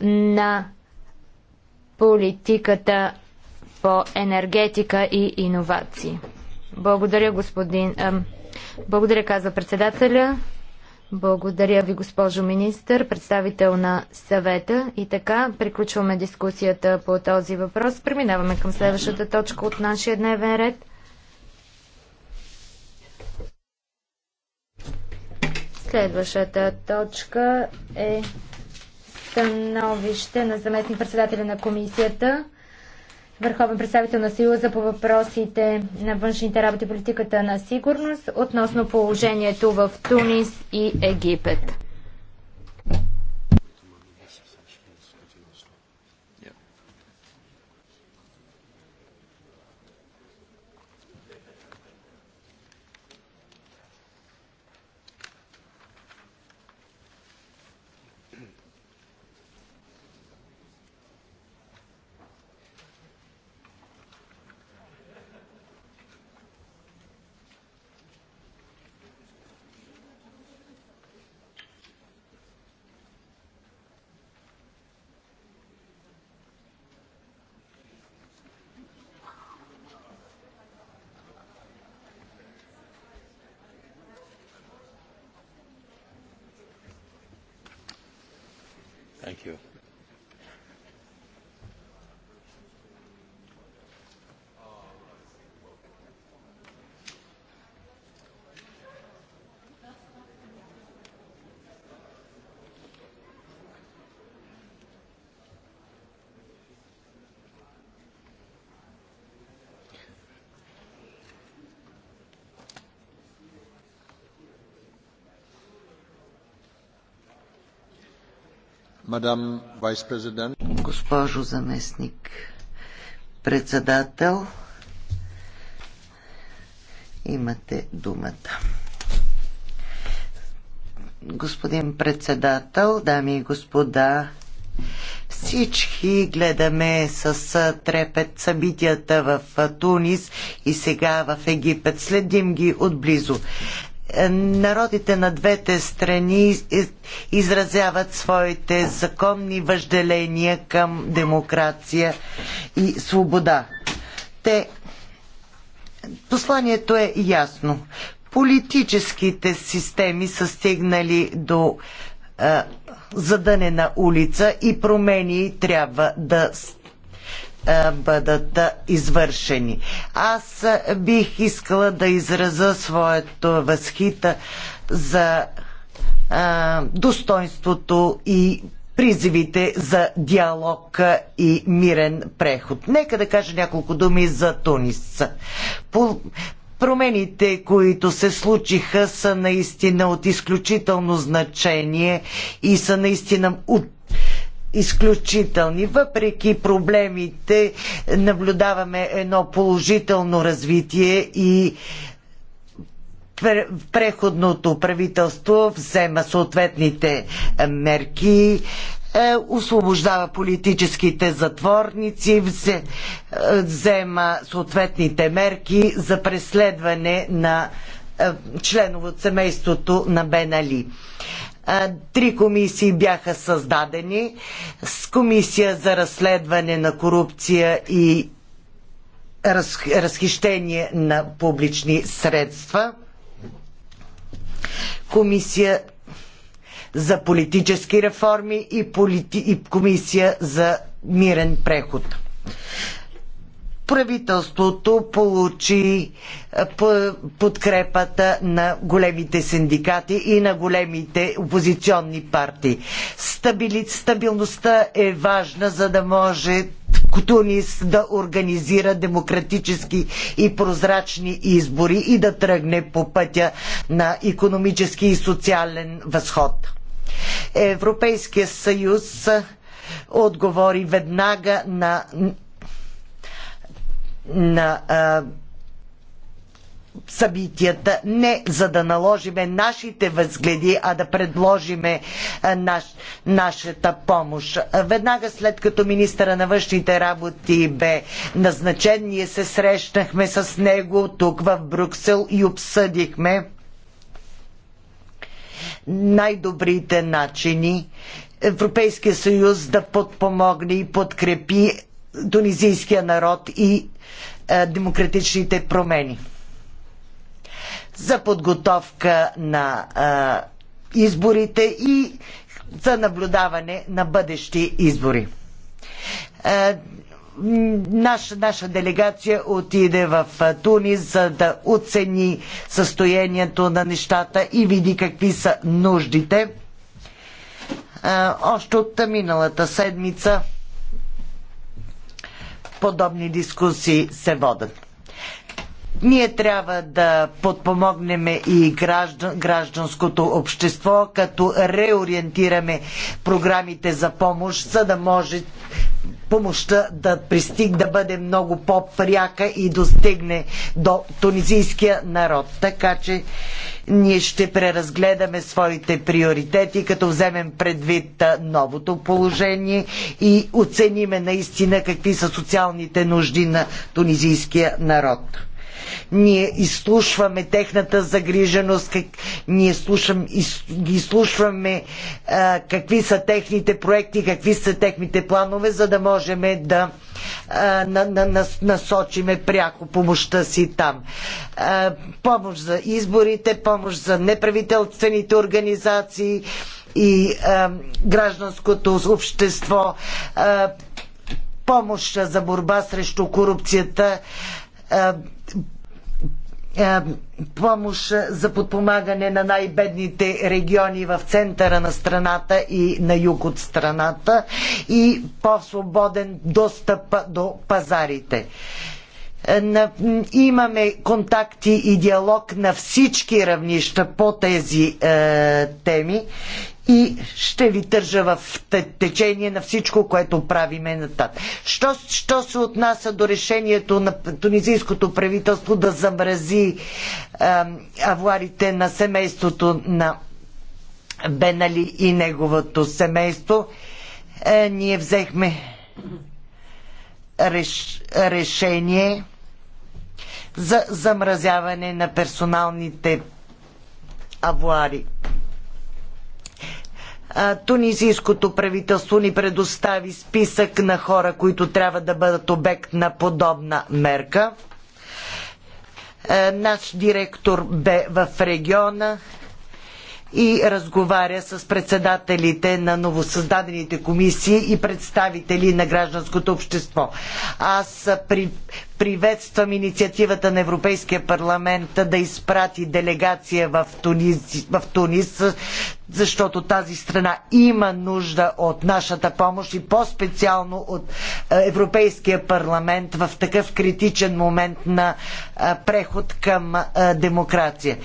на политиката по енергетика и иновации. Благодаря, господин. Ам, благодаря, каза председателя. Благодаря ви, госпожо министър, представител на съвета. И така, приключваме дискусията по този въпрос. Преминаваме към следващата точка от нашия дневен ред. Следващата точка е становище на заместник председателя на комисията, върховен представител на Съюза по въпросите на външните работи и политиката на сигурност относно положението в Тунис и Египет. Госпожо заместник председател, имате думата. Господин председател, дами и господа, всички гледаме с трепет събитията в Тунис и сега в Египет. Следим ги отблизо народите на двете страни изразяват своите законни въжделения към демокрация и свобода. Те Посланието е ясно. Политическите системи са стигнали до е, задънена улица и промени трябва да е, бъдат е, извършени. Аз е, бих искала да изразя своето възхита за достоинството и призивите за диалог и мирен преход. Нека да кажа няколко думи за Тунис. По промените, които се случиха, са наистина от изключително значение и са наистина от изключителни. Въпреки проблемите, наблюдаваме едно положително развитие и преходното правителство взема съответните е, мерки, е, освобождава политическите затворници, е, взема съответните мерки за преследване на членове от семейството на Бен Али. Три комисии бяха създадени с комисия за разследване на корупция и разхищение на публични средства, комисия за политически реформи и, полити, и комисия за мирен преход правителството получи е, подкрепата на големите синдикати и на големите опозиционни партии. Стабилността е важна, за да може Тунис да организира демократически и прозрачни избори и да тръгне по пътя на економически и социален възход. Европейският съюз отговори веднага на на а, събитията, не за да наложиме нашите възгледи, а да предложиме наш, нашата помощ. Веднага след като министъра на външните работи бе назначен, ние се срещнахме с него тук в Брюксел и обсъдихме най-добрите начини Европейския съюз да подпомогне и подкрепи тунизийския народ и е, демократичните промени. За подготовка на е, изборите и за наблюдаване на бъдещи избори. Е, наша, наша делегация отиде в Тунис, за да оцени състоянието на нещата и види какви са нуждите. Още от миналата седмица подобни дискусии се водят. Ние трябва да подпомогнем и граждан, гражданското общество, като реориентираме програмите за помощ, за да може помощта да пристиг да бъде много по-пряка и достигне до тунизийския народ. Така че ние ще преразгледаме своите приоритети, като вземем предвид новото положение и оцениме наистина какви са социалните нужди на тунизийския народ. Ние изслушваме техната загриженост, как... ние слушам, из... ги изслушваме а, какви са техните проекти, какви са техните планове, за да можем да а, на, на, на, насочиме пряко помощта си там. А, помощ за изборите, помощ за неправителствените организации и а, гражданското общество, а, помощ за борба срещу корупцията, е, е, помощ за подпомагане на най-бедните региони в центъра на страната и на юг от страната и по-свободен достъп до пазарите. Е, имаме контакти и диалог на всички равнища по тези е, теми и ще ви държа в течение на всичко, което правиме нататък. Що, що се отнася до решението на тунизийското правителство да замрази е, авуарите на семейството на Бенали и неговото семейство, е, ние взехме реш, решение за замразяване на персоналните авуари тунизийското правителство ни предостави списък на хора, които трябва да бъдат обект на подобна мерка. Е, наш директор бе в региона и разговаря с председателите на новосъздадените комисии и представители на гражданското общество. Аз при, приветствам инициативата на Европейския парламент да изпрати делегация в Тунис, в Тунис, защото тази страна има нужда от нашата помощ и по-специално от е, Европейския парламент в такъв критичен момент на е, преход към е, демокрация.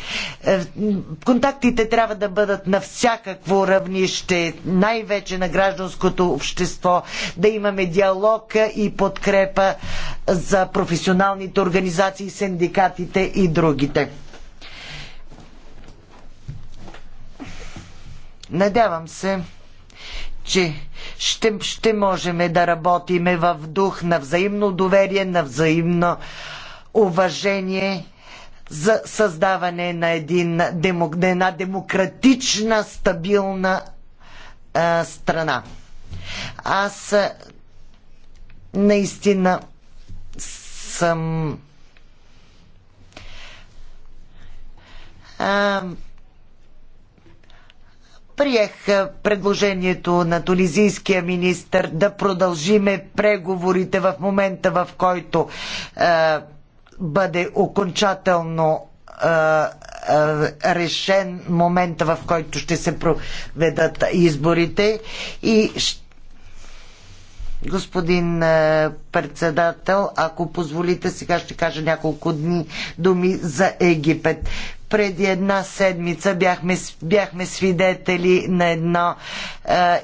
Контактите трябва да бъдат на всякакво равнище, най-вече на гражданското общество, да имаме диалог и подкрепа за професионалните организации, синдикатите и другите. Надявам се, че ще, ще можем да работим в дух на взаимно доверие, на взаимно уважение за създаване на, един, на една демократична, стабилна а, страна. Аз наистина съм а, приех предложението на тунизийския министр да продължиме преговорите в момента, в който а, бъде окончателно а, решен момента, в който ще се проведат изборите и ще Господин е, председател, ако позволите, сега ще кажа няколко дни думи за Египет. Преди една седмица бяхме, бяхме свидетели на едно е,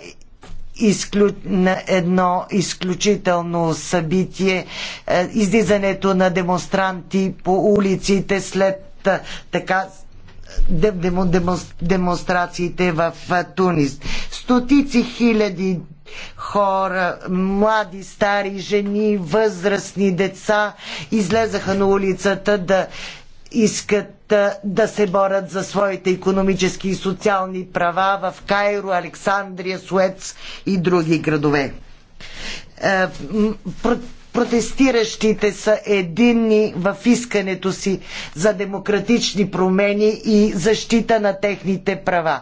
изклю... на едно изключително събитие е, излизането на демонстранти по улиците след е, така демонстрациите в е, Тунис. Стотици хиляди хора, млади, стари, жени, възрастни, деца излезаха на улицата да искат да се борят за своите економически и социални права в Кайро, Александрия, Суец и други градове. Е, протестиращите са единни в искането си за демократични промени и защита на техните права.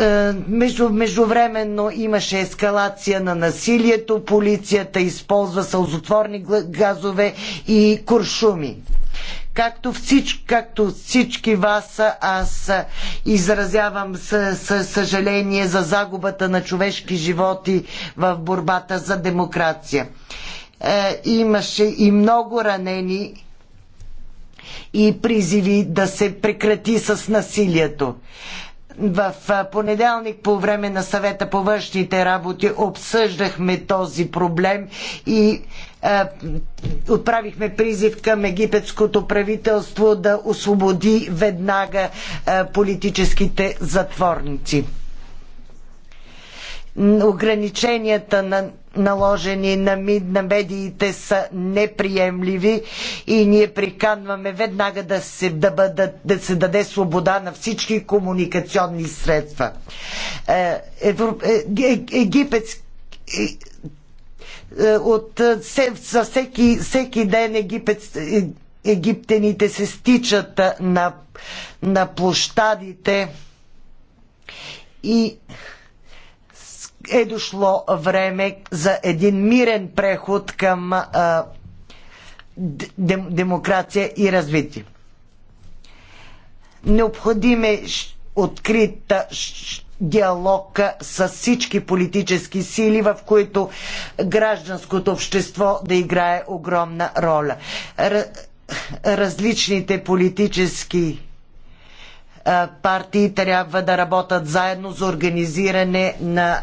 Е, между, междувременно имаше ескалация на насилието, полицията използва сълзотворни газове и куршуми. Както, всич, както всички вас, аз изразявам съжаление за загубата на човешки животи в борбата за демокрация. Е, имаше и много ранени и призиви да се прекрати с насилието. В понеделник по време на съвета по външните работи обсъждахме този проблем и е, отправихме призив към египетското правителство да освободи веднага е, политическите затворници ограниченията на наложени на, мид, на медиите са неприемливи и ние приканваме веднага да се, да бъдат, да се даде свобода на всички комуникационни средства. Е, Европ... е, е, египетски е, е, от е, за всеки, всеки ден египет, се стичат на, на площадите и е дошло време за един мирен преход към а, дем, демокрация и развитие. Необходим е открит диалог с всички политически сили, в които гражданското общество да играе огромна роля. различните политически партии трябва да работят заедно за организиране на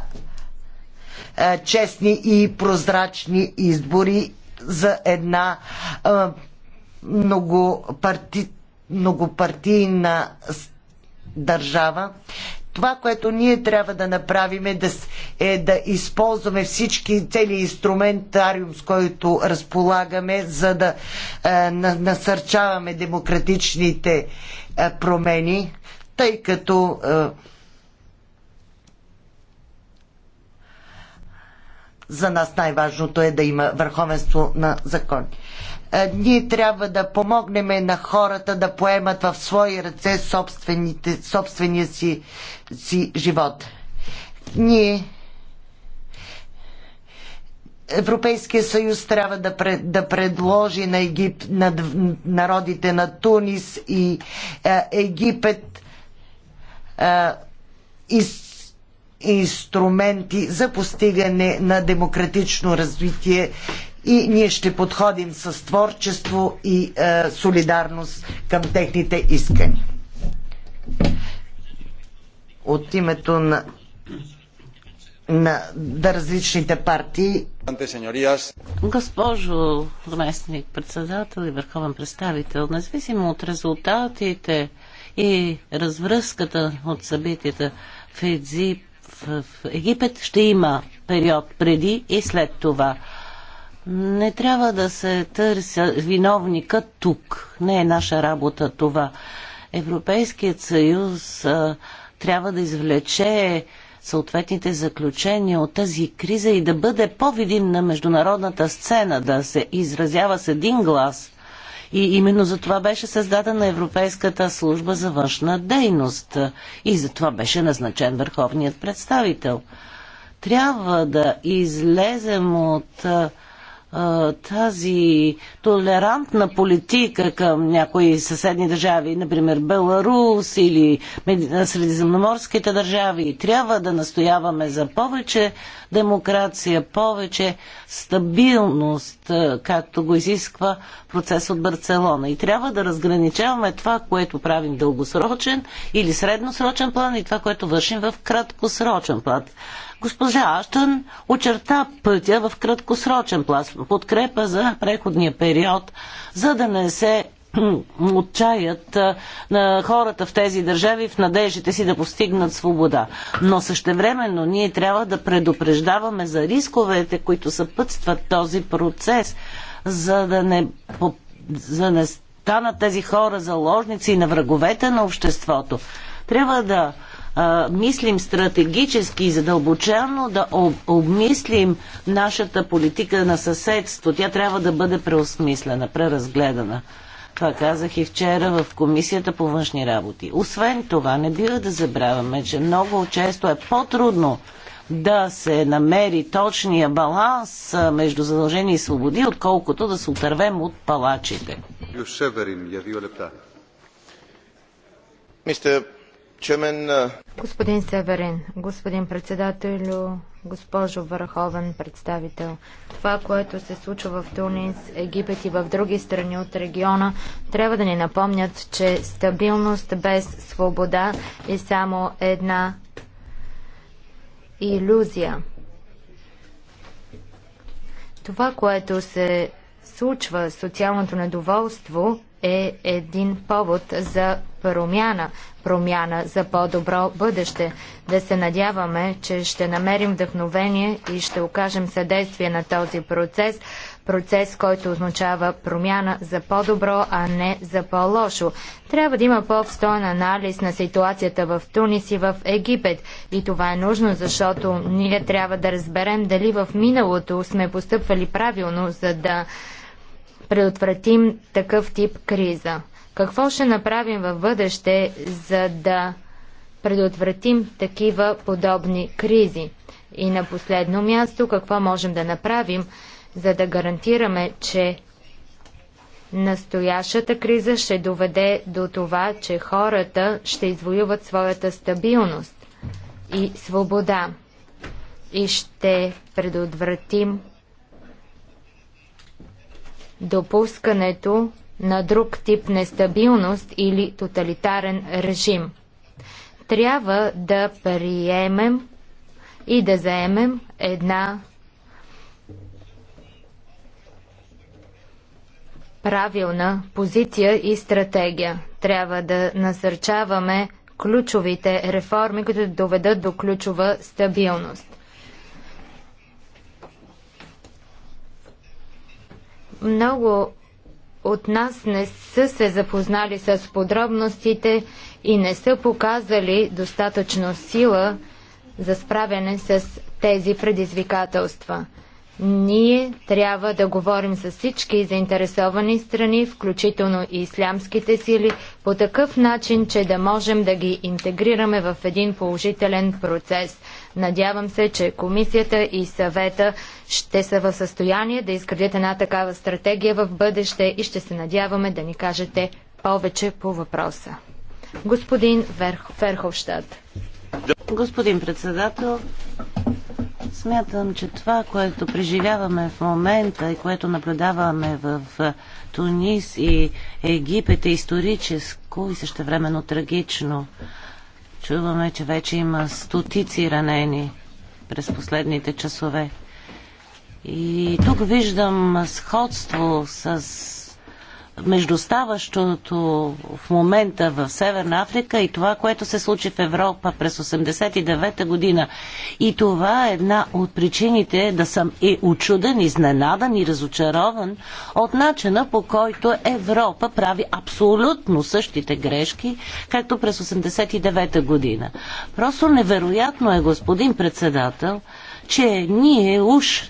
е, честни и прозрачни избори за една е, многопарти, многопартийна държава. Това, което ние трябва да направим е да, е да използваме всички, цели инструментариум, с който разполагаме, за да е, на, насърчаваме демократичните е, промени, тъй като е, за нас най-важното е да има върховенство на закон. Е, ние трябва да помогнем на хората да поемат в свои ръце собствения си, си живот. Ние Европейския съюз трябва да, пред, да предложи на, Егип, на народите на Тунис и е, Египет е, из, инструменти за постигане на демократично развитие и ние ще подходим с творчество и е, солидарност към техните искани. От името на на да различните партии. Госпожо заместник председател и върховен представител, независимо от резултатите и развръзката от събитията в Едзип, в Египет ще има период преди и след това. Не трябва да се търся виновника тук. Не е наша работа това. Европейският съюз а, трябва да извлече съответните заключения от тази криза и да бъде по-видим на международната сцена, да се изразява с един глас – и именно за това беше създадена Европейската служба за външна дейност. И за това беше назначен върховният представител. Трябва да излезем от тази толерантна политика към някои съседни държави, например Беларус или средиземноморските държави. Трябва да настояваме за повече демокрация, повече стабилност, както го изисква процес от Барселона. И трябва да разграничаваме това, което правим дългосрочен или средносрочен план и това, което вършим в краткосрочен план. Госпожа Аштън очерта пътя в краткосрочен план, подкрепа за преходния период, за да не се отчаят на хората в тези държави в надеждите си да постигнат свобода. Но същевременно ние трябва да предупреждаваме за рисковете, които съпътстват този процес, за да не, за да не станат тези хора заложници на враговете на обществото. Трябва да а, мислим стратегически и задълбочено, да об, обмислим нашата политика на съседство. Тя трябва да бъде преосмислена, преразгледана. Това казах и вчера в Комисията по външни работи. Освен това, не бива да забравяме, че много често е по-трудно да се намери точния баланс между задължения и свободи, отколкото да се отървем от палачите. Мистер Господин Северин, господин председателю, госпожо върховен представител, това, което се случва в Тунис, Египет и в други страни от региона, трябва да ни напомнят, че стабилност без свобода е само една иллюзия. Това, което се случва, социалното недоволство, е един повод за промяна, промяна за по-добро бъдеще. Да се надяваме, че ще намерим вдъхновение и ще окажем съдействие на този процес, процес, който означава промяна за по-добро, а не за по-лошо. Трябва да има по встоен анализ на ситуацията в Тунис и в Египет. И това е нужно, защото ние трябва да разберем дали в миналото сме постъпвали правилно, за да предотвратим такъв тип криза? Какво ще направим във бъдеще, за да предотвратим такива подобни кризи? И на последно място, какво можем да направим, за да гарантираме, че настоящата криза ще доведе до това, че хората ще извоюват своята стабилност и свобода и ще предотвратим допускането на друг тип нестабилност или тоталитарен режим. Трябва да приемем и да заемем една правилна позиция и стратегия. Трябва да насърчаваме ключовите реформи, които доведат до ключова стабилност. Много от нас не са се запознали с подробностите и не са показали достатъчно сила за справяне с тези предизвикателства. Ние трябва да говорим с всички заинтересовани страни, включително и ислямските сили, по такъв начин, че да можем да ги интегрираме в един положителен процес – Надявам се, че комисията и съвета ще са в състояние да изградят една такава стратегия в бъдеще и ще се надяваме да ни кажете повече по въпроса. Господин Верх... Верховщад. Господин председател, смятам, че това, което преживяваме в момента и което наблюдаваме в Тунис и Египет е историческо и същевременно трагично. Чуваме, че вече има стотици ранени през последните часове. И тук виждам сходство с между ставащото в момента в Северна Африка и това, което се случи в Европа през 89-та година. И това е една от причините да съм и очуден, изненадан и разочарован от начина по който Европа прави абсолютно същите грешки, както през 89-та година. Просто невероятно е, господин председател, че ние уж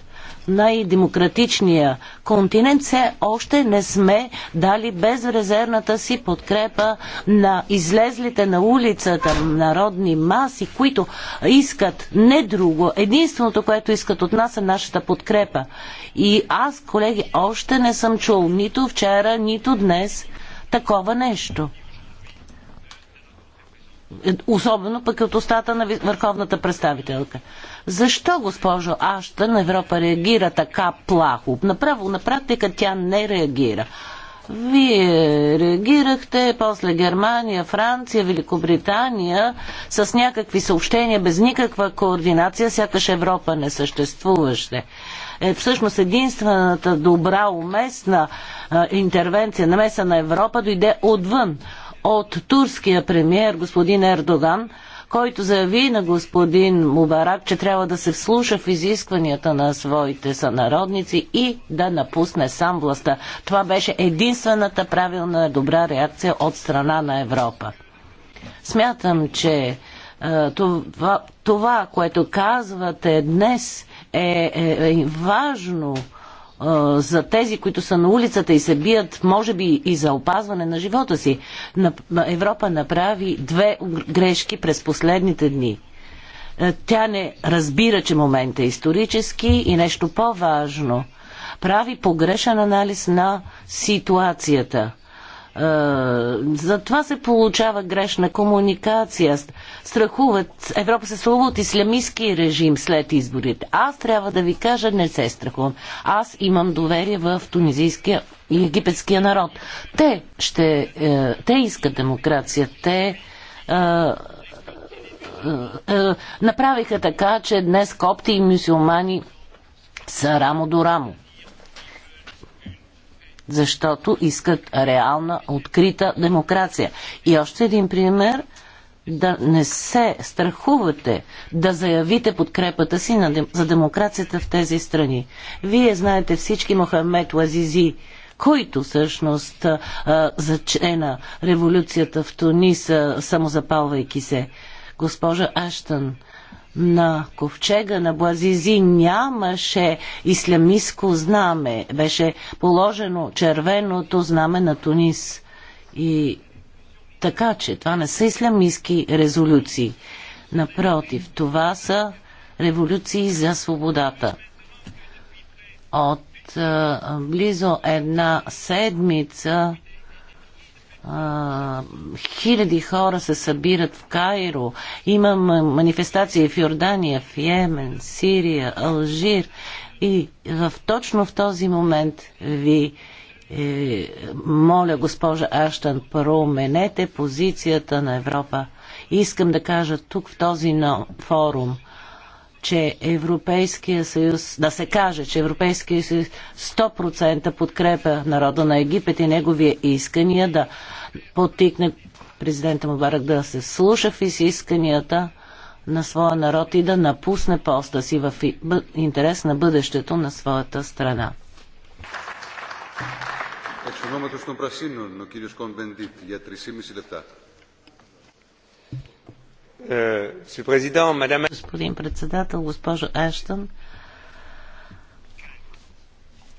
най-демократичния континент, все още не сме дали безрезервната си подкрепа на излезлите на улицата народни маси, които искат не друго. Единственото, което искат от нас е нашата подкрепа. И аз, колеги, още не съм чул нито вчера, нито днес такова нещо особено пък от устата на върховната представителка. Защо, госпожо на Европа реагира така плахо? Направо на практика тя не реагира. Вие реагирахте, после Германия, Франция, Великобритания с някакви съобщения, без никаква координация, сякаш Европа не съществуваше. Е, всъщност единствената добра, уместна интервенция интервенция, намеса на Европа дойде отвън от турския премьер господин Ердоган, който заяви на господин Мубарак, че трябва да се вслуша в изискванията на своите сънародници и да напусне сам властта. Това беше единствената правилна добра реакция от страна на Европа. Смятам, че е, това, това което казвате днес е, е, е важно за тези, които са на улицата и се бият, може би и за опазване на живота си. Европа направи две грешки през последните дни. Е, тя не разбира, че момент е исторически и нещо по-важно. Прави погрешен анализ на ситуацията. Е, затова се получава грешна комуникация. Страхуват, Европа се слува от ислямистски режим след изборите. Аз трябва да ви кажа, не се страхувам. Аз имам доверие в тунизийския и египетския народ. Те, ще, е, те искат демокрация. Те е, е, е направиха така, че днес копти и мусулмани са рамо до рамо защото искат реална, открита демокрация. И още един пример да не се страхувате да заявите подкрепата си на, за демокрацията в тези страни. Вие знаете всички Мохамед Лазизи, който всъщност зачена революцията в Туниса, самозапалвайки се. Госпожа Аштън, на ковчега на Блазизи нямаше ислямистско знаме. Беше положено червеното знаме на Тунис. И така че това не са ислямистски резолюции. Напротив, това са революции за свободата. От близо една седмица хиляди хора се събират в Кайро. Има манифестации в Йордания, в Йемен, Сирия, Алжир. И е, в, точно в този момент ви е, моля, госпожа Аштан, променете позицията на Европа. Искам да кажа тук в този форум – че Европейския съюз, да се каже, че Европейския съюз 100% подкрепя народа на Египет и неговия искания да потикне президента Мубарак да се слуша в изисканията на своя народ и да напусне поста си в интерес на бъдещето на своята страна. για 3,5 Господин председател, госпожо Аштън,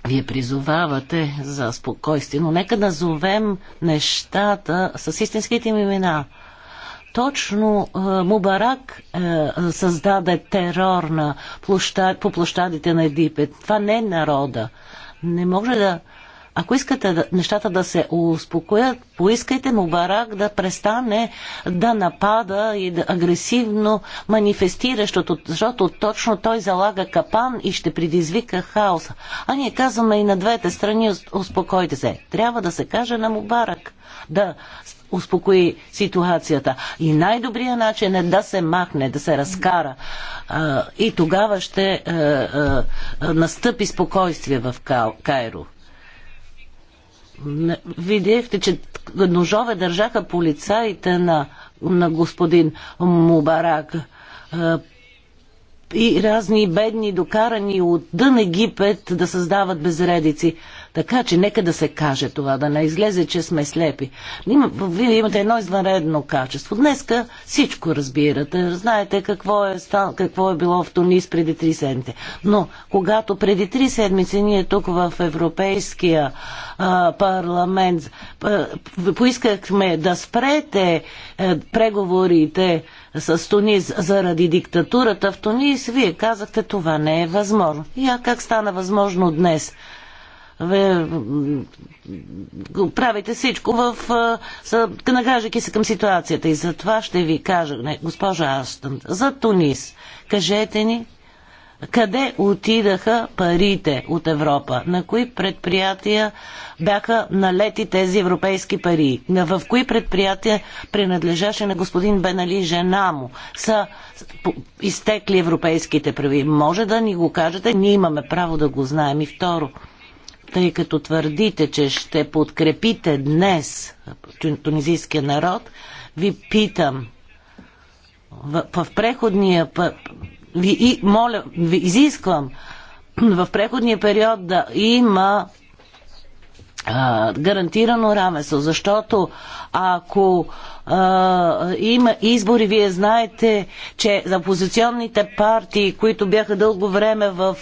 вие призовавате за спокойствие, но нека назовем нещата с истинските им имена. Точно е, Мубарак е, създаде терор на площад, по площадите на Египет. Това не е народа. Не може да ако искате нещата да се успокоят, поискайте му Барак да престане да напада и да агресивно манифестиращото, защото точно той залага капан и ще предизвика хаос. А ние казваме и на двете страни, успокойте се. Трябва да се каже на Мубарак да успокои ситуацията. И най-добрият начин е да се махне, да се разкара. И тогава ще е, е, е, настъпи спокойствие в Кайро видяхте, че ножове държаха полицаите на, на господин Мубарак е, и разни бедни докарани от дън Египет да създават безредици. Така че нека да се каже това, да не излезе, че сме слепи. Има, вие имате едно извънредно качество. Днеска всичко разбирате. Знаете какво е, стан, какво е било в Тунис преди три седмици. Но когато преди три седмици ние тук в Европейския а, парламент а, поискахме да спрете а, е, преговорите с Тунис заради диктатурата в Тунис, вие казахте това не е възможно. И а как стана възможно днес? правите всичко в, нагаждайки се към ситуацията. И за това ще ви кажа, не, госпожа Астън, за Тунис. Кажете ни, къде отидаха парите от Европа? На кои предприятия бяха налети тези европейски пари? В кои предприятия принадлежаше на господин Бенали жена му? Са изтекли европейските прави? Може да ни го кажете, ние имаме право да го знаем. И второ, тъй като твърдите, че ще подкрепите днес тунизийския народ, ви питам в, в преходния ви, и, моля, ви изисквам в преходния период да има а, гарантирано равенство, защото ако а, има избори, вие знаете, че за опозиционните партии, които бяха дълго време в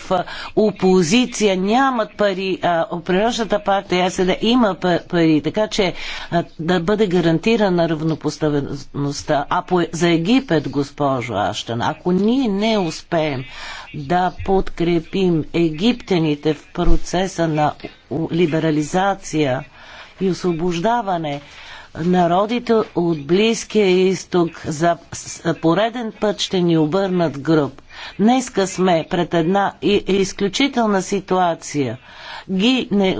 опозиция, нямат пари, а природната партия да има пари, така че а, да бъде гарантирана равнопоставеността. А по, за Египет, госпожо Аштан, ако ние не успеем да подкрепим египтяните в процеса на либерализация и освобождаване, народите от Близкия изток за пореден път ще ни обърнат гръб. Днеска сме пред една изключителна ситуация. Ги не,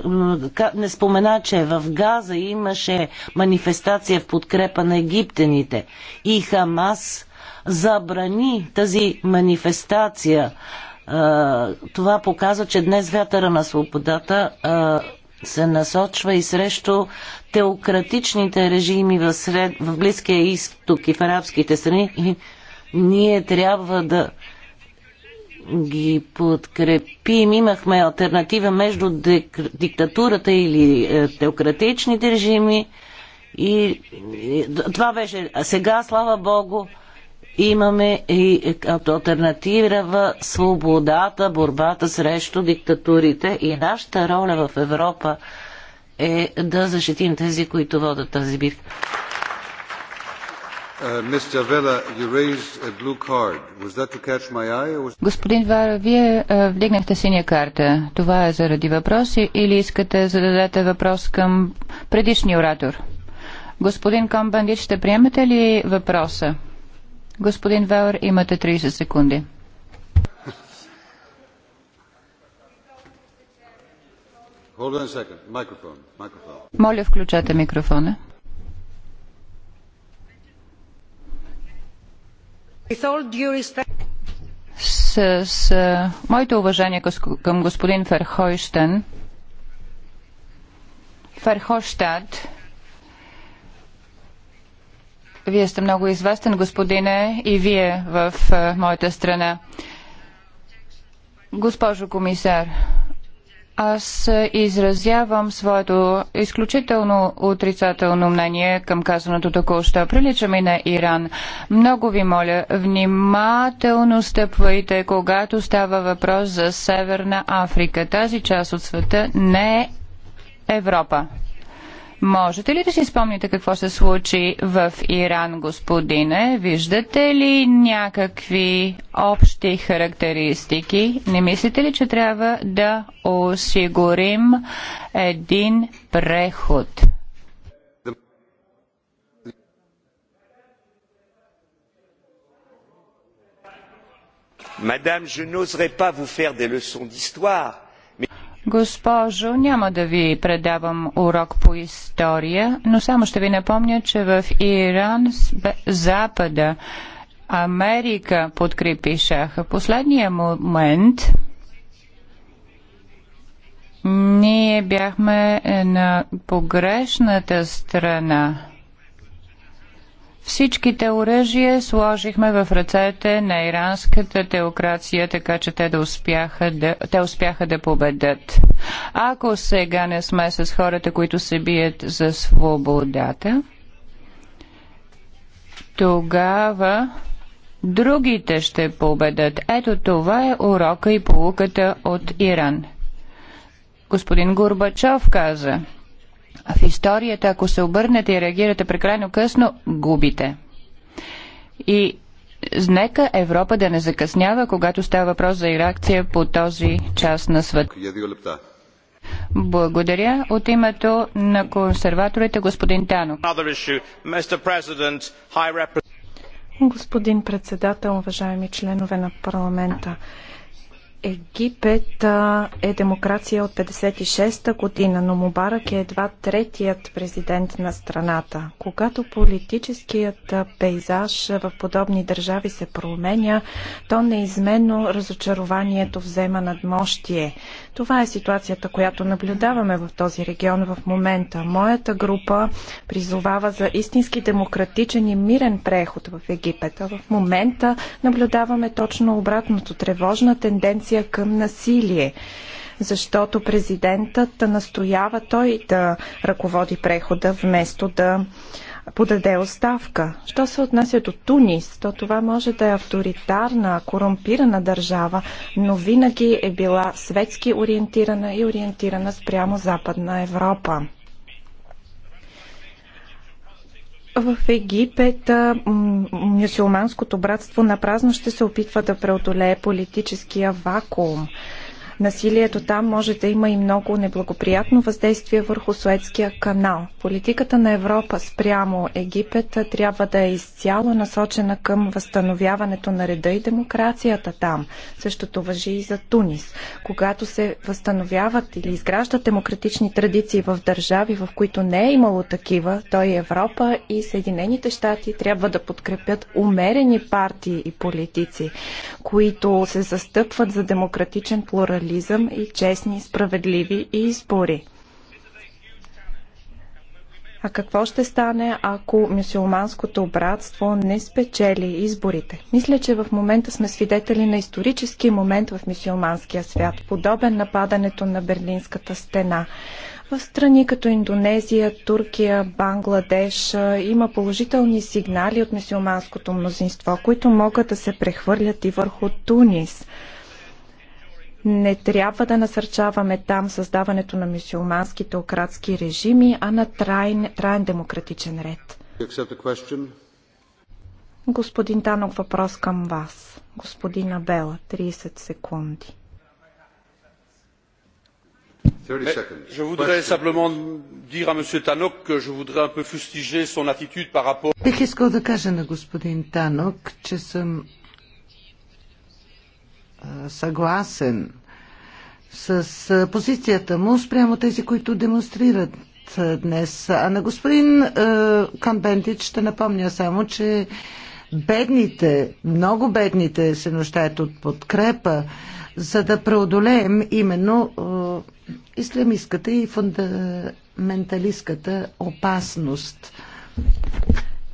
не спомена, че в Газа имаше манифестация в подкрепа на египтяните и Хамас забрани тази манифестация. Това показва, че днес вятъра на свободата се насочва и срещу теократичните режими в, сред, в Близкия изток и в арабските страни. И ние трябва да ги подкрепим. Имахме альтернатива между диктатурата или е, теократичните режими. И това беше. А сега, слава Богу, Имаме и като альтернатива свободата, борбата срещу диктатурите и нашата роля в Европа е да защитим тези, които водят тази битка. Uh, Господин Вара, вие е, вдигнахте синя карта. Това е заради въпроси или искате да зададете въпрос към предишния оратор? Господин Комбандит, ще приемете ли въпроса? Господин Вауер, имате 30 секунди. Microphone. Microphone. Моля, включете микрофона. С, с моето уважение към господин Ферхойштен, Ферхоштад, вие сте много известен, господине, и вие в а, моята страна. Госпожо комисар, аз изразявам своето изключително отрицателно мнение към казаното току-що. Приличаме на Иран. Много ви моля, внимателно стъпвайте, когато става въпрос за Северна Африка. Тази част от света не е Европа. Можете ли да си спомните какво се случи в Иран, господине? Виждате ли някакви общи характеристики? Не мислите ли, че трябва да осигурим един преход? Madame, je n'oserais pas vous faire des leçons d'histoire Госпожо, няма да ви предавам урок по история, но само ще ви напомня, че в Иран Запада Америка подкрепи шаха. Последния момент ние бяхме е, на погрешната страна. Всичките оръжия сложихме в ръцете на иранската теокрация, така че те, да успяха да, те успяха да победат. Ако сега не сме с хората, които се бият за свободата, тогава другите ще победат. Ето това е урока и полуката от Иран. Господин Горбачов каза – в историята, ако се обърнете и реагирате прекрайно късно, губите. И Нека Европа да не закъснява, когато става въпрос за реакция по този част на света. Благодаря. От името на консерваторите, господин Тано. Господин председател, уважаеми членове на парламента, Египет е демокрация от 56-та година, но Мубарак е едва третият президент на страната. Когато политическият пейзаж в подобни държави се променя, то неизменно разочарованието взема над мощие. Това е ситуацията, която наблюдаваме в този регион в момента. Моята група призовава за истински демократичен и мирен преход в Египет. А в момента наблюдаваме точно обратното тревожна тенденция тенденция към насилие защото президентът настоява той да ръководи прехода, вместо да подаде оставка. Що се отнася до Тунис, то това може да е авторитарна, корумпирана държава, но винаги е била светски ориентирана и ориентирана спрямо Западна Европа. В Египет мюсюлманското братство напразно ще се опитва да преодолее политическия вакуум. Насилието там може да има и много неблагоприятно въздействие върху Суетския канал. Политиката на Европа спрямо Египет трябва да е изцяло насочена към възстановяването на реда и демокрацията там. Същото въжи и за Тунис. Когато се възстановяват или изграждат демократични традиции в държави, в които не е имало такива, то и Европа и Съединените щати трябва да подкрепят умерени партии и политици, които се застъпват за демократичен плурализъм плурализъм и честни, справедливи избори. А какво ще стане, ако мюсюлманското братство не спечели изборите? Мисля, че в момента сме свидетели на исторически момент в мюсюлманския свят, подобен на падането на Берлинската стена. В страни като Индонезия, Туркия, Бангладеш има положителни сигнали от мюсюлманското мнозинство, които могат да се прехвърлят и върху Тунис. Не трябва да насърчаваме там създаването на мюсюлмански теократски режими, а на траен, траен демократичен ред. Господин Танок, въпрос към вас. Господин Абела, 30 секунди. Е, Бих искал да кажа на господин Танок, че съм съгласен с позицията му спрямо тези, които демонстрират днес. А на господин е, Канбентич ще напомня само, че бедните, много бедните се нуждаят от подкрепа, за да преодолеем именно е, ислямистката и фундаменталистката опасност.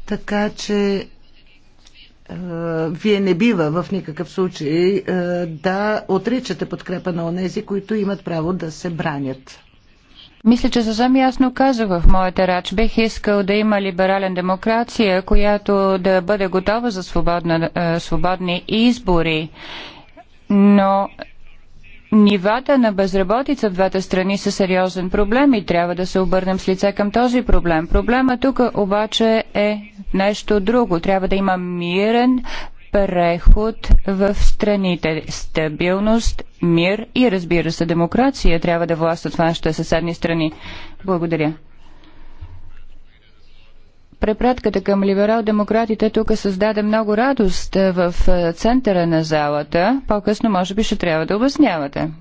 Така че е, вие не бива в никакъв случай е, да отричате подкрепа на онези, които имат право да се бранят. Мисля, че съвсем ясно казах в моята рач. Бих искал да има либерален демокрация, която да бъде готова за свободна, е, свободни избори. Но Нивата на безработица в двата страни са сериозен проблем и трябва да се обърнем с лице към този проблем. Проблема тук обаче е нещо друго. Трябва да има мирен преход в страните. Стабилност, мир и разбира се демокрация трябва да властват в нашите съседни страни. Благодаря препратката към либерал-демократите тук създаде много радост в е, центъра на залата. По-късно, може би, ще трябва да обяснявате.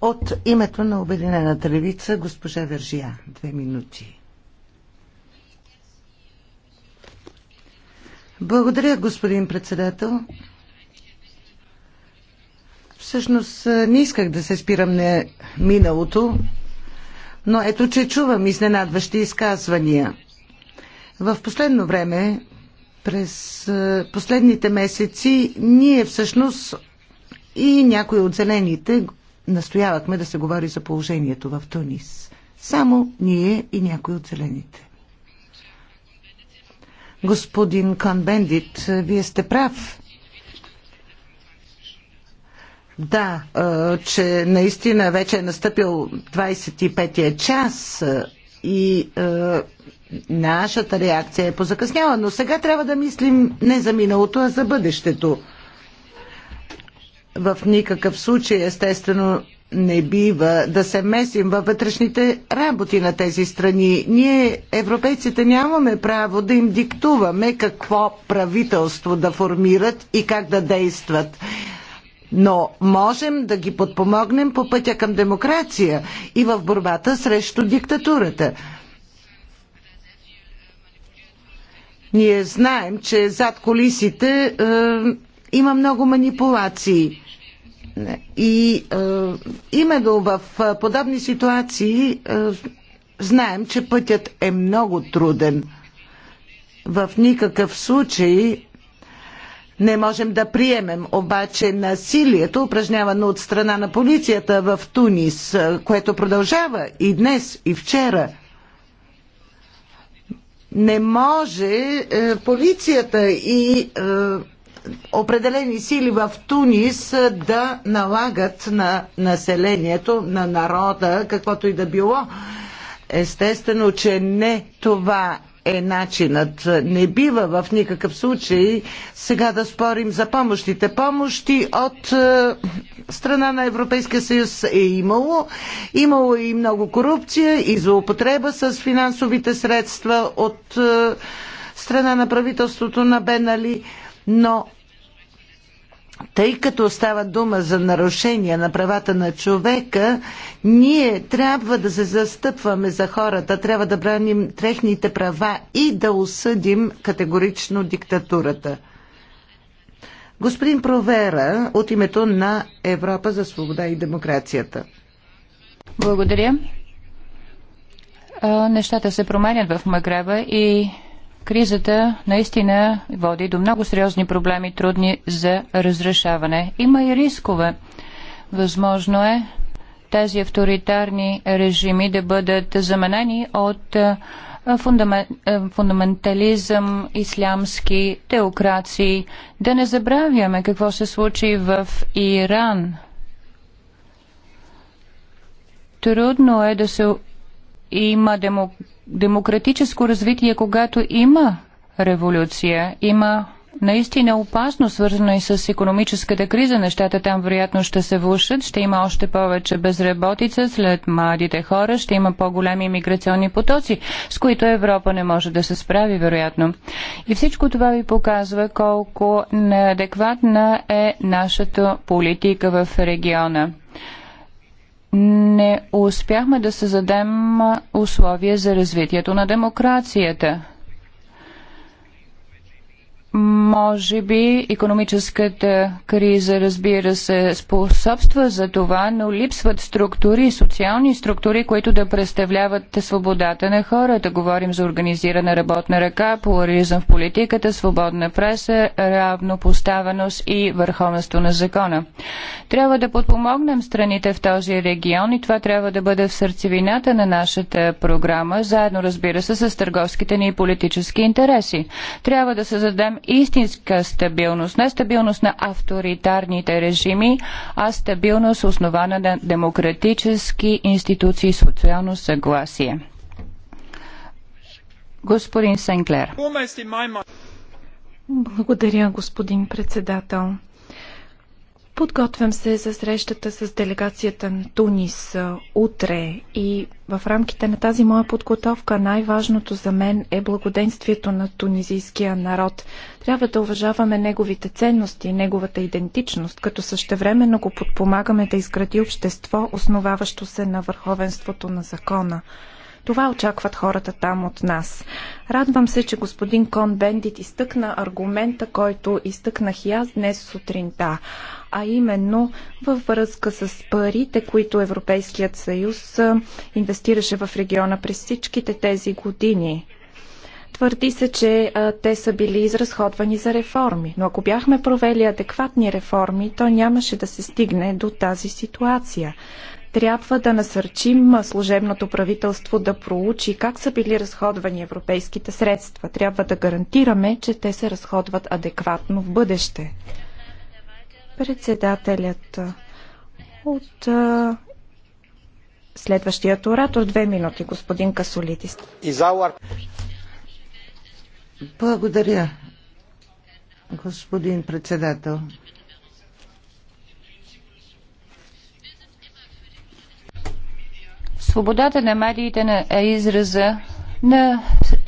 От името на Обединената левица, госпожа Вержия, две минути. Благодаря, господин председател. Всъщност не исках да се спирам на миналото, но ето, че чувам изненадващи изказвания. В последно време, през последните месеци, ние всъщност и някои от зелените настоявахме да се говори за положението в Тунис. Само ние и някои от зелените. Господин Конбендит, вие сте прав. Да, че наистина вече е настъпил 25-я час и нашата реакция е позакъсняла, но сега трябва да мислим не за миналото, а за бъдещето. В никакъв случай, естествено, не бива да се месим във вътрешните работи на тези страни. Ние, европейците, нямаме право да им диктуваме какво правителство да формират и как да действат но можем да ги подпомогнем по пътя към демокрация и в борбата срещу диктатурата. Ние знаем, че зад колисите е, има много манипулации. И е, именно в е, подобни ситуации е, знаем, че пътят е много труден. В никакъв случай не можем да приемем. Обаче насилието, упражнявано от страна на полицията в Тунис, което продължава и днес, и вчера, не може е, полицията и е, определени сили в Тунис е, да налагат на населението, на народа, каквото и да било. Естествено, че не това е начинът. Не бива в никакъв случай сега да спорим за помощите. Помощи от е, страна на Европейския съюз е имало. Имало е и много корупция и злоупотреба с финансовите средства от е, страна на правителството на Бенали. Но тъй като става дума за нарушения на правата на човека, ние трябва да се застъпваме за хората, трябва да браним техните права и да осъдим категорично диктатурата. Господин Провера от името на Европа за свобода и демокрацията. Благодаря. Нещата се променят в Магреба и кризата наистина води до много сериозни проблеми, трудни за разрешаване. Има и рискове. Възможно е тези авторитарни режими да бъдат заменени от е, е, фундаментализъм, ислямски, теокрации. Да не забравяме какво се случи в Иран. Трудно е да се има демократия демократическо развитие, когато има революция, има наистина опасно, свързано и с економическата криза. Нещата там вероятно ще се влушат, ще има още повече безработица след младите хора, ще има по-големи миграционни потоци, с които Европа не може да се справи, вероятно. И всичко това ви показва колко неадекватна е нашата политика в региона не успяхме да създадем условия за развитието на демокрацията. Може би економическата криза, разбира се, способства за това, но липсват структури, социални структури, които да представляват свободата на хората. Говорим за организирана работна ръка, поларизъм в политиката, свободна преса, равнопоставеност и върховенство на закона. Трябва да подпомогнем страните в този регион и това трябва да бъде в сърцевината на нашата програма, заедно, разбира се, с търговските ни и политически интереси. Трябва да създадем истинска стабилност, не стабилност на авторитарните режими, а стабилност основана на демократически институции и социално съгласие. Господин Сенклер. Благодаря, господин председател. Подготвям се за срещата с делегацията на Тунис утре и в рамките на тази моя подготовка най-важното за мен е благоденствието на тунизийския народ. Трябва да уважаваме неговите ценности, неговата идентичност, като същевременно го подпомагаме да изгради общество, основаващо се на върховенството на закона. Това очакват хората там от нас. Радвам се, че господин Кон Бендит изтъкна аргумента, който изтъкнах и аз днес сутринта, а именно във връзка с парите, които Европейският съюз инвестираше в региона през всичките тези години. Твърди се, че а, те са били изразходвани за реформи, но ако бяхме провели адекватни реформи, то нямаше да се стигне до тази ситуация трябва да насърчим служебното правителство да проучи как са били разходвани европейските средства. Трябва да гарантираме, че те се разходват адекватно в бъдеще. Председателят от следващият оратор. Две минути, господин Касолидис. Благодаря, господин председател. Свободата на медиите е израза на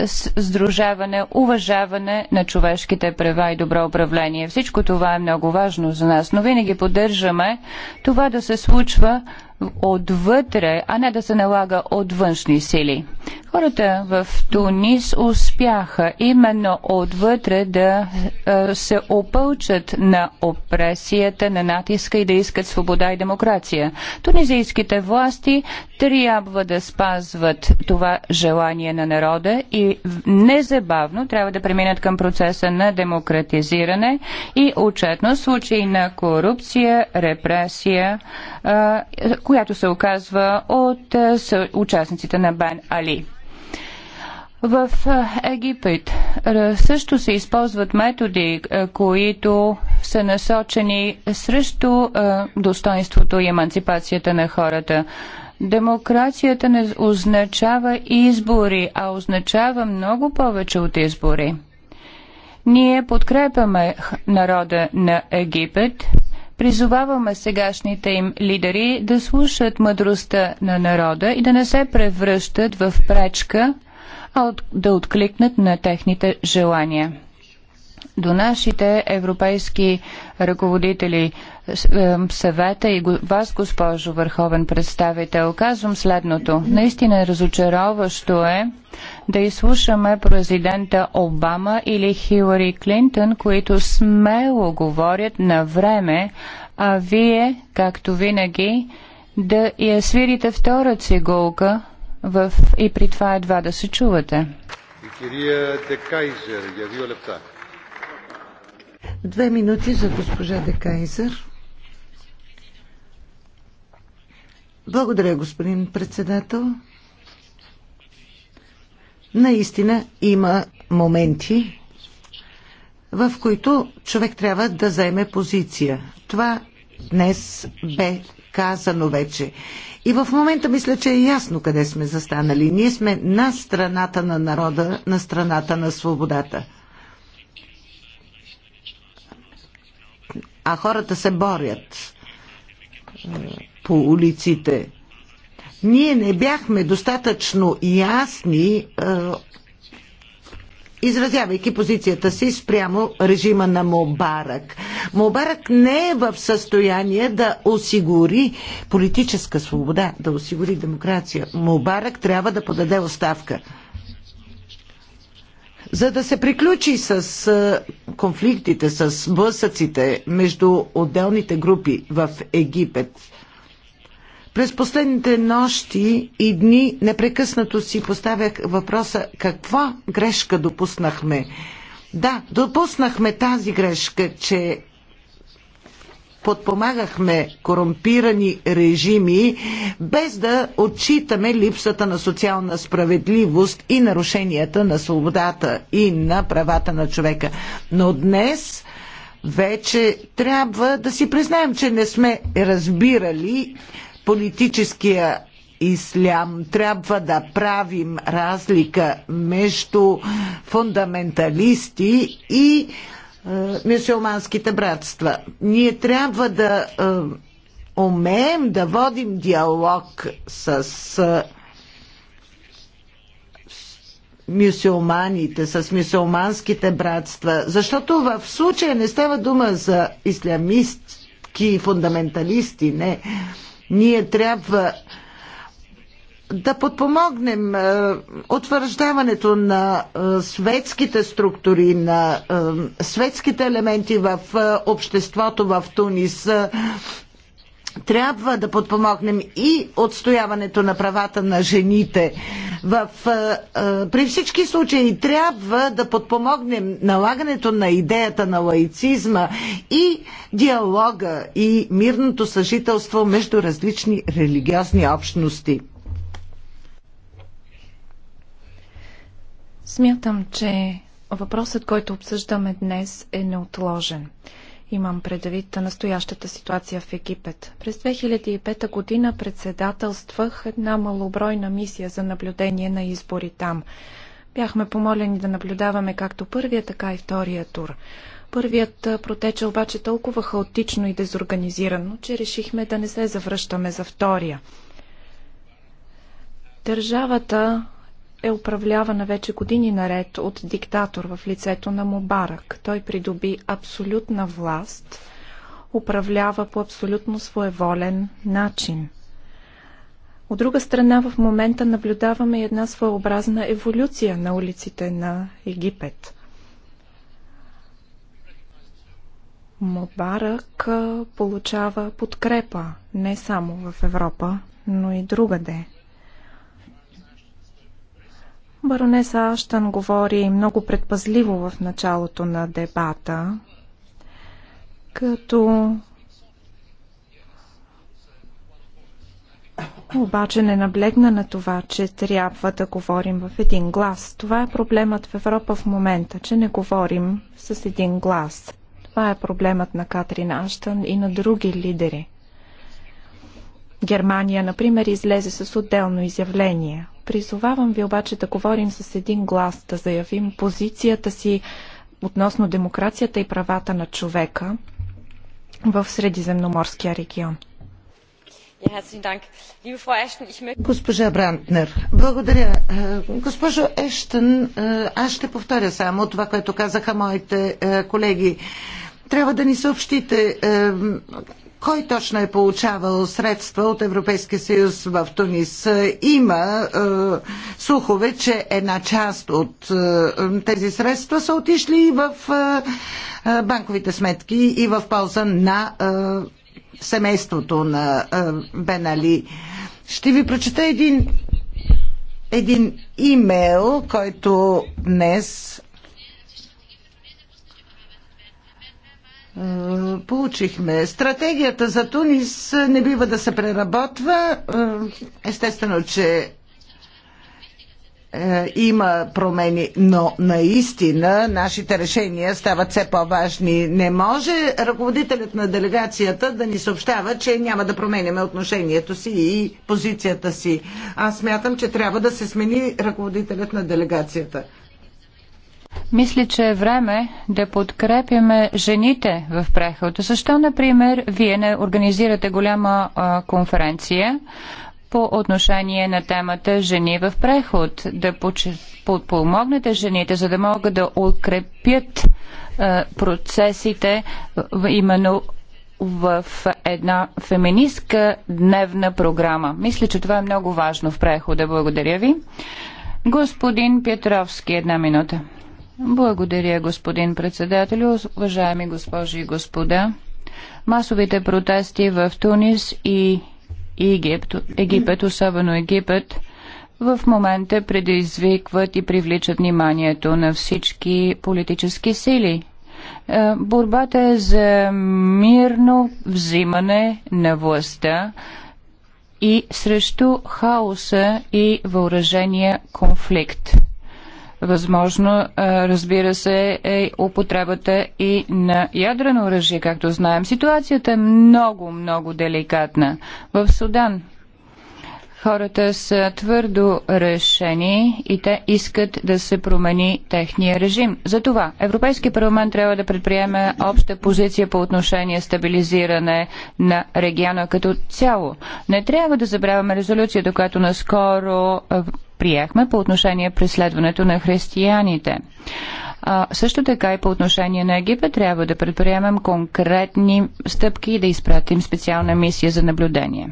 сдружаване, уважаване на човешките права и добро управление. Всичко това е много важно за нас, но винаги поддържаме това да се случва отвътре, а не да се налага от външни сили. Хората в Тунис успяха именно отвътре да се опълчат на опресията, на натиска и да искат свобода и демокрация. Тунизийските власти трябва да спазват това желание на народа и незабавно трябва да преминат към процеса на демократизиране и отчетност в случаи на корупция, репресия, която се оказва от участниците на Бен Али. В Египет също се използват методи, които са насочени срещу достоинството и емансипацията на хората. Демокрацията не означава избори, а означава много повече от избори. Ние подкрепяме народа на Египет, призоваваме сегашните им лидери да слушат мъдростта на народа и да не се превръщат в пречка, а от, да откликнат на техните желания до нашите европейски ръководители, съвета и вас, госпожо Върховен представител, казвам следното. Наистина е разочароващо е да изслушаме президента Обама или Хилари Клинтон, които смело говорят на време, а вие, както винаги, да я свирите втора цигулка в... и при това едва да се чувате. И кирия Декайзер, я Две минути за госпожа Декайзер. Благодаря, господин председател. Наистина има моменти, в които човек трябва да заеме позиция. Това днес бе казано вече. И в момента мисля, че е ясно къде сме застанали. Ние сме на страната на народа, на страната на свободата. а хората се борят по улиците. Ние не бяхме достатъчно ясни, е, изразявайки позицията си спрямо режима на Мобарак. Мобарак не е в състояние да осигури политическа свобода, да осигури демокрация. Мобарак трябва да подаде оставка за да се приключи с конфликтите, с блъсъците между отделните групи в Египет. През последните нощи и дни непрекъснато си поставях въпроса каква грешка допуснахме. Да, допуснахме тази грешка, че подпомагахме корумпирани режими, без да отчитаме липсата на социална справедливост и нарушенията на свободата и на правата на човека. Но днес вече трябва да си признаем, че не сме разбирали политическия ислям. Трябва да правим разлика между фундаменталисти и е, мюсюлманските братства. Ние трябва да е, умеем да водим диалог с е, мюсюлманите, с мюсюлманските братства, защото в случая не става дума за ислямистки фундаменталисти, не. Ние трябва да подпомогнем е, утвърждаването на е, светските структури, на е, светските елементи в обществото в Тунис. Трябва да подпомогнем и отстояването на правата на жените. В, при всички случаи трябва да подпомогнем налагането на идеята на лаицизма и диалога и мирното съжителство между различни религиозни общности. Смятам, че въпросът, който обсъждаме днес, е неотложен. Имам предвид на настоящата ситуация в Египет. През 2005 година председателствах една малобройна мисия за наблюдение на избори там. Бяхме помолени да наблюдаваме както първия, така и втория тур. Първият протече обаче толкова хаотично и дезорганизирано, че решихме да не се завръщаме за втория. Държавата е управлявана вече години наред от диктатор в лицето на Мубарак. Той придоби абсолютна власт, управлява по абсолютно своеволен начин. От друга страна, в момента наблюдаваме една своеобразна еволюция на улиците на Египет. Мобарък получава подкрепа не само в Европа, но и другаде – Баронеса Аштан говори много предпазливо в началото на дебата, като обаче не наблегна на това, че трябва да говорим в един глас. Това е проблемът в Европа в момента, че не говорим с един глас. Това е проблемът на Катрин Аштан и на други лидери. Германия, например, излезе с отделно изявление. Призовавам ви обаче да говорим с един глас, да заявим позицията си относно демокрацията и правата на човека в Средиземноморския регион. Госпожа Брантнер, благодаря. Е, госпожо Ештън, е, аз ще повторя само това, което казаха моите е, колеги. Трябва да ни съобщите кой точно е получавал средства от Европейския съюз в Тунис. Има е, слухове, че една част от е, тези средства са отишли и в е, е банковите сметки и в полза на е, семейството на е, Бенали. Ще ви прочета един, един имейл, който днес Е, получихме. Стратегията за Тунис не бива да се преработва. Е, естествено, че е, има промени, но наистина нашите решения стават все по-важни. Не може ръководителят на делегацията да ни съобщава, че няма да променяме отношението си и позицията си. Аз смятам, че трябва да се смени ръководителят на делегацията. Мисля, че е време да подкрепяме жените в прехода. Защо, например, вие не организирате голяма а, конференция по отношение на темата жени в преход? Да подпомогнете жените, за да могат да укрепят а, процесите именно в една феминистка дневна програма. Мисля, че това е много важно в прехода. Благодаря ви. Господин Петровски, една минута. Благодаря, господин председател, Уважаеми госпожи и господа, масовите протести в Тунис и Египет, Египет особено Египет, в момента предизвикват и привличат вниманието на всички политически сили. Е, борбата е за мирно взимане на властта и срещу хаоса и въоръжения конфликт. Възможно, е, разбира се, е употребата и на ядрено оръжие. Както знаем, ситуацията е много, много деликатна. В Судан хората са твърдо решени и те искат да се промени техния режим. Затова Европейския парламент трябва да предприеме обща позиция по отношение стабилизиране на региона като цяло. Не трябва да забравяме резолюцията, която наскоро е, приехме по отношение преследването на християните. А, също така и по отношение на Египет трябва да предприемем конкретни стъпки и да изпратим специална мисия за наблюдение.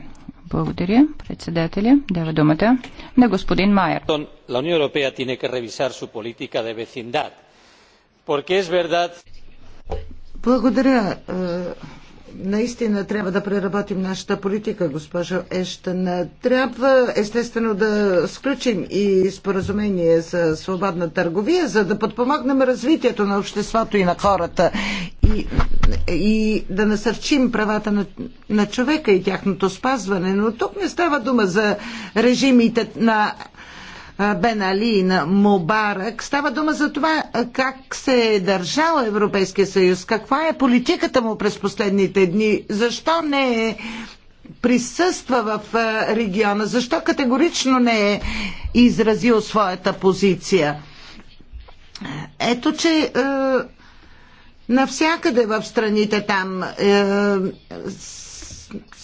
Благодаря. Председателя дава думата на господин Майер. Благодаря. Наистина трябва да преработим нашата политика, госпожо Ещена. Трябва естествено да сключим и споразумение за свободна търговия, за да подпомогнем развитието на обществото и на хората и, и да насърчим правата на, на човека и тяхното спазване. Но тук не става дума за режимите на Бен Али на Мубарак. Става дума за това как се е държал Европейския съюз, каква е политиката му през последните дни, защо не е присъства в региона, защо категорично не е изразил своята позиция. Ето, че е, навсякъде в страните там е,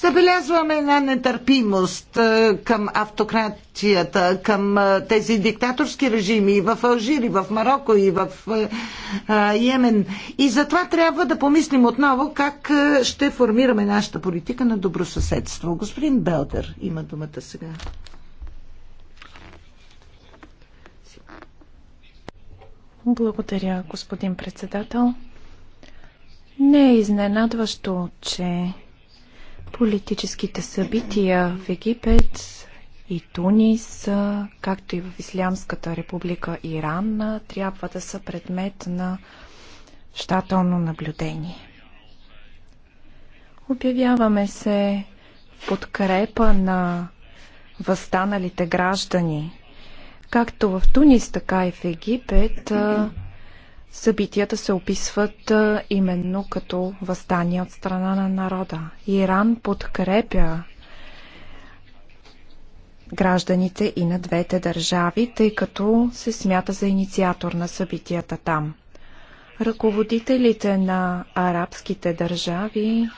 Забелязваме една нетърпимост е, към автократията, към е, тези диктаторски режими и в Алжир, и в Марокко, и в е, Йемен. И затова трябва да помислим отново как ще формираме нашата политика на добросъседство. Господин Белдер има думата сега. Благодаря, господин председател. Не е изненадващо, че Политическите събития в Египет и Тунис, както и в Ислямската република Иран, трябва да са предмет на щателно наблюдение. Обявяваме се в подкрепа на възстаналите граждани. Както в Тунис, така и в Египет Събитията се описват именно като възстание от страна на народа. Иран подкрепя гражданите и на двете държави, тъй като се смята за инициатор на събитията там. Ръководителите на арабските държави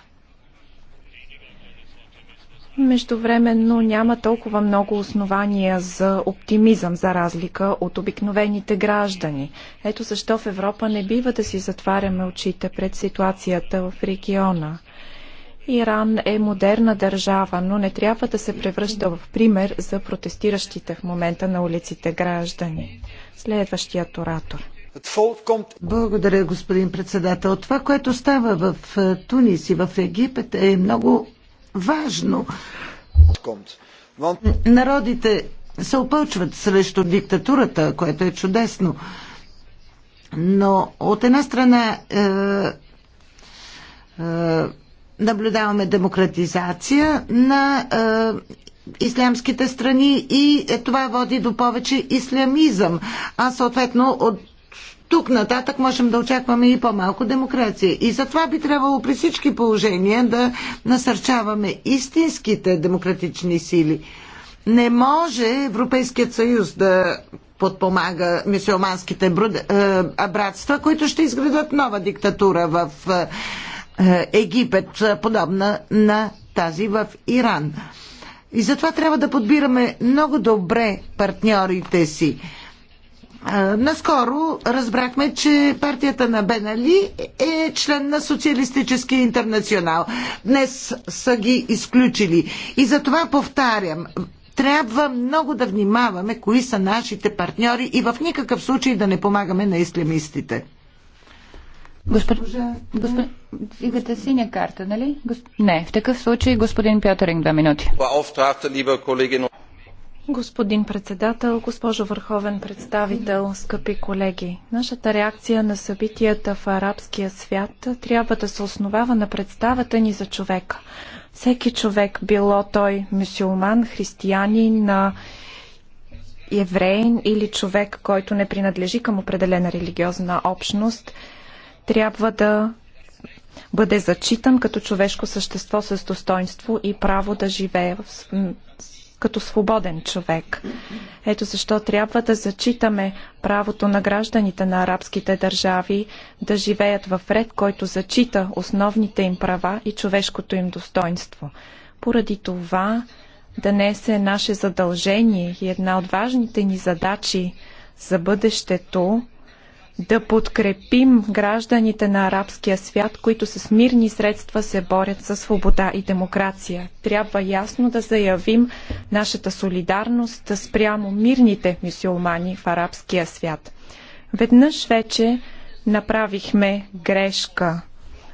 Междувременно няма толкова много основания за оптимизъм, за разлика от обикновените граждани. Ето защо в Европа не бива да си затваряме очите пред ситуацията в региона. Иран е модерна държава, но не трябва да се превръща в пример за протестиращите в момента на улиците граждани. Следващият оратор. Благодаря, господин председател. Това, което става в е, Тунис и в Египет е много важно. Народите се опълчват срещу диктатурата, което е чудесно. Но от една страна е, е, наблюдаваме демократизация на е, ислямските страни и е, това води до повече ислямизъм, а съответно от тук нататък можем да очакваме и по-малко демокрация. И затова би трябвало при всички положения да насърчаваме истинските демократични сили. Не може Европейският съюз да подпомага мисиоманските е, братства, които ще изградат нова диктатура в е, е, Египет, подобна на тази в Иран. И затова трябва да подбираме много добре партньорите си. Наскоро разбрахме, че партията на Бенали е член на Социалистическия интернационал. Днес са ги изключили. И за това повтарям, трябва много да внимаваме кои са нашите партньори и в никакъв случай да не помагаме на ислямистите. Госпожа, госпожа, вдигате синя карта, нали? Госп... Не, в такъв случай господин Пьотеринг, два минути. Господин председател, госпожо върховен представител, скъпи колеги, нашата реакция на събитията в арабския свят трябва да се основава на представата ни за човека. Всеки човек, било той мусулман, християнин, евреин или човек, който не принадлежи към определена религиозна общност, трябва да бъде зачитан като човешко същество с достоинство и право да живее в като свободен човек. Ето защо трябва да зачитаме правото на гражданите на арабските държави да живеят в ред, който зачита основните им права и човешкото им достоинство. Поради това днес е наше задължение и една от важните ни задачи за бъдещето да подкрепим гражданите на арабския свят, които с мирни средства се борят за свобода и демокрация. Трябва ясно да заявим нашата солидарност спрямо мирните мюсюлмани в арабския свят. Веднъж вече направихме грешка,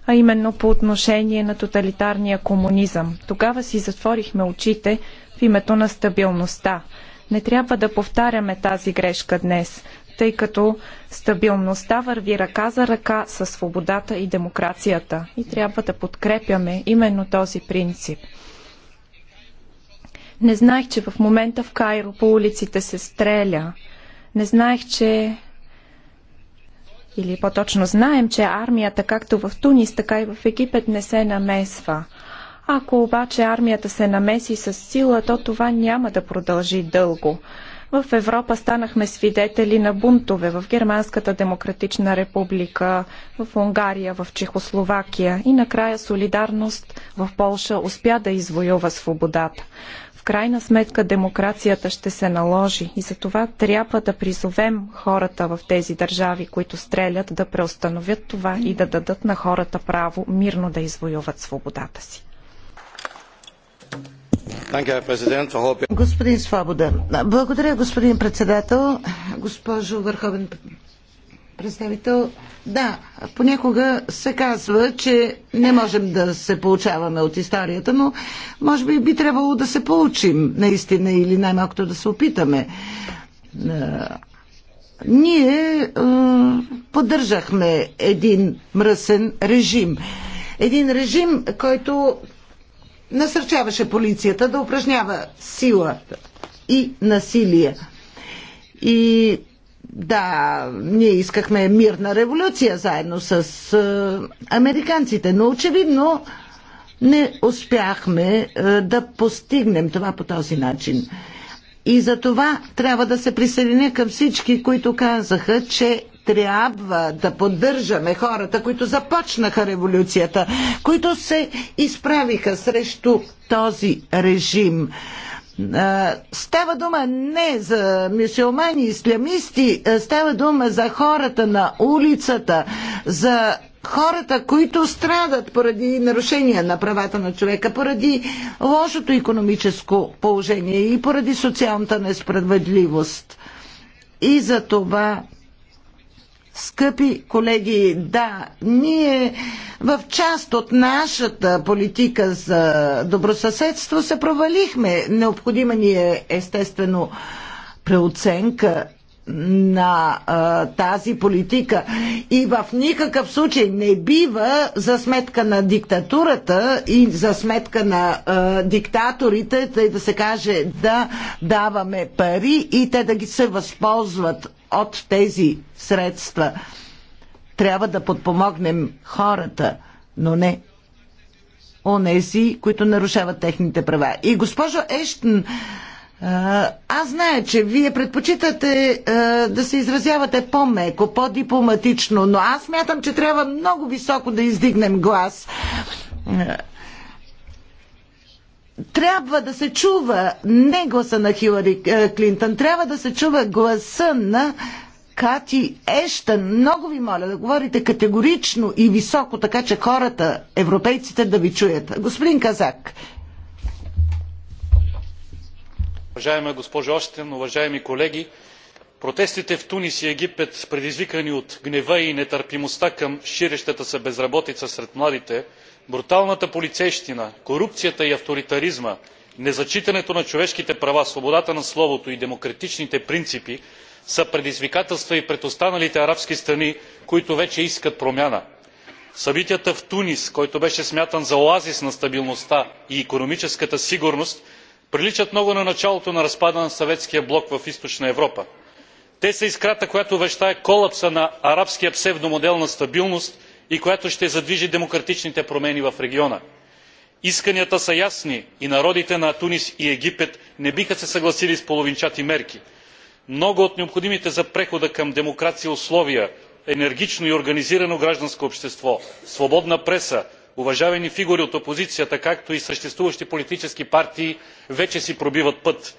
а именно по отношение на тоталитарния комунизъм. Тогава си затворихме очите в името на стабилността. Не трябва да повтаряме тази грешка днес тъй като стабилността върви ръка за ръка с свободата и демокрацията. И трябва да подкрепяме именно този принцип. Не знаех, че в момента в Кайро по улиците се стреля. Не знаех, че или по-точно знаем, че армията както в Тунис, така и в Египет не се намесва. Ако обаче армията се намеси с сила, то това няма да продължи дълго. В Европа станахме свидетели на бунтове в Германската демократична република, в Унгария, в Чехословакия и накрая солидарност в Полша успя да извоюва свободата. В крайна сметка демокрацията ще се наложи и за това трябва да призовем хората в тези държави, които стрелят, да преустановят това и да дадат на хората право мирно да извоюват свободата си. Господин Свобода. Благодаря, господин председател. Госпожо Върховен представител. Да, понякога се казва, че не можем да се получаваме от историята, но може би би трябвало да се получим наистина или най-малкото да се опитаме. Ние поддържахме един мръсен режим. Един режим, който насърчаваше полицията да упражнява сила и насилие. И да, ние искахме мирна революция заедно с е, американците, но очевидно не успяхме е, да постигнем това по този начин. И за това трябва да се присъединя към всички, които казаха, че трябва да поддържаме хората, които започнаха революцията, които се изправиха срещу този режим. Става дума не за мюсюлмани, ислямисти, става дума за хората на улицата, за хората, които страдат поради нарушения на правата на човека, поради лошото економическо положение и поради социалната несправедливост. И за това Скъпи колеги, да, ние в част от нашата политика за добросъседство се провалихме. Необходима ни е естествено преоценка на а, тази политика. И в никакъв случай не бива за сметка на диктатурата и за сметка на а, диктаторите, тъй да се каже, да даваме пари и те да ги се възползват от тези средства. Трябва да подпомогнем хората, но не онези, които нарушават техните права. И госпожо Ештен, аз зная, че вие предпочитате да се изразявате по-меко, по-дипломатично, но аз мятам, че трябва много високо да издигнем глас трябва да се чува не гласа на Хилари е, Клинтън, трябва да се чува гласа на Кати Ещън. Много ви моля да говорите категорично и високо, така че хората, европейците да ви чуят. Господин Казак. Уважаема госпожо Остен, уважаеми колеги, протестите в Тунис и Египет, предизвикани от гнева и нетърпимостта към ширещата се безработица сред младите – бруталната полицейщина корупцията и авторитаризма незачитането на човешките права свободата на словото и демократичните принципи са предизвикателства и пред останалите арабски страни които вече искат промяна. събитията в тунис който беше смятан за оазис на стабилността и икономическата сигурност приличат много на началото на разпада на съветския блок в източна европа. те са искрата която вещае колапса на арабския псевдомодел на стабилност и която ще задвижи демократичните промени в региона. исканията са ясни и народите на тунис и египет не биха се съгласили с половинчати мерки. много от необходимите за прехода към демокрация условия енергично и организирано гражданско общество свободна преса уважавани фигури от опозицията както и съществуващи политически партии вече си пробиват път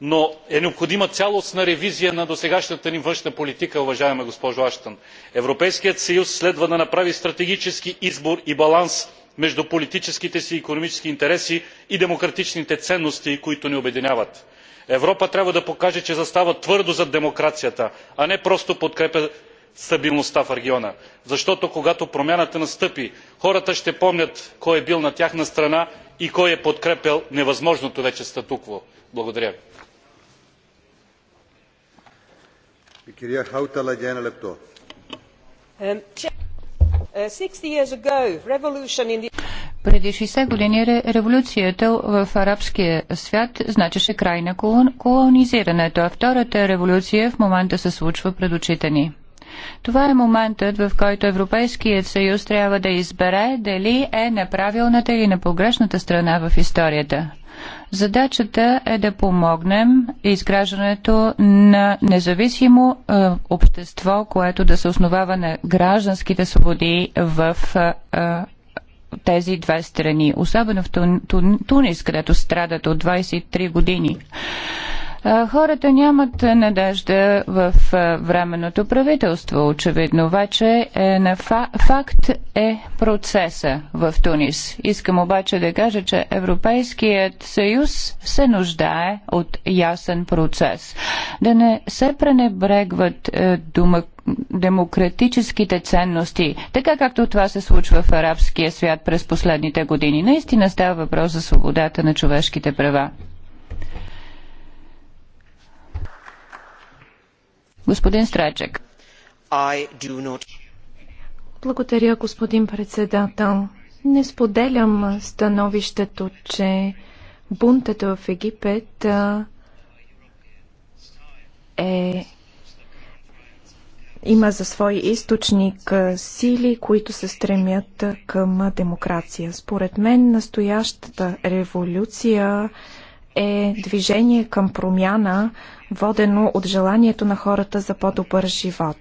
но е необходима цялостна ревизия на досегашната ни външна политика уважаема госпожо Аштън. Европейският съюз следва да направи стратегически избор и баланс между политическите си и икономически интереси и демократичните ценности, които ни обединяват. Европа трябва да покаже, че застава твърдо зад демокрацията, а не просто подкрепя стабилността в региона. Защото когато промяната настъпи, хората ще помнят кой е бил на тяхна страна и кой е подкрепял невъзможното вече статукво. Благодаря ви. Е, Преди 60 години революцията в арабския свят значеше край на колонизирането, а втората революция в момента се случва пред очите ни. Това е моментът, в който Европейският съюз трябва да избере дали е на правилната или на погрешната страна в историята. Задачата е да помогнем изграждането на независимо е, общество, което да се основава на гражданските свободи в е, е, тези две страни, особено в Тунис, където страдат от 23 години. Хората нямат надежда в временното правителство. Очевидно вече е на фа- факт е процеса в Тунис. Искам обаче да кажа, че Европейският съюз се нуждае от ясен процес. Да не се пренебрегват е, дума демократическите ценности, така както това се случва в арабския свят през последните години. Наистина става въпрос за свободата на човешките права. Господин Страчек. Благодаря, господин председател. Не споделям становището, че бунтът в Египет е има за свой източник сили, които се стремят към демокрация. Според мен настоящата революция е движение към промяна водено от желанието на хората за по-добър живот.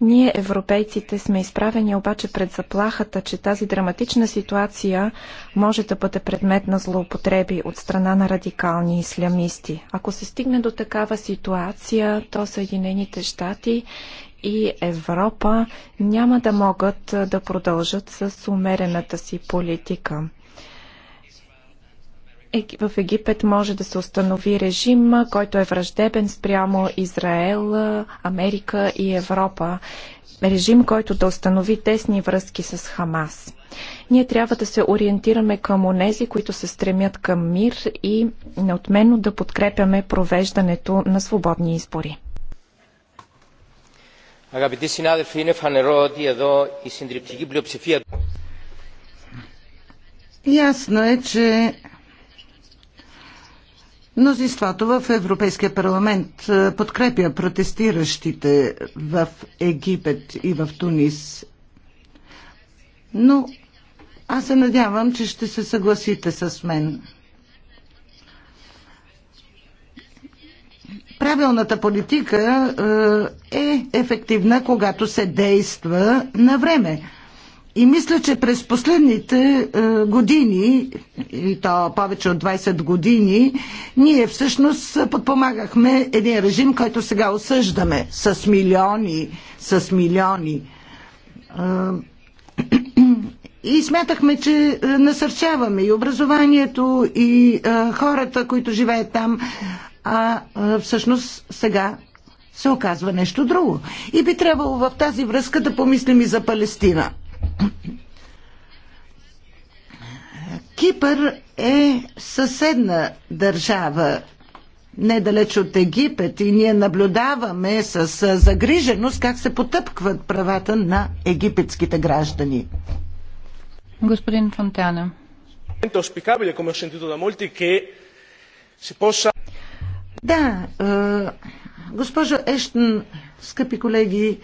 Ние, европейците, сме изправени обаче пред заплахата, че тази драматична ситуация може да бъде предмет на злоупотреби от страна на радикални ислямисти. Ако се стигне до такава ситуация, то Съединените щати и Европа няма да могат да продължат с умерената си политика в Египет може да се установи режим, който е враждебен спрямо Израел, Америка и Европа. Режим, който да установи тесни връзки с Хамас. Ние трябва да се ориентираме към онези, които се стремят към мир и неотменно да подкрепяме провеждането на свободни избори. Ясно е, че Мнозинството в Европейския парламент е, подкрепя протестиращите в Египет и в Тунис. Но аз се надявам, че ще се съгласите с мен. Правилната политика е, е ефективна, когато се действа на време. И мисля, че през последните е, години, и то повече от 20 години, ние всъщност подпомагахме един режим, който сега осъждаме с милиони, с милиони. Е, и смятахме, че е, насърчаваме и образованието, и хората, които живеят там. А всъщност сега се оказва нещо друго. И би трябвало в тази връзка да помислим и за Палестина. Кипър е съседна държава недалеч от Египет и ние наблюдаваме с загриженост как се потъпкват правата на египетските граждани. Господин Фонтана. Да, е, госпожо Ештен, скъпи колеги,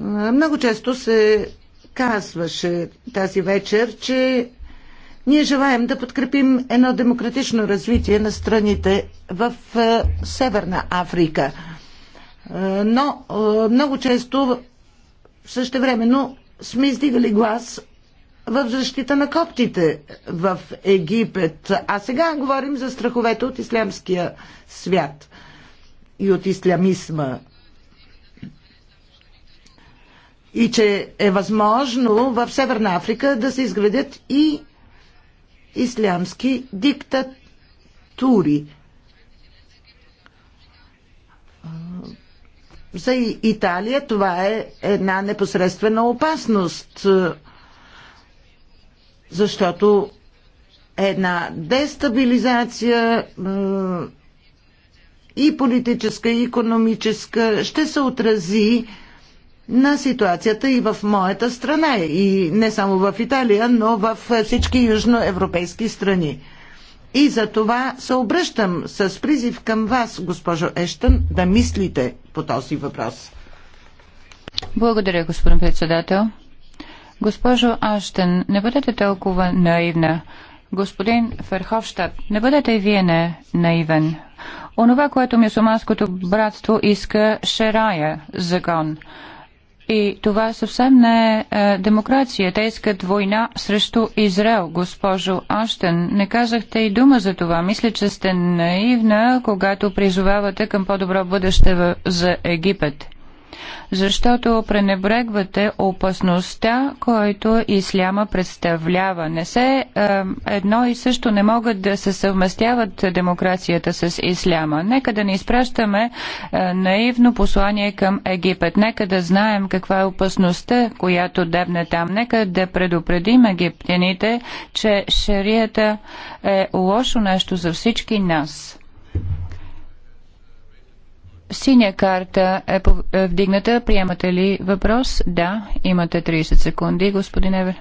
много често се казваше тази вечер, че ние желаем да подкрепим едно демократично развитие на страните в Северна Африка. Но много често същевременно сме издигали глас в защита на коптите в Египет. А сега говорим за страховете от ислямския свят и от ислямизма и че е възможно в Северна Африка да се изградят и ислямски диктатури. За Италия това е една непосредствена опасност, защото е една дестабилизация и политическа, и економическа ще се отрази на ситуацията и в моята страна, и не само в Италия, но в всички южноевропейски страни. И за това се обръщам с призив към вас, госпожо Ештън, да мислите по този въпрос. Благодаря, господин председател. Госпожо Аштен, не бъдете толкова наивна. Господин Ферховщад, не бъдете и вие не наивен. Онова, което мюсулманското братство иска, рая закон. И това съвсем не е, е демокрация. Те искат война срещу Израел, госпожо Аштен. Не казахте и дума за това. Мисля, че сте наивна, когато призовавате към по-добро бъдеще в... за Египет защото пренебрегвате опасността, който исляма представлява. Не се е, едно и също не могат да се съвместяват демокрацията с исляма. Нека да не изпращаме е, наивно послание към Египет. Нека да знаем каква е опасността, която дебне там. Нека да предупредим египтяните, че шарията е лошо нещо за всички нас. Синя карта е, е вдигната. Приемате ли въпрос? Да. Имате 30 секунди, господин Евер.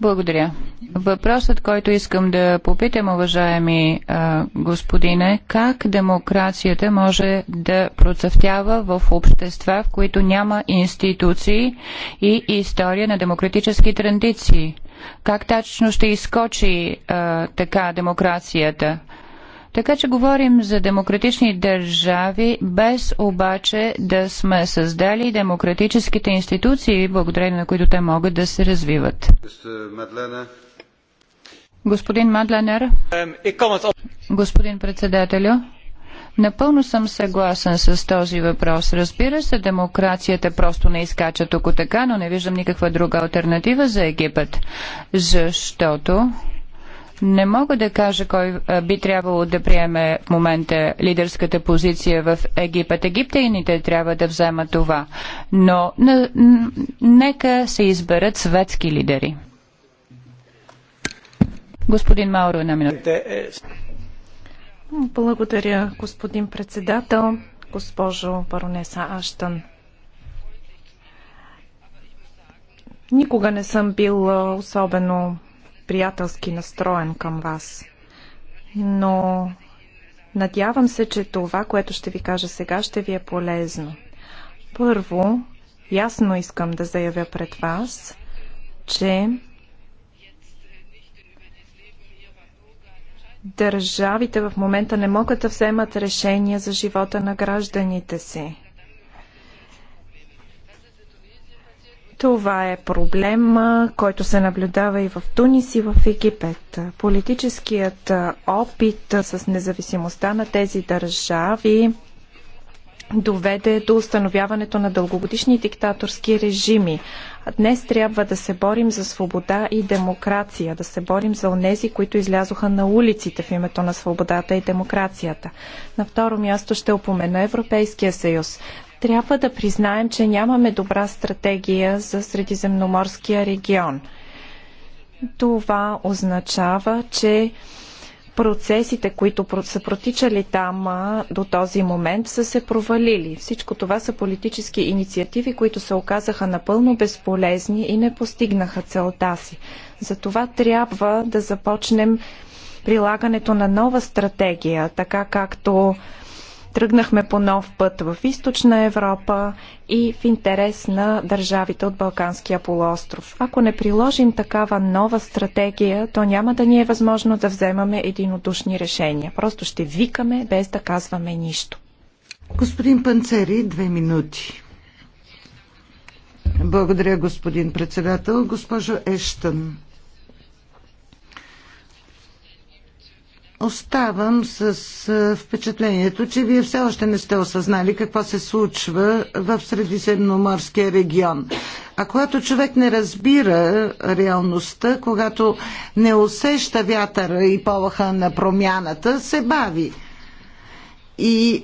Благодаря. Въпросът, който искам да попитам, уважаеми а, господине, как демокрацията може да процъфтява в общества, в които няма институции и история на демократически традиции? Как точно ще изкочи а, така демокрацията? Така че говорим за демократични държави, без обаче да сме създали демократическите институции, благодарение на които те могат да се развиват. Господин Мадленер, господин председателю, Напълно съм съгласен с този въпрос. Разбира се, демокрацията просто не изкача тук така, но не виждам никаква друга альтернатива за Египет, защото не мога да кажа кой би трябвало да приеме в момента лидерската позиция в Египет. Египтяните трябва да вземат това. Но нека се изберат светски лидери. Господин Мауро, една минута. Благодаря, господин председател, госпожо баронеса Аштън. Никога не съм бил особено приятелски настроен към вас. Но надявам се, че това, което ще ви кажа сега, ще ви е полезно. Първо, ясно искам да заявя пред вас, че държавите в момента не могат да вземат решения за живота на гражданите си. Това е проблем, който се наблюдава и в Тунис и в Египет. Политическият опит с независимостта на тези държави доведе до установяването на дългогодишни диктаторски режими. Днес трябва да се борим за свобода и демокрация, да се борим за онези, които излязоха на улиците в името на свободата и демокрацията. На второ място ще опомена Европейския съюз трябва да признаем, че нямаме добра стратегия за Средиземноморския регион. Това означава, че процесите, които са протичали там до този момент, са се провалили. Всичко това са политически инициативи, които се оказаха напълно безполезни и не постигнаха целта си. Затова трябва да започнем прилагането на нова стратегия, така както Тръгнахме по нов път в източна Европа и в интерес на държавите от Балканския полуостров. Ако не приложим такава нова стратегия, то няма да ни е възможно да вземаме единодушни решения. Просто ще викаме без да казваме нищо. Господин Панцери, две минути. Благодаря, господин председател. Госпожо Ештън, оставам с впечатлението, че вие все още не сте осъзнали какво се случва в Средиземноморския регион. А когато човек не разбира реалността, когато не усеща вятъра и полаха на промяната, се бави. И е,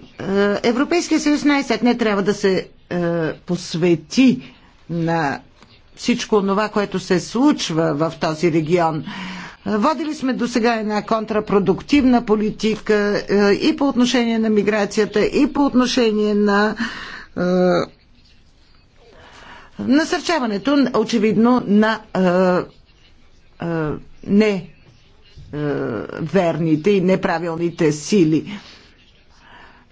Европейския съюз най-сетне трябва да се е, посвети на всичко това, което се случва в този регион. Водили сме до сега една контрапродуктивна политика е, и по отношение на миграцията, и по отношение на е, насърчаването, очевидно, на е, не верните и неправилните сили.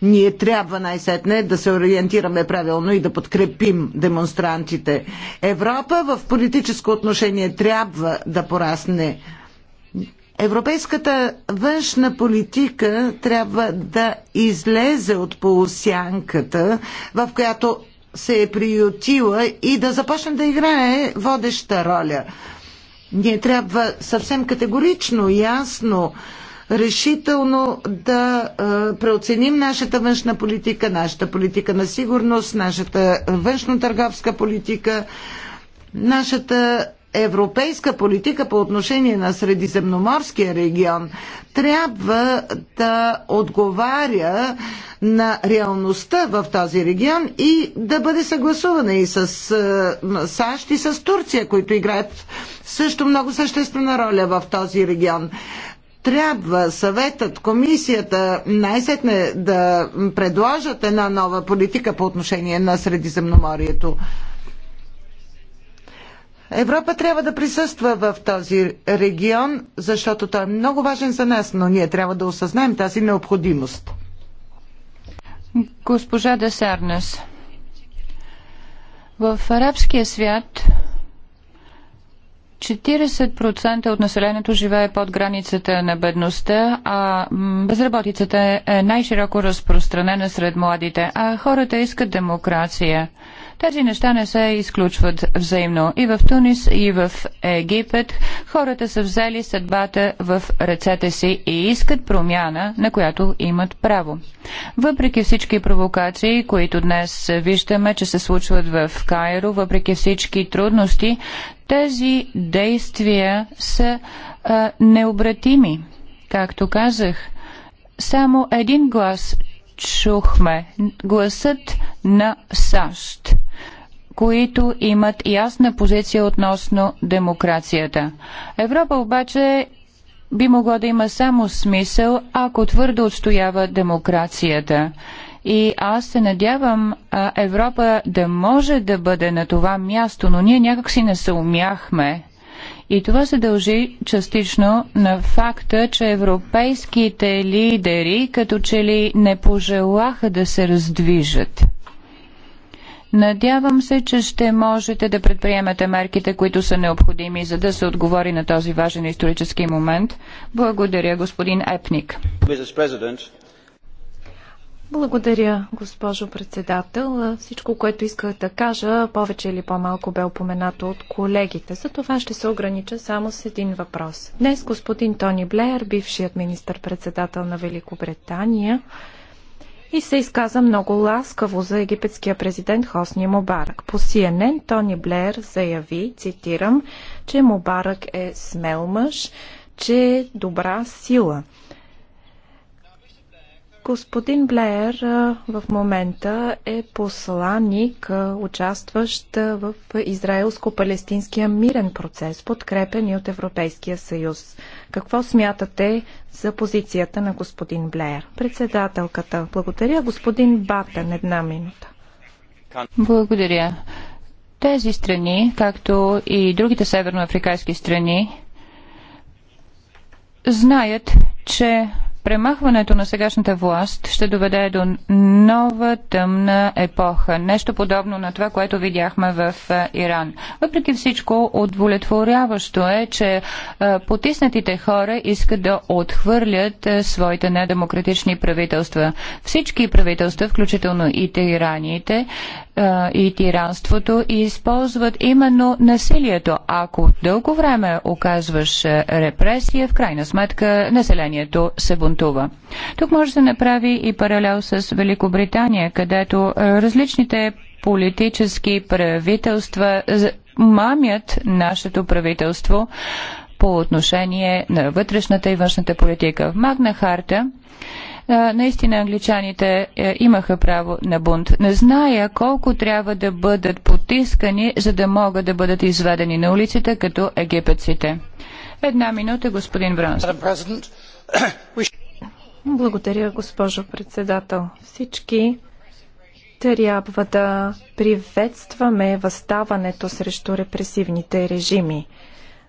Ние трябва най-сетне да се ориентираме правилно и да подкрепим демонстрантите. Европа в политическо отношение трябва да порасне Европейската външна политика трябва да излезе от полусянката, в която се е приютила и да започне да играе водеща роля. Ние трябва съвсем категорично, ясно, решително да преоценим нашата външна политика, нашата политика на сигурност, нашата външно-търговска политика, нашата европейска политика по отношение на Средиземноморския регион трябва да отговаря на реалността в този регион и да бъде съгласувана и с е, САЩ и с Турция, които играят също много съществена роля в този регион трябва съветът, комисията най-сетне да предложат една нова политика по отношение на Средиземноморието. Европа трябва да присъства в този регион, защото той е много важен за нас, но ние трябва да осъзнаем тази необходимост. Госпожа Десарнес, в арабския свят 40% от населението живее под границата на бедността, а безработицата е най-широко разпространена сред младите, а хората искат демокрация. Тези неща не се изключват взаимно. И в Тунис, и в Египет хората са взели съдбата в ръцете си и искат промяна, на която имат право. Въпреки всички провокации, които днес виждаме, че се случват в Кайро, въпреки всички трудности, тези действия са а, необратими. Както казах, само един глас чухме гласът на САЩ, които имат ясна позиция относно демокрацията. Европа обаче би могла да има само смисъл, ако твърдо отстоява демокрацията. И аз се надявам Европа да може да бъде на това място, но ние някакси не съумяхме и това се дължи частично на факта, че европейските лидери като че ли не пожелаха да се раздвижат. Надявам се, че ще можете да предприемете мерките, които са необходими, за да се отговори на този важен исторически момент. Благодаря, господин Епник. Благодаря, госпожо председател. Всичко, което исках да кажа, повече или по-малко бе упоменато от колегите. За това ще се огранича само с един въпрос. Днес господин Тони Блеер, бившият министър-председател на Великобритания, и се изказа много ласкаво за египетския президент Хосни Мобарак. По CNN Тони Блеер заяви, цитирам, че Мобарак е смел мъж, че е добра сила – Господин Блеер в момента е посланник, участващ в израелско-палестинския мирен процес, подкрепен и от Европейския съюз. Какво смятате за позицията на господин Блеер? Председателката, благодаря. Господин Батен, една минута. Благодаря. Тези страни, както и другите северноафрикански страни, знаят, че Премахването на сегашната власт ще доведе до нова тъмна епоха. Нещо подобно на това, което видяхме в е, Иран. Въпреки всичко, удовлетворяващо е, че е, потиснатите хора искат да отхвърлят е, своите недемократични правителства. Всички правителства, включително и тираните, и тиранството използват именно насилието. Ако дълго време оказваш репресия, в крайна сметка населението се бунтува бунтува. Тук може да се направи и паралел с Великобритания, където е, различните политически правителства мамят нашето правителство по отношение на вътрешната и външната политика. В Магна Харта е, наистина англичаните е, имаха право на бунт. Не зная колко трябва да бъдат потискани, за да могат да бъдат изведени на улицата като египетците. Една минута, господин Бронс. Благодаря, госпожо председател. Всички трябва да приветстваме възставането срещу репресивните режими.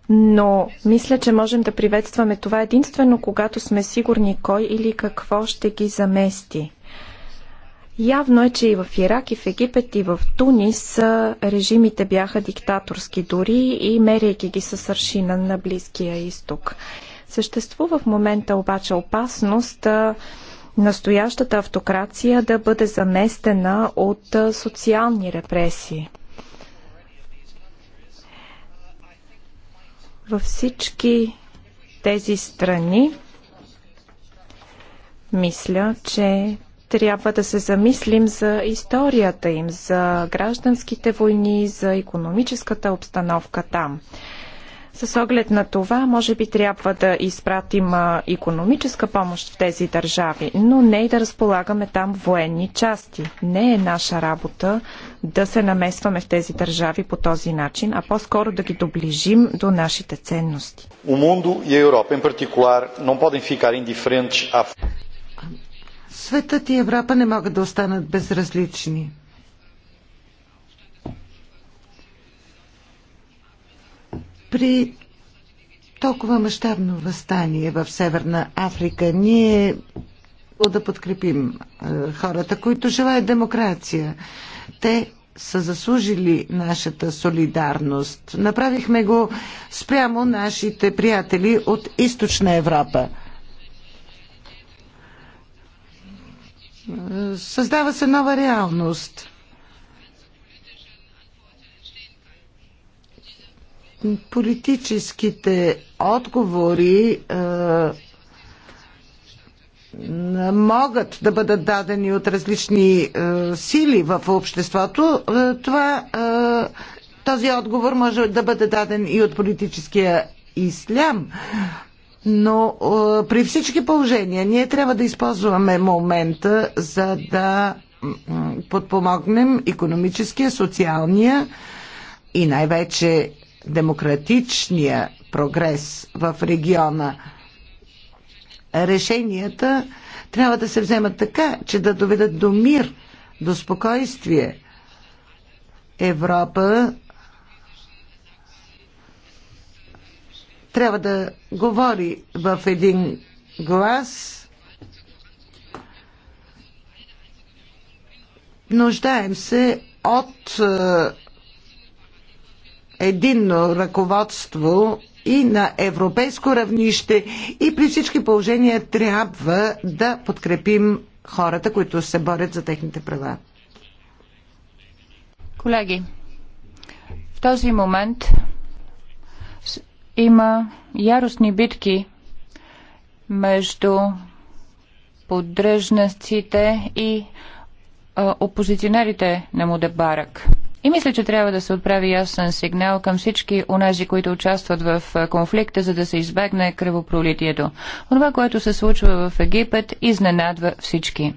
Но мисля, че можем да приветстваме това единствено, когато сме сигурни кой или какво ще ги замести. Явно е, че и в Ирак, и в Египет, и в Тунис режимите бяха диктаторски дори и меряйки ги с аршина на Близкия изток. Съществува в момента обаче опасност настоящата автокрация да бъде заместена от социални репресии. Във всички тези страни мисля, че трябва да се замислим за историята им, за гражданските войни, за економическата обстановка там. С оглед на това, може би трябва да изпратим економическа помощ в тези държави, но не и да разполагаме там военни части. Не е наша работа да се намесваме в тези държави по този начин, а по-скоро да ги доближим до нашите ценности. Светът и Европа не могат да останат безразлични. При толкова мащабно възстание в Северна Африка ние да подкрепим е, хората, които желаят демокрация. Те са заслужили нашата солидарност. Направихме го спрямо нашите приятели от Източна Европа. Е, създава се нова реалност. политическите отговори е, могат да бъдат дадени от различни е, сили в обществото, е, това, този отговор може да бъде даден и от политическия ислям. Но при всички положения ние трябва да използваме момента, за да подпомогнем економическия, социалния и най-вече демократичния прогрес в региона. Решенията трябва да се вземат така, че да доведат до мир, до спокойствие. Европа трябва да говори в един глас. Нуждаем се от е, единно ръководство и на европейско равнище и при всички положения трябва да подкрепим хората, които се борят за техните права. Колеги, в този момент има яростни битки между поддръжниците и опозиционерите на Мудебарък. И мисля, че трябва да се отправи ясен сигнал към всички онези, които участват в конфликта, за да се избегне кръвопролитието. Това, което се случва в Египет, изненадва всички.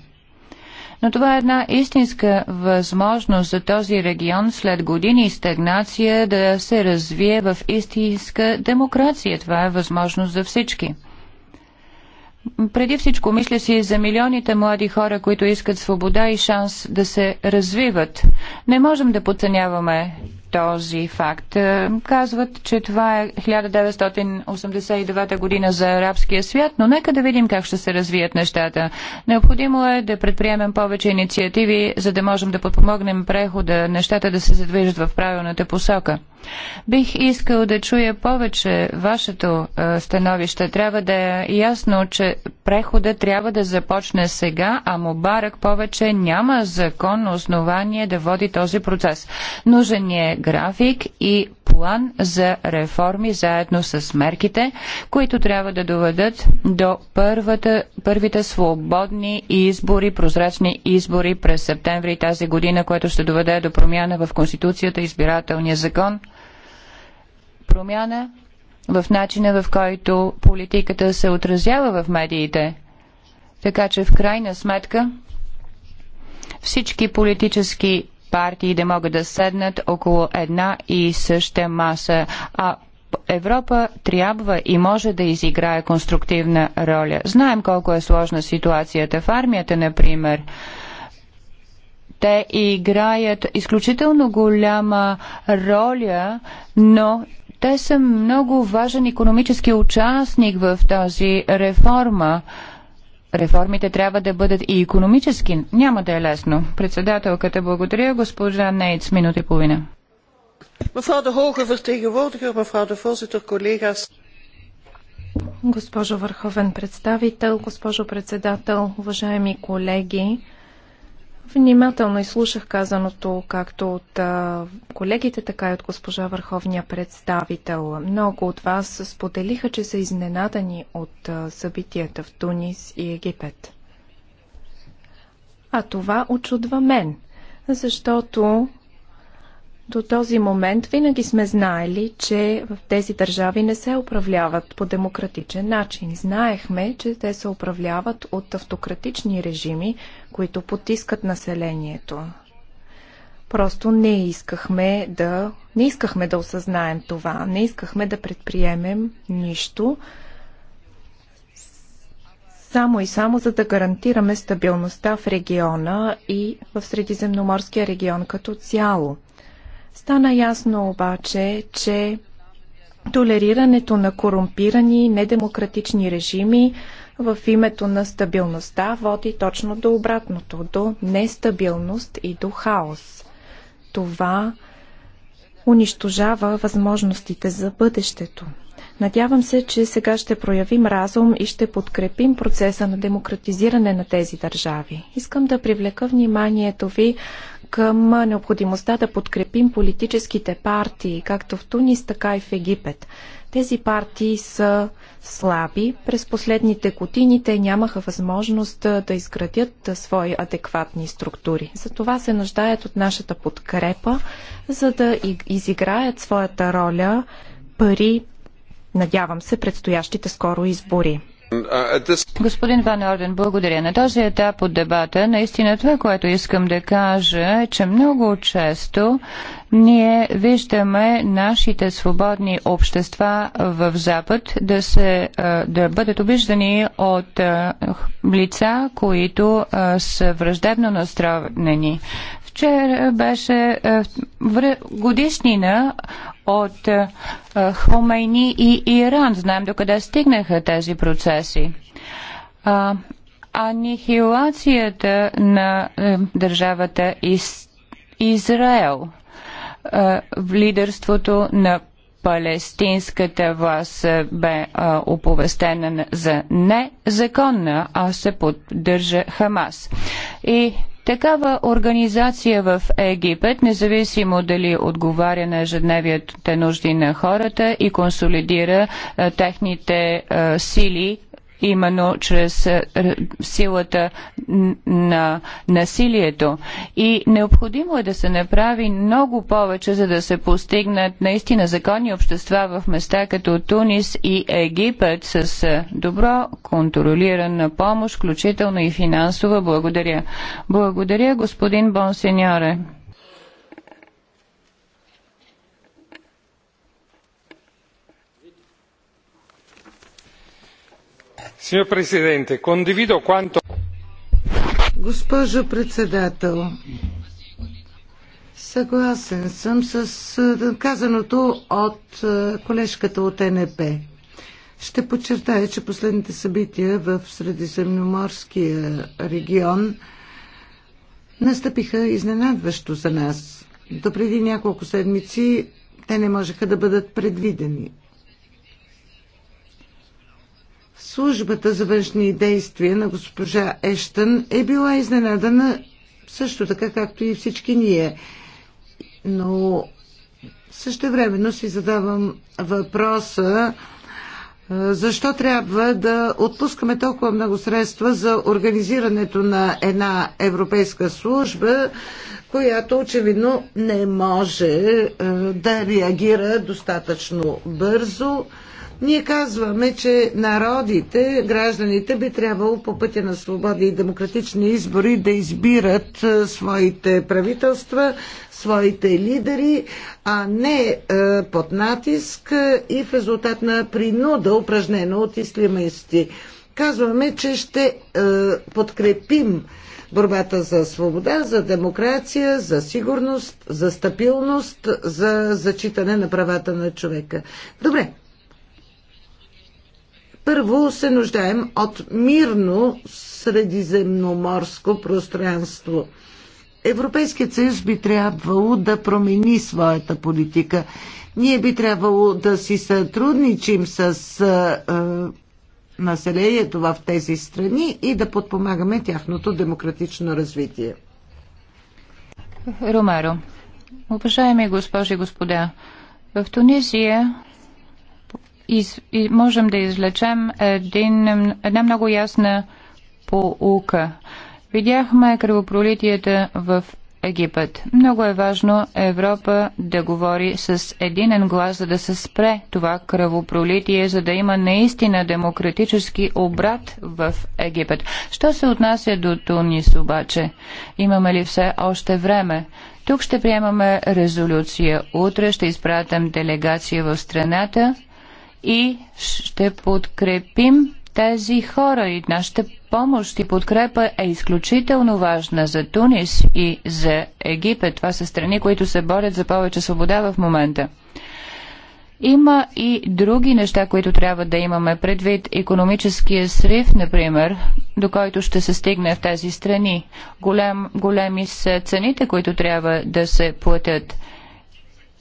Но това е една истинска възможност за този регион след години стагнация да се развие в истинска демокрация. Това е възможност за всички преди всичко мисля си за милионите млади хора, които искат свобода и шанс да се развиват. Не можем да подценяваме този факт. Е, казват, че това е 1989 година за арабския свят, но нека да видим как ще се развият нещата. Необходимо е да предприемем повече инициативи, за да можем да подпомогнем прехода, нещата да се задвижат в правилната посока. Бих искал да чуя повече вашето е, становище. Трябва да е ясно, че прехода трябва да започне сега, а Мубарак повече няма законно основание да води този процес. Нужен е график и план за реформи заедно с мерките, които трябва да доведат до първата, първите свободни избори, прозрачни избори през септември тази година, което ще доведе до промяна в Конституцията, избирателния закон, промяна в начина в който политиката се отразява в медиите. Така че в крайна сметка всички политически партии да могат да седнат около една и съща маса, а Европа трябва и може да изиграе конструктивна роля. Знаем колко е сложна ситуацията в армията, например. Те играят изключително голяма роля, но те са много важен економически участник в тази реформа. Реформите трябва да бъдат и економически. Няма да е лесно. Председателката благодаря госпожа Нейтс. Минути и половина. Госпожо върховен представител, госпожо председател, уважаеми колеги, Внимателно изслушах казаното както от колегите, така и от госпожа Върховния представител. Много от вас споделиха, че са изненадани от събитията в Тунис и Египет. А това очудва мен, защото до този момент винаги сме знаели, че в тези държави не се управляват по демократичен начин. Знаехме, че те се управляват от автократични режими, които потискат населението. Просто не искахме да, не искахме да осъзнаем това, не искахме да предприемем нищо, само и само за да гарантираме стабилността в региона и в Средиземноморския регион като цяло. Стана ясно обаче, че толерирането на корумпирани, недемократични режими в името на стабилността води точно до обратното, до нестабилност и до хаос. Това унищожава възможностите за бъдещето. Надявам се, че сега ще проявим разум и ще подкрепим процеса на демократизиране на тези държави. Искам да привлека вниманието ви към необходимостта да подкрепим политическите партии, както в Тунис, така и в Египет. Тези партии са слаби. През последните години те нямаха възможност да изградят свои адекватни структури. Затова се нуждаят от нашата подкрепа, за да изиграят своята роля пари, надявам се, предстоящите скоро избори. Господин Ван Орден, благодаря. На този етап от дебата, наистина това, което искам да кажа е, че много често ние виждаме нашите свободни общества в Запад да, се, да бъдат обиждани от лица, които са враждебно настроени. Вчера беше годишнина от Хомейни и Иран. Знаем докъде стигнаха тези процеси анихилацията на държавата из Израел – в лидерството на палестинската власт бе а, оповестена за незаконна, а се поддържа Хамас. И такава организация в Египет, независимо дали отговаря на ежедневните нужди на хората и консолидира а, техните а, сили именно чрез е, силата на насилието. И необходимо е да се направи много повече, за да се постигнат наистина законни общества в места като Тунис и Египет с е, добро контролирана помощ, включително и финансова. Благодаря. Благодаря, господин Бонсеньоре. Signor Presidente, condivido quanto... Госпожо председател, съгласен съм с е, казаното от е, колежката от НП. Ще подчертая, че последните събития в Средиземноморския регион настъпиха изненадващо за нас. До преди няколко седмици те не можеха да бъдат предвидени. Службата за външни действия на госпожа Ештън е била изненадана също така, както и всички ние. Но също времено си задавам въпроса защо трябва да отпускаме толкова много средства за организирането на една европейска служба, която очевидно не може да реагира достатъчно бързо ние казваме, че народите, гражданите би трябвало по пътя на свободи и демократични избори да избират е, своите правителства, своите лидери, а не е, под натиск и в резултат на принуда, упражнена от ислямисти. Казваме, че ще е, подкрепим борбата за свобода, за демокрация, за сигурност, за стабилност, за зачитане на правата на човека. Добре, първо се нуждаем от мирно средиземноморско пространство. Европейският съюз би трябвало да промени своята политика. Ние би трябвало да си сътрудничим с е, населението в тези страни и да подпомагаме тяхното демократично развитие. Ромеро, уважаеми госпожи и господа, в Тунизия из, и можем да излечем един, една много ясна поука. Видяхме кръвопролитията в Египет. Много е важно Европа да говори с единен глас, за да се спре това кръвопролитие, за да има наистина демократически обрат в Египет. Що се отнася до Тунис обаче? Имаме ли все още време? Тук ще приемаме резолюция. Утре ще изпратим делегация в страната и ще подкрепим тези хора и нашата помощ и подкрепа е изключително важна за Тунис и за Египет. Това са страни, които се борят за повече свобода в момента. Има и други неща, които трябва да имаме предвид. Економическия срив, например, до който ще се стигне в тези страни. Голем, големи са цените, които трябва да се платят.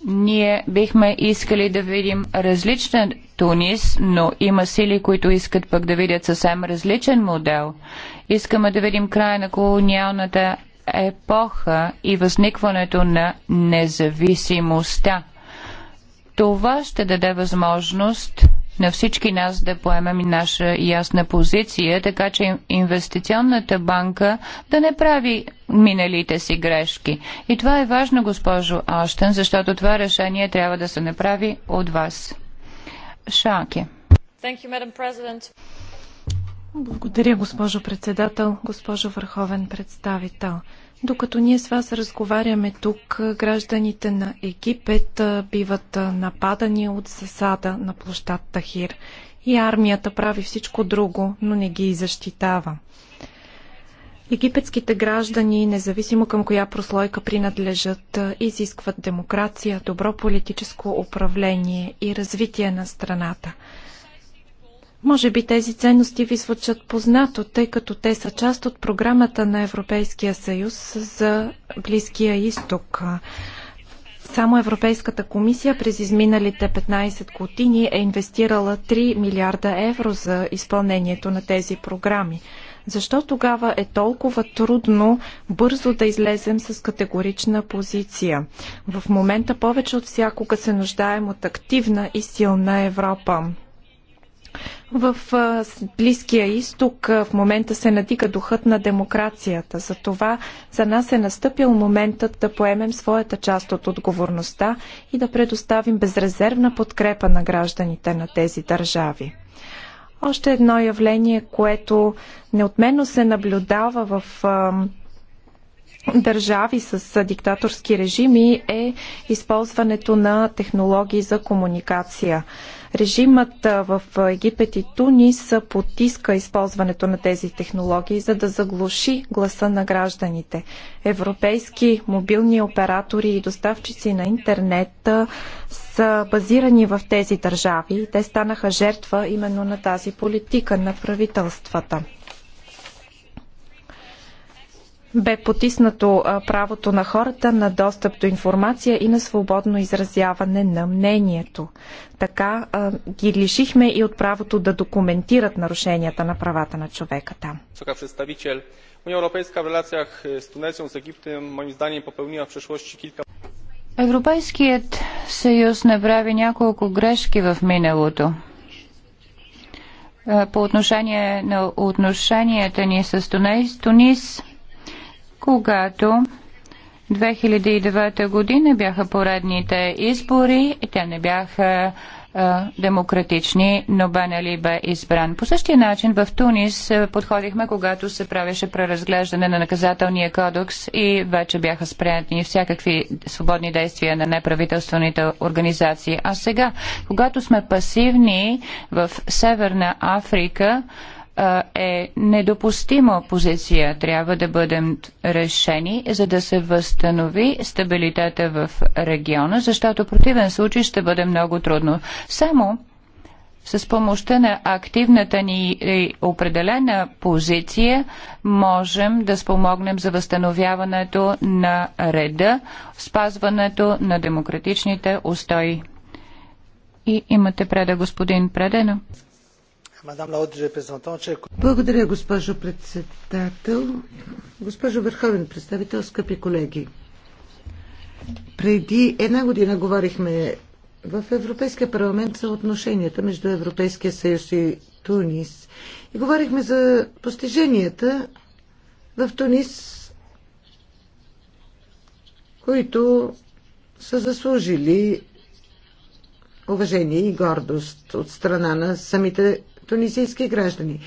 Ние бихме искали да видим различен Тунис, но има сили, които искат пък да видят съвсем различен модел. Искаме да видим края на колониалната епоха и възникването на независимостта. Това ще даде възможност на всички нас да поемем наша ясна позиция, така че инвестиционната банка да не прави миналите си грешки. И това е важно, госпожо Аштен, защото това решение трябва да се направи от вас. Шаке. Благодаря, госпожо председател, госпожо върховен представител. Докато ние с вас разговаряме тук, гражданите на Египет биват нападани от засада на площад Тахир и армията прави всичко друго, но не ги защитава. Египетските граждани, независимо към коя прослойка принадлежат, изискват демокрация, добро политическо управление и развитие на страната. Може би тези ценности ви звучат познато, тъй като те са част от програмата на Европейския съюз за Близкия изток. Само Европейската комисия през изминалите 15 години е инвестирала 3 милиарда евро за изпълнението на тези програми. Защо тогава е толкова трудно бързо да излезем с категорична позиция? В момента повече от всякога се нуждаем от активна и силна Европа. В Близкия изток в момента се надига духът на демокрацията. За това за нас е настъпил моментът да поемем своята част от отговорността и да предоставим безрезервна подкрепа на гражданите на тези държави. Още едно явление, което неотменно се наблюдава в държави с диктаторски режими е използването на технологии за комуникация. Режимът в Египет и Тунис потиска използването на тези технологии, за да заглуши гласа на гражданите. Европейски мобилни оператори и доставчици на интернет са базирани в тези държави. Те станаха жертва именно на тази политика на правителствата бе потиснато правото на хората на достъп до информация и на свободно изразяване на мнението. Така ги лишихме и от правото да документират нарушенията на правата на човека там. Unia Europejska w relacjach е, z Tunezją, z Egiptem moim zdaniem popełniła w przeszłości kilka Европейският съюз направи няколко грешки в миналото. Е, по отношение на отношенията ни с Тунис когато 2009 година бяха поредните избори и те не бяха демократични, но Бенали бе избран. По същия начин в Тунис подходихме, когато се правеше преразглеждане на наказателния кодекс и вече бяха спрятани всякакви свободни действия на неправителствените организации. А сега, когато сме пасивни в Северна Африка, е недопустима позиция. Трябва да бъдем решени, за да се възстанови стабилитета в региона, защото противен случай ще бъде много трудно. Само с помощта на активната ни определена позиция можем да спомогнем за възстановяването на реда, спазването на демократичните устои. И имате преда, господин Предено. Е Благодаря, госпожо председател. Госпожо Върховен представител, скъпи колеги. Преди една година говорихме в Европейския парламент за отношенията между Европейския съюз и Тунис. И говорихме за постиженията в Тунис, които са заслужили уважение и гордост от страна на самите тунисийски граждани.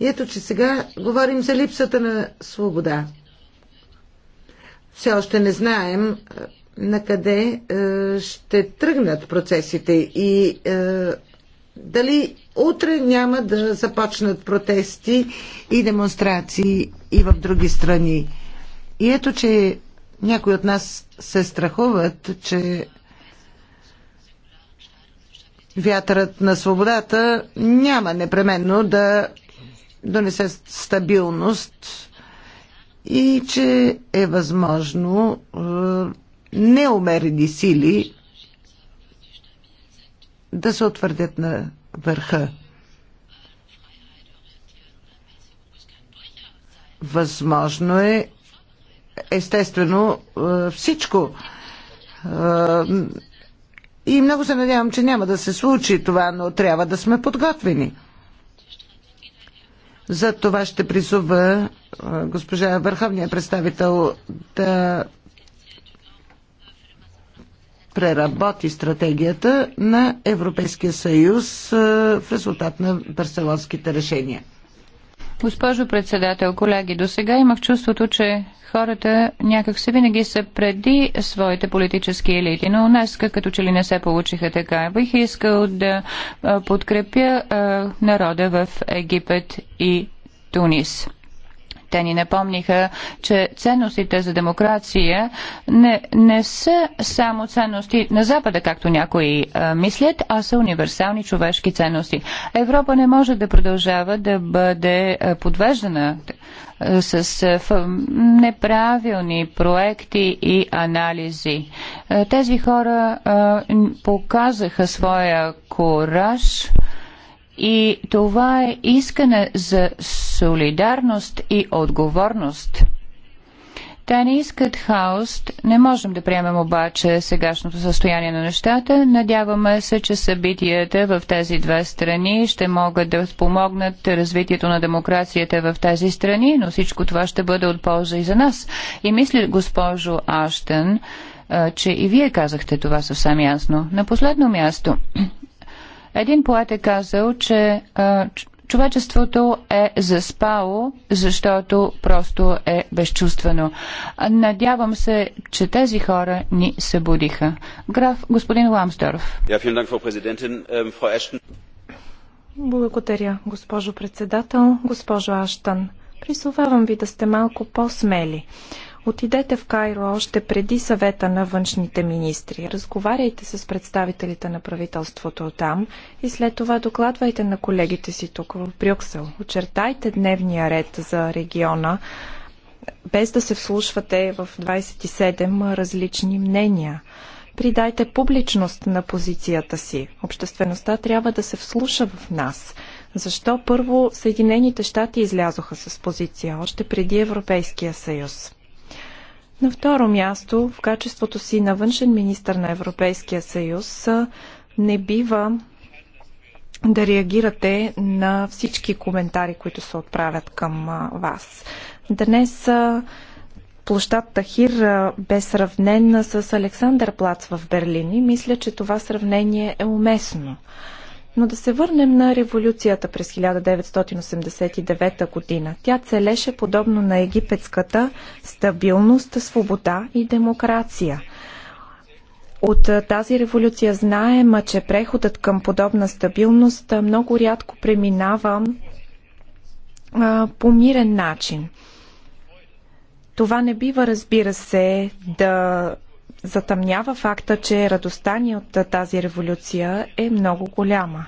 И ето, че сега говорим за липсата на свобода. Все още не знаем е, на къде е, ще тръгнат процесите и е, дали утре няма да започнат протести и демонстрации и в други страни. И ето, че някои от нас се страхуват, че вятърът на свободата няма непременно да донесе стабилност и че е възможно е, неумерени сили да се утвърдят на върха. Възможно е естествено е, всичко е, и много се надявам, че няма да се случи това, но трябва да сме подготвени. За това ще призува госпожа Върховния представител да преработи стратегията на Европейския съюз в резултат на барселонските решения. Госпожо председател, колеги, до сега имах чувството, че хората някак се винаги са преди своите политически елити, но днес като че ли не се получиха така. Бих искал да подкрепя народа в Египет и Тунис. Те ни напомниха, че ценностите за демокрация не, не са само ценности на Запада, както някои а, е, мислят, а са универсални човешки ценности. Европа не може да продължава да бъде а, е, подвеждана е, с неправилни проекти и анализи. Тези хора показаха своя кораж и това е искане за солидарност и отговорност. Те не искат хаос. Не можем да приемем обаче сегашното състояние на нещата. Надяваме се, че събитията в тези две страни ще могат да спомогнат развитието на демокрацията в тези страни, но всичко това ще бъде от полза и за нас. И мисля, госпожо Аштен, че и вие казахте това съвсем ясно. На последно място – един поет е казал, че а, човечеството е заспало, защото просто е безчувствено. Надявам се, че тези хора ни събудиха. Граф господин Ламсдорф. Ähm, Благодаря, госпожо председател, госпожо Аштан. Присувавам ви да сте малко по-смели. Отидете в Кайро още преди съвета на външните министри. Разговаряйте с представителите на правителството там и след това докладвайте на колегите си тук в Брюксел. Очертайте дневния ред за региона, без да се вслушвате в 27 различни мнения. Придайте публичност на позицията си. Обществеността трябва да се вслуша в нас. Защо първо Съединените щати излязоха с позиция, още преди Европейския съюз? На второ място, в качеството си на външен министр на Европейския съюз, не бива да реагирате на всички коментари, които се отправят към вас. Днес площад Тахир бе сравнен с Александър Плац в Берлин и мисля, че това сравнение е уместно. Но да се върнем на революцията през 1989 година. Тя целеше, подобно на египетската, стабилност, свобода и демокрация. От тази революция знаем, че преходът към подобна стабилност много рядко преминава а, по мирен начин. Това не бива, разбира се, да затъмнява факта, че радостта ни от тази революция е много голяма.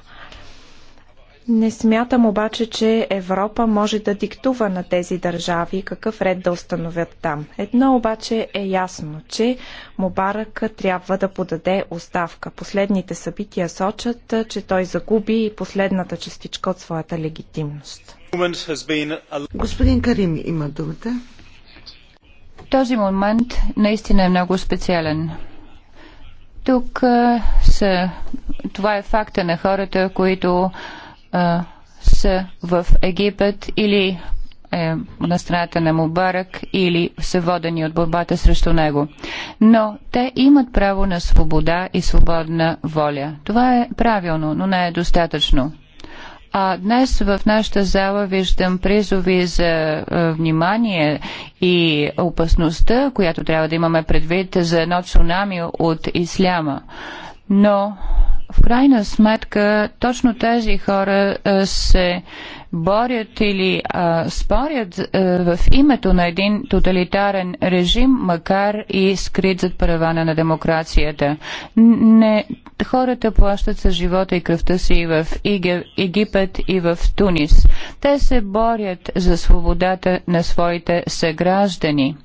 Не смятам обаче, че Европа може да диктува на тези държави какъв ред да установят там. Едно обаче е ясно, че Мубарак трябва да подаде оставка. Последните събития сочат, че той загуби и последната частичка от своята легитимност. Господин Карим има думата. Този момент наистина е много специален. Тук а, са, това е факта на хората, които а, са в Египет или е, на страната на Мубарак или са водени от борбата срещу него. Но те имат право на свобода и свободна воля. Това е правилно, но не е достатъчно. А днес в нашата зала виждам призови за е, внимание и опасността, която трябва да имаме предвид за едно цунами от исляма. Но в крайна сметка точно тези хора е, се борят или а, спорят а, в името на един тоталитарен режим, макар и скрит зад паравана на демокрацията. Не, хората плащат с живота и кръвта си и в Египет и в Тунис. Те се борят за свободата на своите съграждани.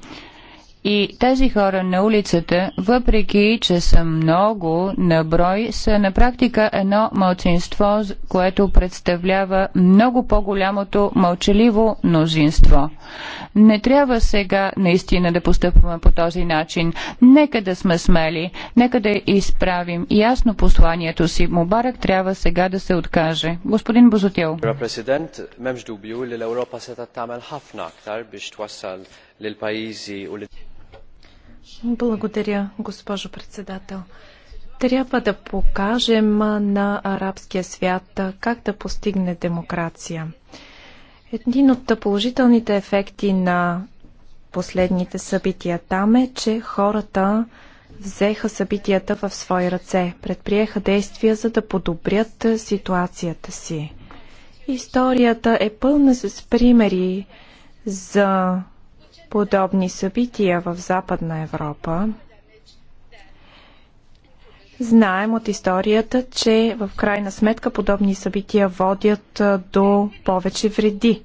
И тези хора на улицата, въпреки че са много на брой, са на практика едно мълчинство, което представлява много по-голямото мълчаливо мнозинство. Не трябва сега наистина да постъпваме по този начин. Нека да сме смели, нека да изправим ясно посланието си. Мубарак трябва сега да се откаже. Господин Бозотил. Благодаря, госпожо председател. Трябва да покажем на арабския свят как да постигне демокрация. Един от положителните ефекти на последните събития там е, че хората взеха събитията в свои ръце, предприеха действия за да подобрят ситуацията си. Историята е пълна с примери за подобни събития в Западна Европа, знаем от историята, че в крайна сметка подобни събития водят до повече вреди,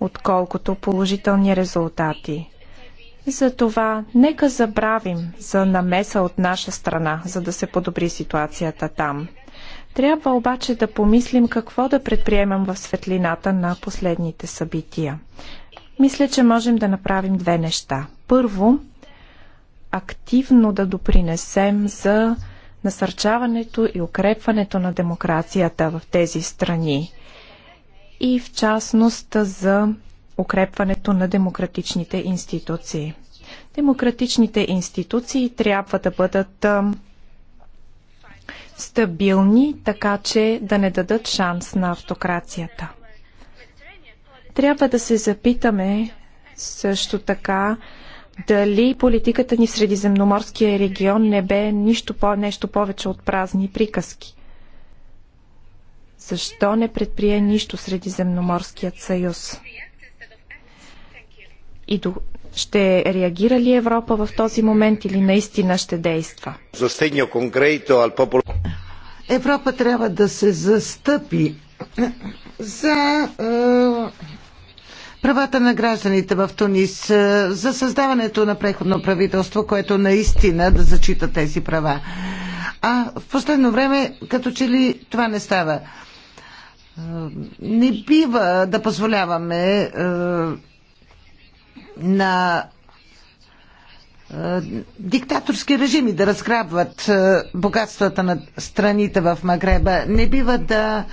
отколкото положителни резултати. Затова нека забравим за намеса от наша страна, за да се подобри ситуацията там. Трябва обаче да помислим какво да предприемем в светлината на последните събития. Мисля, че можем да направим две неща. Първо, активно да допринесем за насърчаването и укрепването на демокрацията в тези страни и в частност за укрепването на демократичните институции. Демократичните институции трябва да бъдат стабилни, така че да не дадат шанс на автокрацията. Трябва да се запитаме също така дали политиката ни в Средиземноморския регион не бе нищо по- нещо повече от празни приказки. Защо не предприе нищо Средиземноморският съюз? И до... ще реагира ли Европа в този момент или наистина ще действа? Европа трябва да се застъпи за е, правата на гражданите в Тунис, за създаването на преходно правителство, което наистина да зачита тези права. А в последно време, като че ли това не става. Не бива да позволяваме на диктаторски режими да разграбват богатствата на страните в Магреба. Не бива да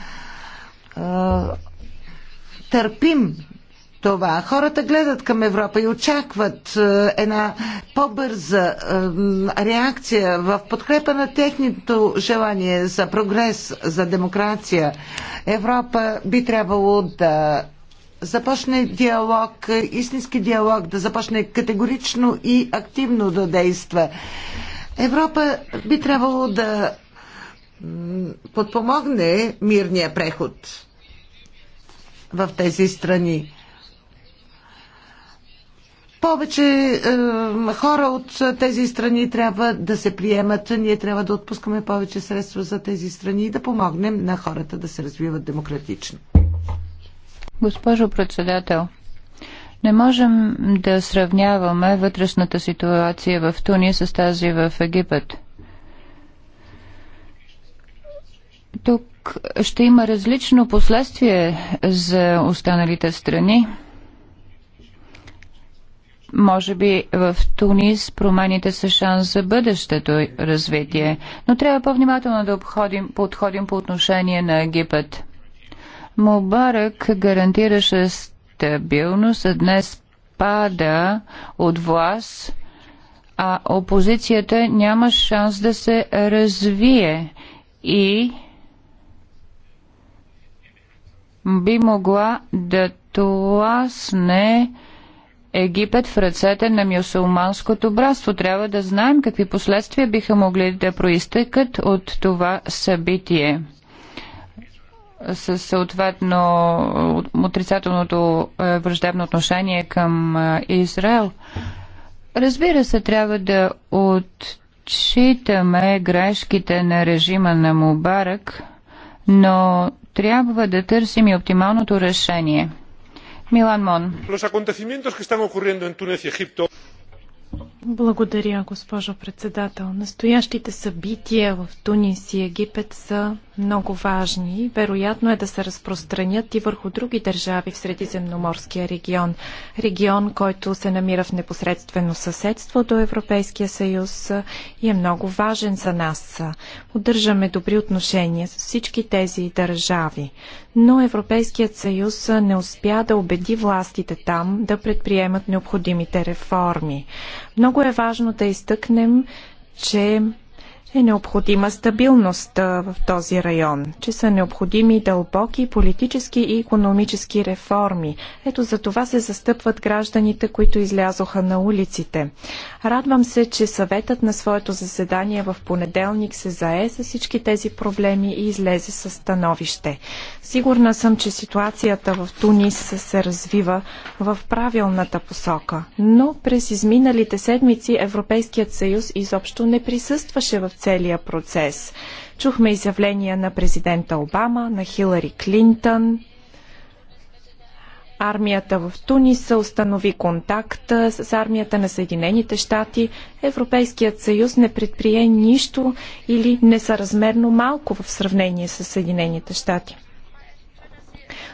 търпим това. Хората гледат към Европа и очакват е, една по-бърза е, реакция в подкрепа на техните желание за прогрес, за демокрация. Европа би трябвало да започне диалог, истински диалог, да започне категорично и активно да действа. Европа би трябвало да подпомогне мирния преход в тези страни. Повече е, хора от тези страни трябва да се приемат. Ние трябва да отпускаме повече средства за тези страни и да помогнем на хората да се развиват демократично. Госпожо председател, не можем да сравняваме вътрешната ситуация в Туния с тази в Египет. Тук ще има различно последствие за останалите страни. Може би в Тунис промените са шанс за бъдещето развитие, но трябва по-внимателно да обходим, подходим по отношение на Египет. Мубарък гарантираше стабилност, а днес пада от власт, а опозицията няма шанс да се развие и би могла да тласне Египет в ръцете на мюсулманското братство. Трябва да знаем какви последствия биха могли да проистъкат от това събитие със съответно отрицателното е, враждебно отношение към е, Израел. Разбира се, трябва да отчитаме грешките на режима на Мубарак, но трябва да търсим и оптималното решение – Милан Мон. Благодаря, госпожо председател. Настоящите събития в Тунис и Египет са много важни. Вероятно е да се разпространят и върху други държави в Средиземноморския регион. Регион, който се намира в непосредствено съседство до Европейския съюз и е много важен за нас. Поддържаме добри отношения с всички тези държави. Но Европейският съюз не успя да убеди властите там да предприемат необходимите реформи. Много е важно да изтъкнем, че е необходима стабилност в този район, че са необходими дълбоки политически и економически реформи. Ето за това се застъпват гражданите, които излязоха на улиците. Радвам се, че съветът на своето заседание в понеделник се зае с всички тези проблеми и излезе със становище. Сигурна съм, че ситуацията в Тунис се развива в правилната посока, но през изминалите седмици Европейският съюз изобщо не присъстваше в целия процес. Чухме изявления на президента Обама, на Хилари Клинтън. Армията в Тунис установи контакт с армията на Съединените щати. Европейският съюз не предприе нищо или несъразмерно малко в сравнение с Съединените щати.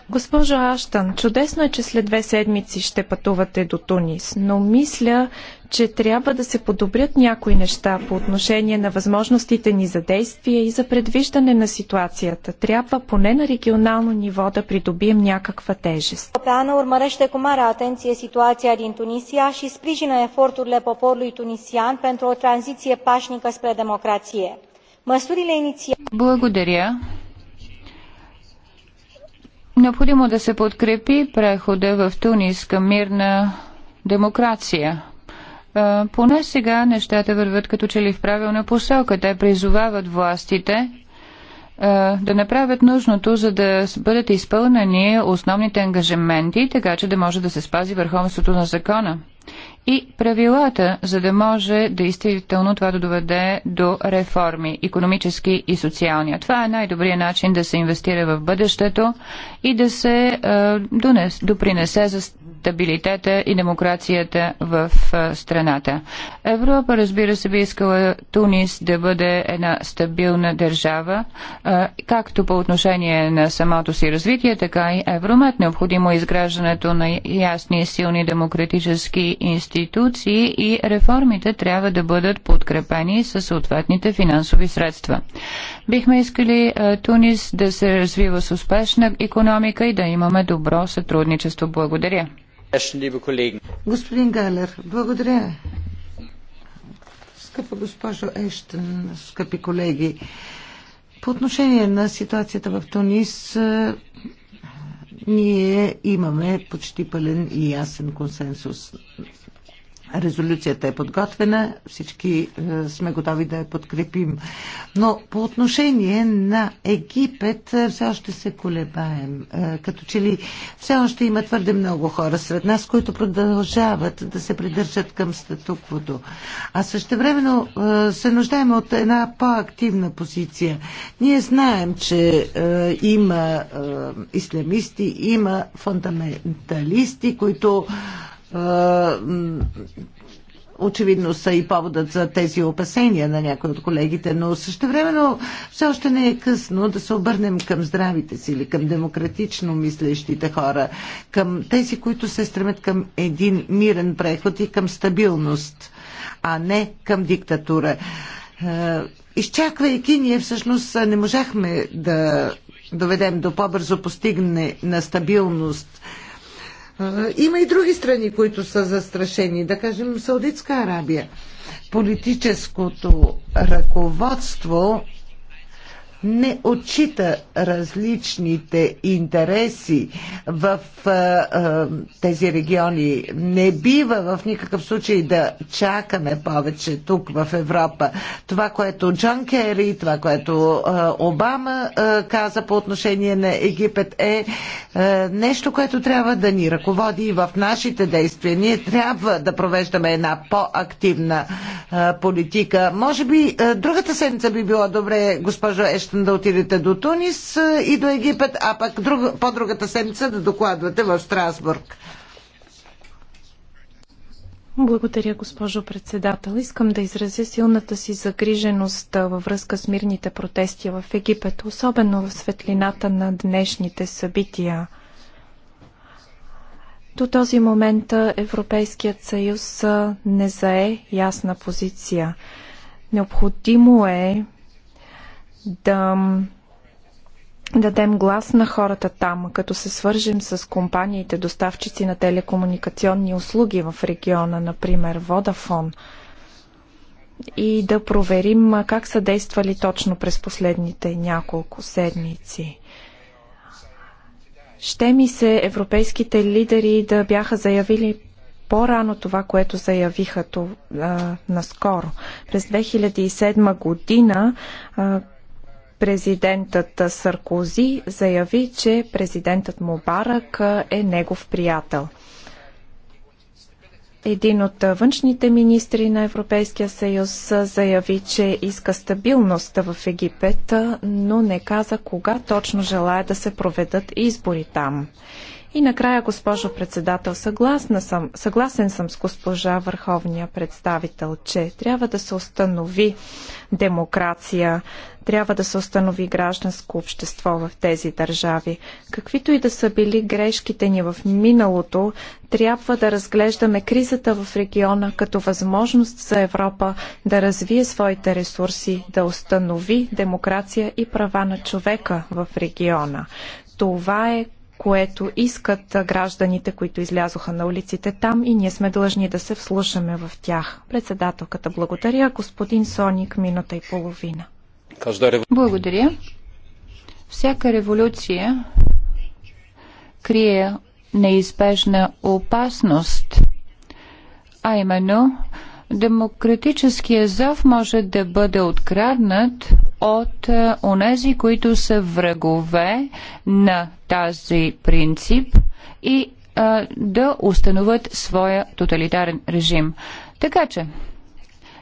Госпожо Аштан, чудесно е, че след две седмици ще пътувате до Тунис, но мисля, че трябва да се подобрят някои неща по отношение на възможностите ни за действие и за предвиждане на ситуацията. Трябва поне на регионално ниво да придобием някаква тежест. Капеана urmărește cu mare atenție situația din Tunisia și sprijină eforturile poporului tunisian pentru o tranziție pașnică spre democrație. Мăsurile inițiale. Благодаря. Необходимо да се подкрепи прехода в Тунис към мирна демокрация. Поне сега нещата върват като че ли в правилна посока. Те призовават властите да направят нужното, за да бъдат изпълнени основните ангажименти, така че да може да се спази върховенството на закона и правилата, за да може действително това да доведе до реформи, економически и социални. Това е най-добрият начин да се инвестира в бъдещето и да се е, донес, допринесе за стабилитета и демокрацията в страната. Европа, разбира се, би искала Тунис да бъде една стабилна държава, както по отношение на самото си развитие, така и Евромет. Необходимо е изграждането на ясни и силни демократически институции и реформите трябва да бъдат подкрепени със съответните финансови средства. Бихме искали Тунис да се развива с успешна економика и да имаме добро сътрудничество. Благодаря. Господин Галер, благодаря. Скъпа госпожо Ештен, скъпи колеги, по отношение на ситуацията в Тунис, е, ние имаме почти пълен и ясен консенсус Резолюцията е подготвена, всички е, сме готови да я подкрепим. Но по отношение на Египет е, все още се колебаем. Е, като че ли все още има твърде много хора сред нас, които продължават да се придържат към статуквото. А същевременно се нуждаем от една по-активна позиция. Ние знаем, че има ислямисти, има фундаменталисти, които очевидно са и поводът за тези опасения на някои от колегите, но същевременно все още не е късно да се обърнем към здравите сили, към демократично мислещите хора, към тези, които се стремят към един мирен преход и към стабилност, а не към диктатура. Изчаквайки, ние всъщност не можахме да доведем до по-бързо постигне на стабилност е, има и други страни, които са застрашени, да кажем Саудитска Арабия. Политическото ръководство не отчита различните интереси в а, тези региони. Не бива в никакъв случай да чакаме повече тук в Европа. Това, което Джон Кери, това, което а, Обама а, каза по отношение на Египет е а, нещо, което трябва да ни ръководи и в нашите действия. Ние трябва да провеждаме една по-активна политика. Може би а, другата седмица би било добре, госпожо Еш среща да отидете до Тунис и до Египет, а пък друг, по другата седмица да докладвате в Страсбург. Благодаря, госпожо председател. Искам да изразя силната си загриженост във връзка с мирните протести в Египет, особено в светлината на днешните събития. До този момент Европейският съюз не зае ясна позиция. Необходимо е да дадем глас на хората там, като се свържем с компаниите, доставчици на телекомуникационни услуги в региона, например Водафон, и да проверим как са действали точно през последните няколко седмици. Ще ми се европейските лидери да бяха заявили по-рано това, което заявиха то, а, наскоро. През 2007 година а, Президентът Саркози заяви, че президентът Мубарак е негов приятел. Един от външните министри на Европейския съюз заяви, че иска стабилност в Египет, но не каза кога точно желая да се проведат избори там. И накрая, госпожо председател, съгласна съм, съгласен съм с госпожа върховния представител, че трябва да се установи демокрация трябва да се установи гражданско общество в тези държави. Каквито и да са били грешките ни в миналото, трябва да разглеждаме кризата в региона като възможност за Европа да развие своите ресурси, да установи демокрация и права на човека в региона. Това е което искат гражданите, които излязоха на улиците там и ние сме длъжни да се вслушаме в тях. Председателката благодаря, господин Соник, минута и половина. Благодаря. Всяка революция крие неизбежна опасност, а именно демократическия зав може да бъде откраднат от е, онези, които са врагове на тази принцип и а, е, да установят своя тоталитарен режим. Така че,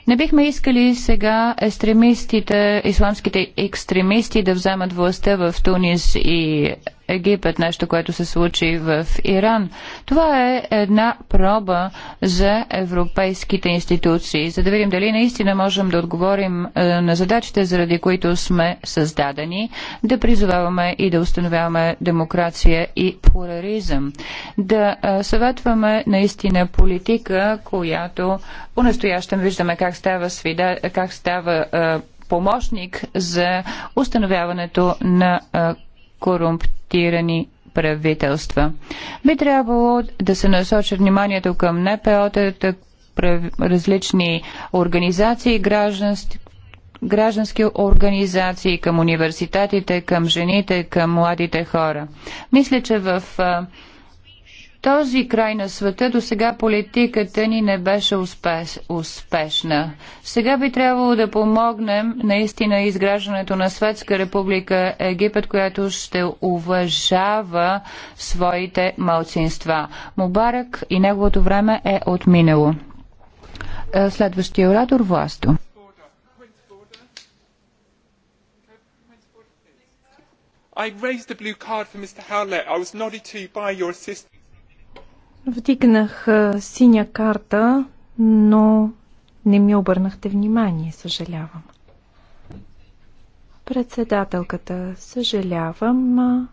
не бихме искали сега екстремистите, исламските екстремисти да вземат властта в Тунис и Египет, нещо, което се случи в Иран. Това е една проба за европейските институции, за да видим дали наистина можем да отговорим е, на задачите, заради които сме създадени, да призоваваме и да установяваме демокрация и плурализъм, да е, съветваме наистина политика, която по-настоящем виждаме как става, свида, как става е, помощник за установяването на корумптирани правителства. Би трябвало да се насочи вниманието към НПО-тата, различни организации, граждански, граждански организации, към университетите, към жените, към младите хора. Мисля, че в този край на света до сега политиката ни не беше успеш, успешна. Сега би трябвало да помогнем наистина изграждането на Светска република Египет, която ще уважава своите малцинства. Мубарак и неговото време е отминало. Е, следващия оратор Власто. I raised the blue card for Mr. Howlett. I was nodded to by your assistant. Вдигнах синя карта, но не ми обърнахте внимание, съжалявам. Председателката, съжалявам,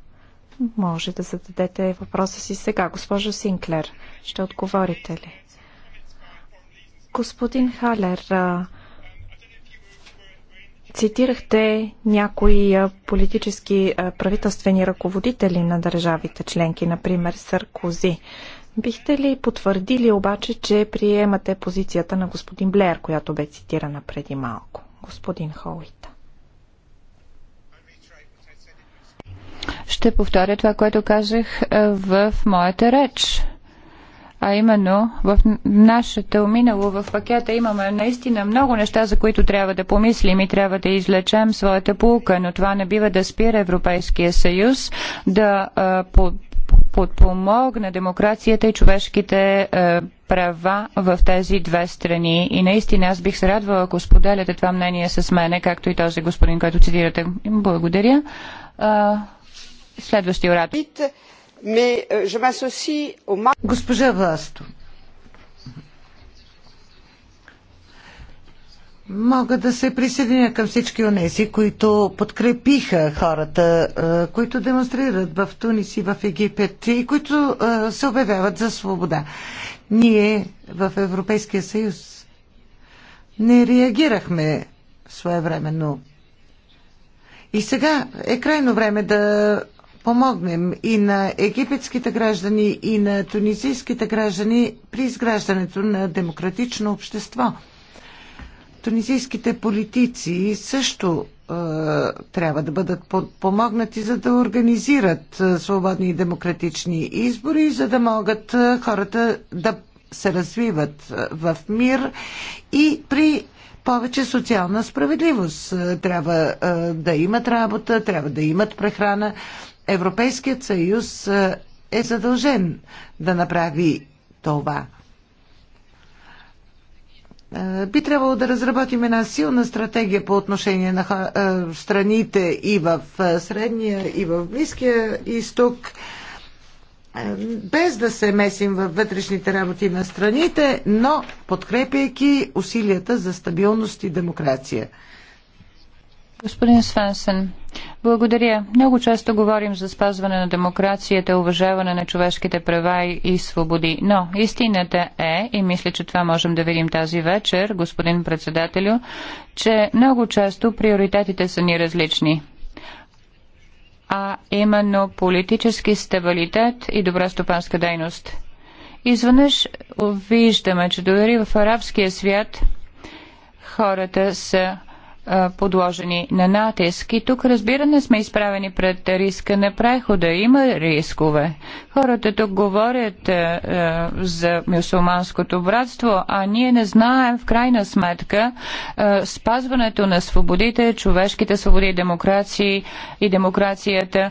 може да зададете въпроса си сега, госпожо Синклер. Ще отговорите ли? Господин Халер, цитирахте някои политически правителствени ръководители на държавите членки, например Саркози. Бихте ли потвърдили обаче, че приемате позицията на господин Блеер, която бе цитирана преди малко? Господин Холита. Ще повторя това, което казах е, в моята реч а именно в нашето минало в пакета имаме наистина много неща, за които трябва да помислим и трябва да излечем своята полука, но това не бива да спира Европейския съюз да а, е, по, подпомогне демокрацията и човешките е, права в тези две страни. И наистина аз бих се радвала, ако споделяте това мнение с мене, както и този господин, който цитирате. Благодаря. А, следващия оратор. Е, Госпожа Власто, Мога да се присъединя към всички онези, които подкрепиха хората, които демонстрират в Тунис и в Египет и които се обявяват за свобода. Ние в Европейския съюз не реагирахме своевременно. И сега е крайно време да помогнем и на египетските граждани, и на тунизийските граждани при изграждането на демократично общество – тунизийските политици също е, трябва да бъдат помогнати, за да организират е, свободни и демократични избори, за да могат е, хората да се развиват е, в мир и при повече социална справедливост. Трябва е, да имат работа, трябва да имат прехрана. Европейският съюз е задължен да направи това. Е, би трябвало да разработим една силна стратегия по отношение на е, страните и в е, Средния, и в Близкия изток, без да се месим във вътрешните работи на страните, но подкрепяйки усилията за стабилност и демокрация. Господин Свенсен, благодаря. Много често говорим за спазване на демокрацията, уважаване на човешките права и свободи. Но истината е, и мисля, че това можем да видим тази вечер, господин председателю, че много често приоритетите са ни различни а именно политически стабилитет и добра стопанска дейност. Изведнъж виждаме, че дори в арабския свят хората са подложени на натиск. И тук, разбира, не сме изправени пред риска на прехода. Има рискове. Хората тук говорят е, за мюсулманското братство, а ние не знаем в крайна сметка е, спазването на свободите, човешките свободи и демокрации и демокрацията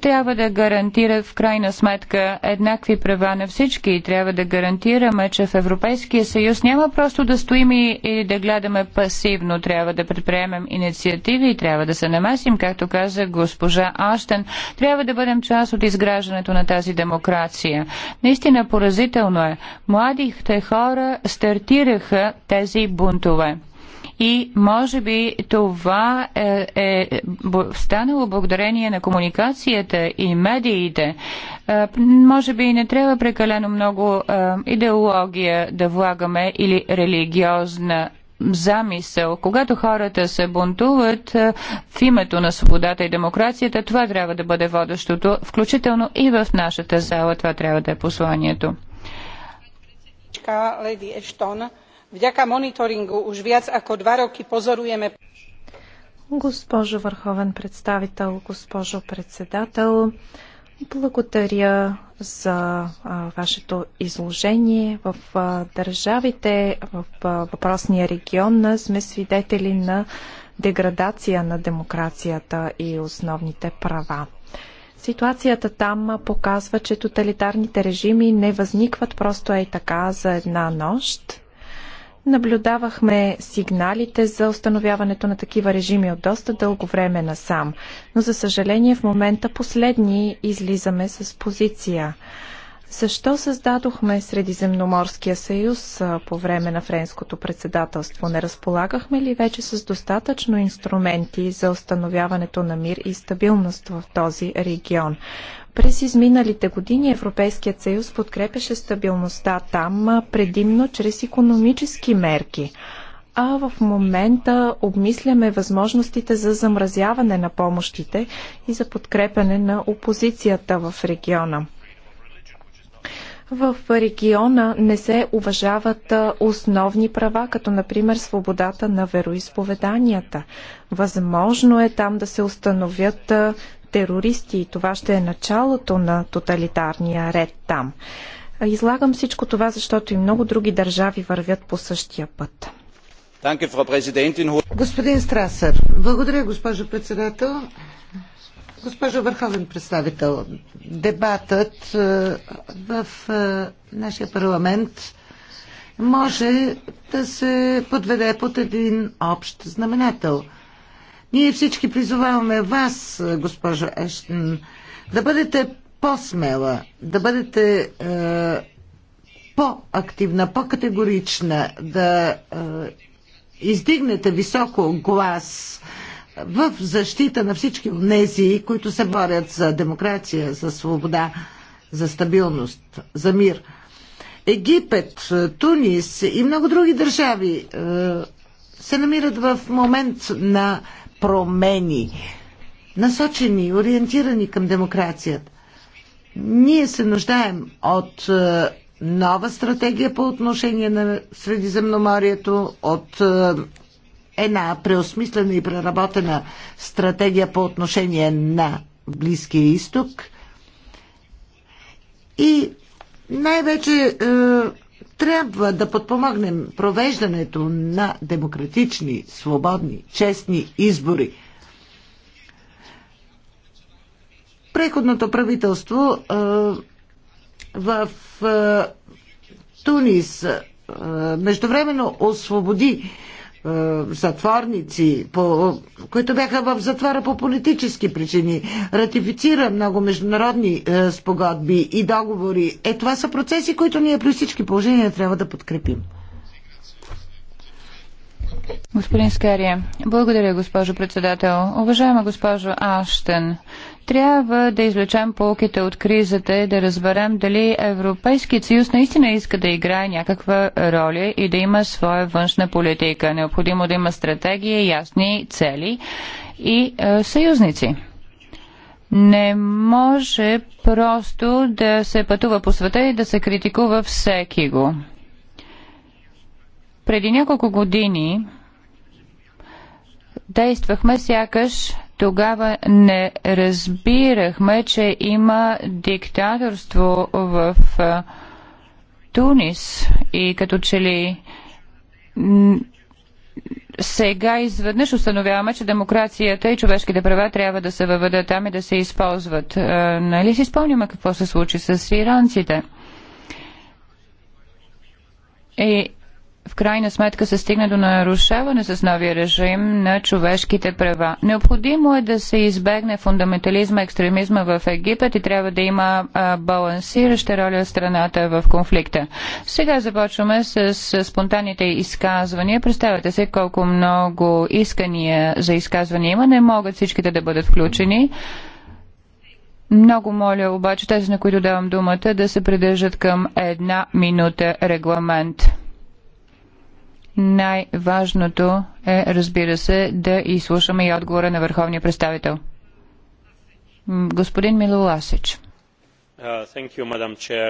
трябва да гарантира в крайна сметка еднакви права на всички и трябва да гарантираме, че в Европейския съюз няма просто да стоим и, и да гледаме пасивно. Трябва да пред предприемем инициативи и трябва да се намесим, както каза госпожа Аштен. Трябва да бъдем част от изграждането на тази демокрация. Наистина поразително е. Младите хора стартираха тези бунтове. И може би това е, е станало благодарение на комуникацията и медиите. Е, може би не трябва прекалено много е, идеология да влагаме или религиозна замисъл. Когато хората се бунтуват е, в името на свободата и демокрацията, това трябва да бъде водещото, включително и в нашата зала. Това трябва да е посланието. Леди Ештон, вďaka monitoringu už viac ako dva roky pozorujeme Госпожо Върховен представител, госпожо председател, благодаря за а, вашето изложение. В а, държавите в а, въпросния регион сме свидетели на деградация на демокрацията и основните права. Ситуацията там показва, че тоталитарните режими не възникват просто е така за една нощ. Наблюдавахме сигналите за установяването на такива режими от доста дълго време насам, но за съжаление в момента последни излизаме с позиция. Защо създадохме Средиземноморския съюз по време на френското председателство? Не разполагахме ли вече с достатъчно инструменти за установяването на мир и стабилност в този регион? През изминалите години Европейският съюз подкрепяше стабилността там предимно чрез економически мерки. А в момента обмисляме възможностите за замразяване на помощите и за подкрепяне на опозицията в региона. В региона не се уважават основни права, като например свободата на вероисповеданията. Възможно е там да се установят терористи и това ще е началото на тоталитарния ред там. Излагам всичко това, защото и много други държави вървят по същия път. Господин Страсър, благодаря, госпожо председател. Госпожо Върховен представител, дебатът е, в е, нашия парламент може да се подведе под един общ знаменател. Ние всички призоваваме вас, госпожо Ештен, да бъдете по-смела, да бъдете е, по-активна, по-категорична, да е, издигнете високо глас в защита на всички от нези, които се борят за демокрация, за свобода, за стабилност, за мир. Египет, Тунис и много други държави е, се намират в момент на промени, насочени, ориентирани към демокрацията. Ние се нуждаем от е, нова стратегия по отношение на Средиземноморието, от е, една преосмислена и преработена стратегия по отношение на Близкия изток и най-вече е, трябва да подпомогнем провеждането на демократични, свободни, честни избори. Преходното правителство в Тунис междувременно освободи е, затворници, по, които бяха в затвора по политически причини, ратифицира много международни е, спогодби и договори. Е, това са процеси, които ние при всички положения трябва да подкрепим. Господин Скария, благодаря, госпожо председател. Уважаема госпожо Аштен, трябва да извлечем полките от кризата и да разберем дали Европейският съюз наистина иска да играе някаква роля и да има своя външна политика. Необходимо да има стратегия, ясни цели и е, съюзници. Не може просто да се пътува по света и да се критикува всеки го. Преди няколко години действахме сякаш тогава не разбирахме, че има диктаторство в Тунис и като че ли сега изведнъж установяваме, че демокрацията и човешките права трябва да се въведат там и да се използват. Нали си спомняме какво се случи с иранците? И в крайна сметка се стигне до нарушаване с новия режим на човешките права. Необходимо е да се избегне фундаментализма, екстремизма в Египет и трябва да има балансираща роля страната в конфликта. Сега започваме с спонтанните изказвания. Представете се колко много искания за изказвания има. Не могат всичките да бъдат включени. Много моля обаче тези, на които давам думата, да се придържат към една минута регламент най-важното е, разбира се, да изслушаме и отговора на върховния представител. Господин Милоласич. You,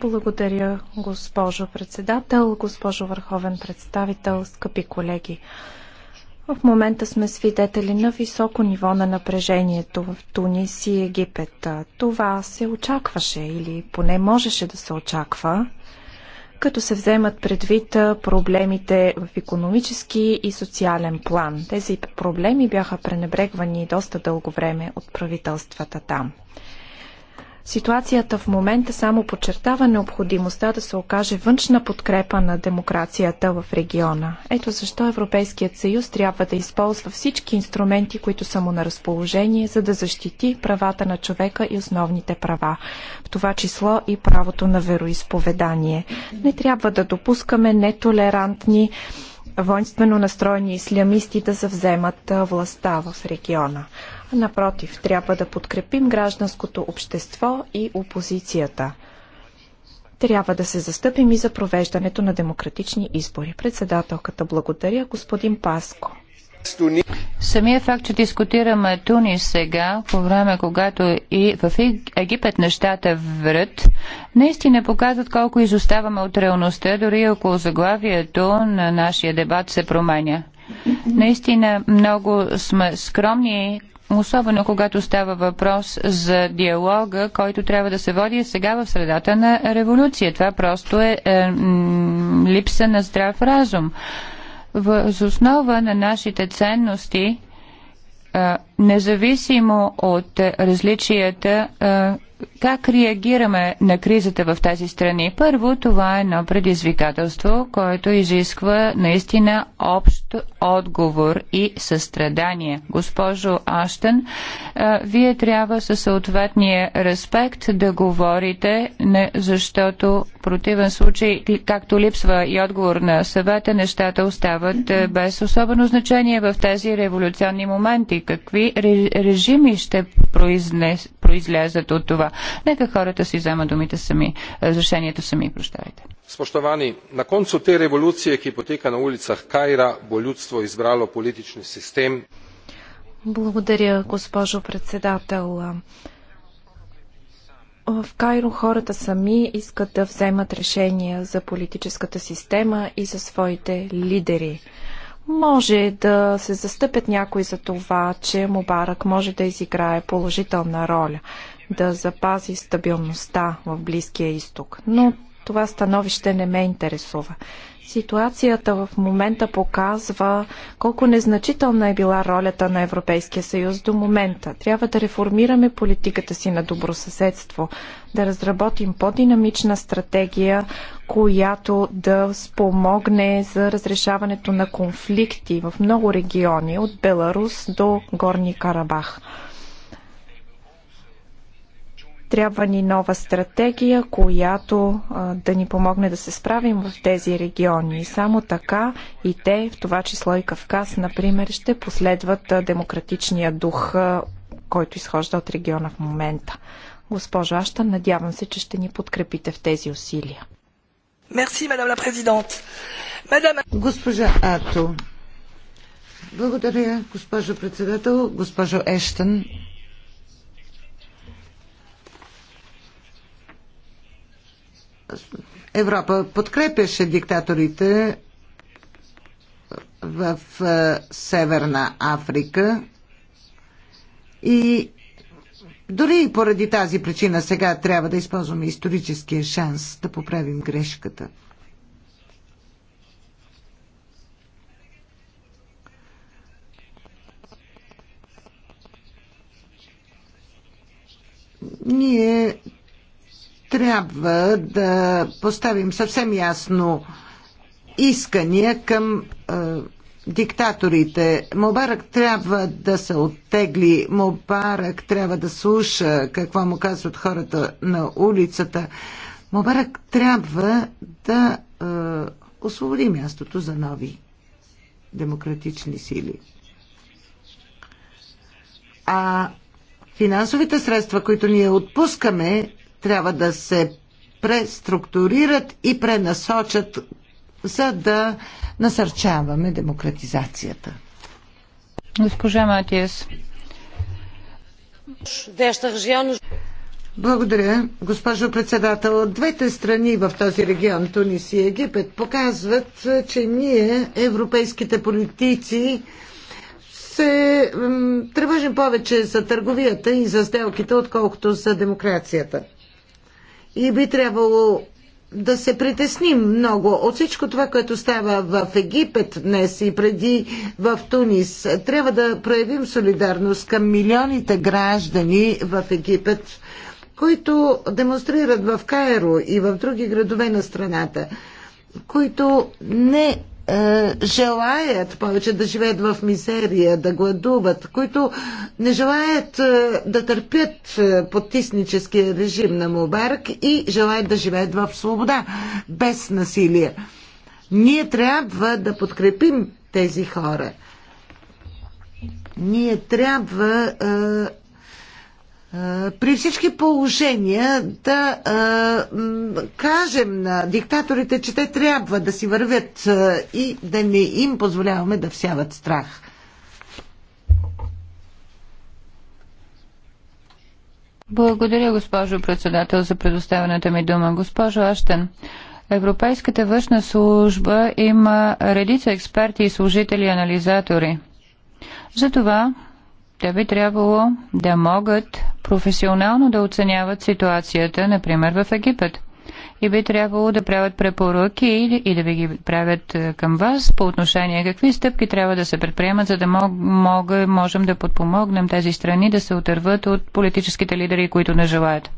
Благодаря, госпожо председател, госпожо върховен представител, скъпи колеги. В момента сме свидетели на високо ниво на напрежението в Тунис и Египет. Това се очакваше или поне можеше да се очаква, като се вземат предвид проблемите в економически и социален план. Тези проблеми бяха пренебрегвани доста дълго време от правителствата там. Ситуацията в момента само подчертава необходимостта да се окаже външна подкрепа на демокрацията в региона. Ето защо Европейският съюз трябва да използва всички инструменти, които са му на разположение, за да защити правата на човека и основните права, в това число и правото на вероисповедание. Не трябва да допускаме нетолерантни воинствено настроени ислямисти да завземат властта в региона. Напротив, трябва да подкрепим гражданското общество и опозицията. Трябва да се застъпим и за провеждането на демократични избори. Председателката благодаря господин Паско. Самия факт, че дискутираме Тунис сега, по време когато и в Египет нещата врат, наистина показват колко изоставаме от реалността, дори около заглавието на нашия дебат се променя. Наистина много сме скромни особено когато става въпрос за диалога, който трябва да се води сега в средата на революция. Това просто е, е липса на здрав разум. В основа на нашите ценности е, независимо от различията, как реагираме на кризата в тази страни? Първо, това е едно предизвикателство, което изисква наистина общ отговор и състрадание. Госпожо Аштън, вие трябва със съответния респект да говорите, защото в противен случай, както липсва и отговор на съвета, нещата остават без особено значение в тези революционни моменти. Какви режими ще произнес, произлязат от това. Нека хората си вземат думите сами, решението сами, прощавайте. Spoštovani, на концу те революции, ки потека на улицах Кайра, бо людство е избрало politični систем. Благодаря, госпожо председател. В Кайро хората сами искат да вземат решения за политическата система и за своите лидери. Може да се застъпят някои за това, че Мубарак може да изиграе положителна роля, да запази стабилността в Близкия изток, но това становище не ме интересува. Ситуацията в момента показва колко незначителна е била ролята на Европейския съюз до момента. Трябва да реформираме политиката си на добросъседство, да разработим по-динамична стратегия, която да спомогне за разрешаването на конфликти в много региони от Беларус до Горни Карабах. Трябва ни нова стратегия, която да ни помогне да се справим в тези региони. И само така и те, в това число и Кавказ, например, ще последват демократичния дух, който изхожда от региона в момента. Госпожо Аща, надявам се, че ще ни подкрепите в тези усилия. Мерси, мадам ла президент. Мадам... Госпожа Ато. Благодаря, госпожо председател, госпожо Ештън. Европа подкрепяше диктаторите в е, Северна Африка и дори и поради тази причина сега трябва да използваме историческия шанс да поправим грешката. Ние трябва да поставим съвсем ясно искания към диктаторите. Мубарак трябва да се оттегли, Мубарак трябва да слуша какво му казват хората на улицата. Мубарак трябва да е, освободи мястото за нови демократични сили. А финансовите средства, които ние отпускаме, трябва да се преструктурират и пренасочат за да насърчаваме демократизацията. Госпожа Матиас. Благодаря, госпожо председател. Двете страни в този регион, Тунис и Египет, показват, че ние, европейските политици, се тревожим повече за търговията и за сделките, отколкото за демокрацията. И би трябвало да се притесним много от всичко това, което става в Египет днес и преди в Тунис. Трябва да проявим солидарност към милионите граждани в Египет, които демонстрират в Кайро и в други градове на страната, които не е, желаят повече да живеят в мизерия, да гладуват, които не желаят е, да търпят е, потисническия режим на Мубарак и желаят да живеят в свобода, без насилие. Ние трябва да подкрепим тези хора. Ние трябва при всички положения да а, кажем на диктаторите, че те трябва да си вървят а, и да не им позволяваме да всяват страх. Благодаря, госпожо председател, за предоставената ми дума. Госпожо Аштен, Европейската външна служба има редица експерти и служители и анализатори. Затова те би трябвало да могат професионално да оценяват ситуацията, например в Египет. И би трябвало да правят препоръки и да ви ги правят е, към вас по отношение какви стъпки трябва да се предприемат, за да мог, можем да подпомогнем тези страни да се отърват от политическите лидери, които не желаят.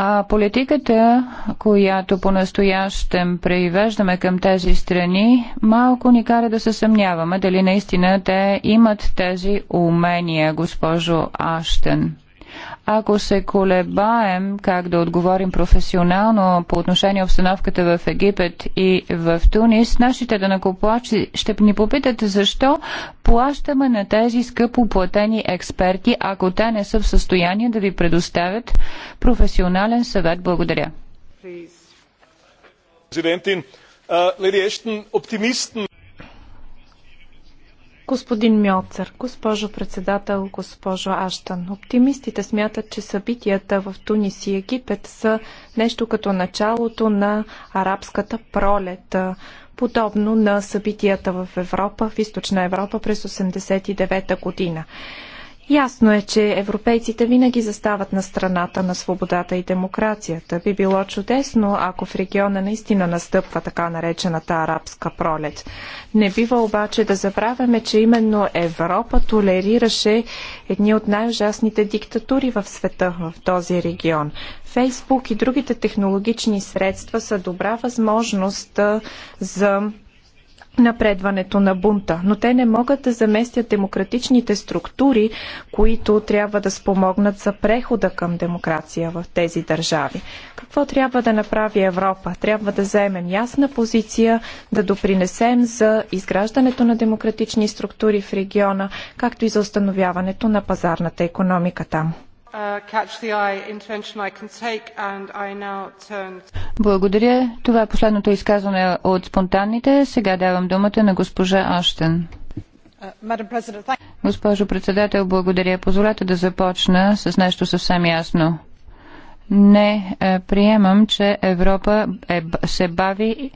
А политиката, която по-настоящем привеждаме към тези страни, малко ни кара да се съмняваме дали наистина те имат тези умения, госпожо Аштен. Ако се колебаем как да отговорим професионално по отношение обстановката в Египет и в Тунис, нашите данакоплачи ще ни попитат защо плащаме на тези скъпо платени експерти, ако те не са в състояние да ви предоставят професионален съвет. Благодаря. Президентин, леди Ештен, оптимистен Господин Мьоцер, госпожо председател, госпожо Аштан, оптимистите смятат, че събитията в Тунис и Египет са нещо като началото на арабската пролет, подобно на събитията в Европа, в източна Европа през 89-та година. Ясно е, че европейците винаги застават на страната на свободата и демокрацията. Би било чудесно, ако в региона наистина настъпва така наречената арабска пролет. Не бива обаче да забравяме, че именно Европа толерираше едни от най-ужасните диктатури в света в този регион. Фейсбук и другите технологични средства са добра възможност за напредването на бунта, но те не могат да заместят демократичните структури, които трябва да спомогнат за прехода към демокрация в тези държави. Какво трябва да направи Европа? Трябва да заемем ясна позиция, да допринесем за изграждането на демократични структури в региона, както и за установяването на пазарната економика там. Uh, благодаря. Това е последното изказване от спонтанните. Сега давам думата на госпожа Аштен. Uh, Госпожо председател, благодаря. Позволете да започна с нещо съвсем ясно. Не е, приемам, че Европа е, се бави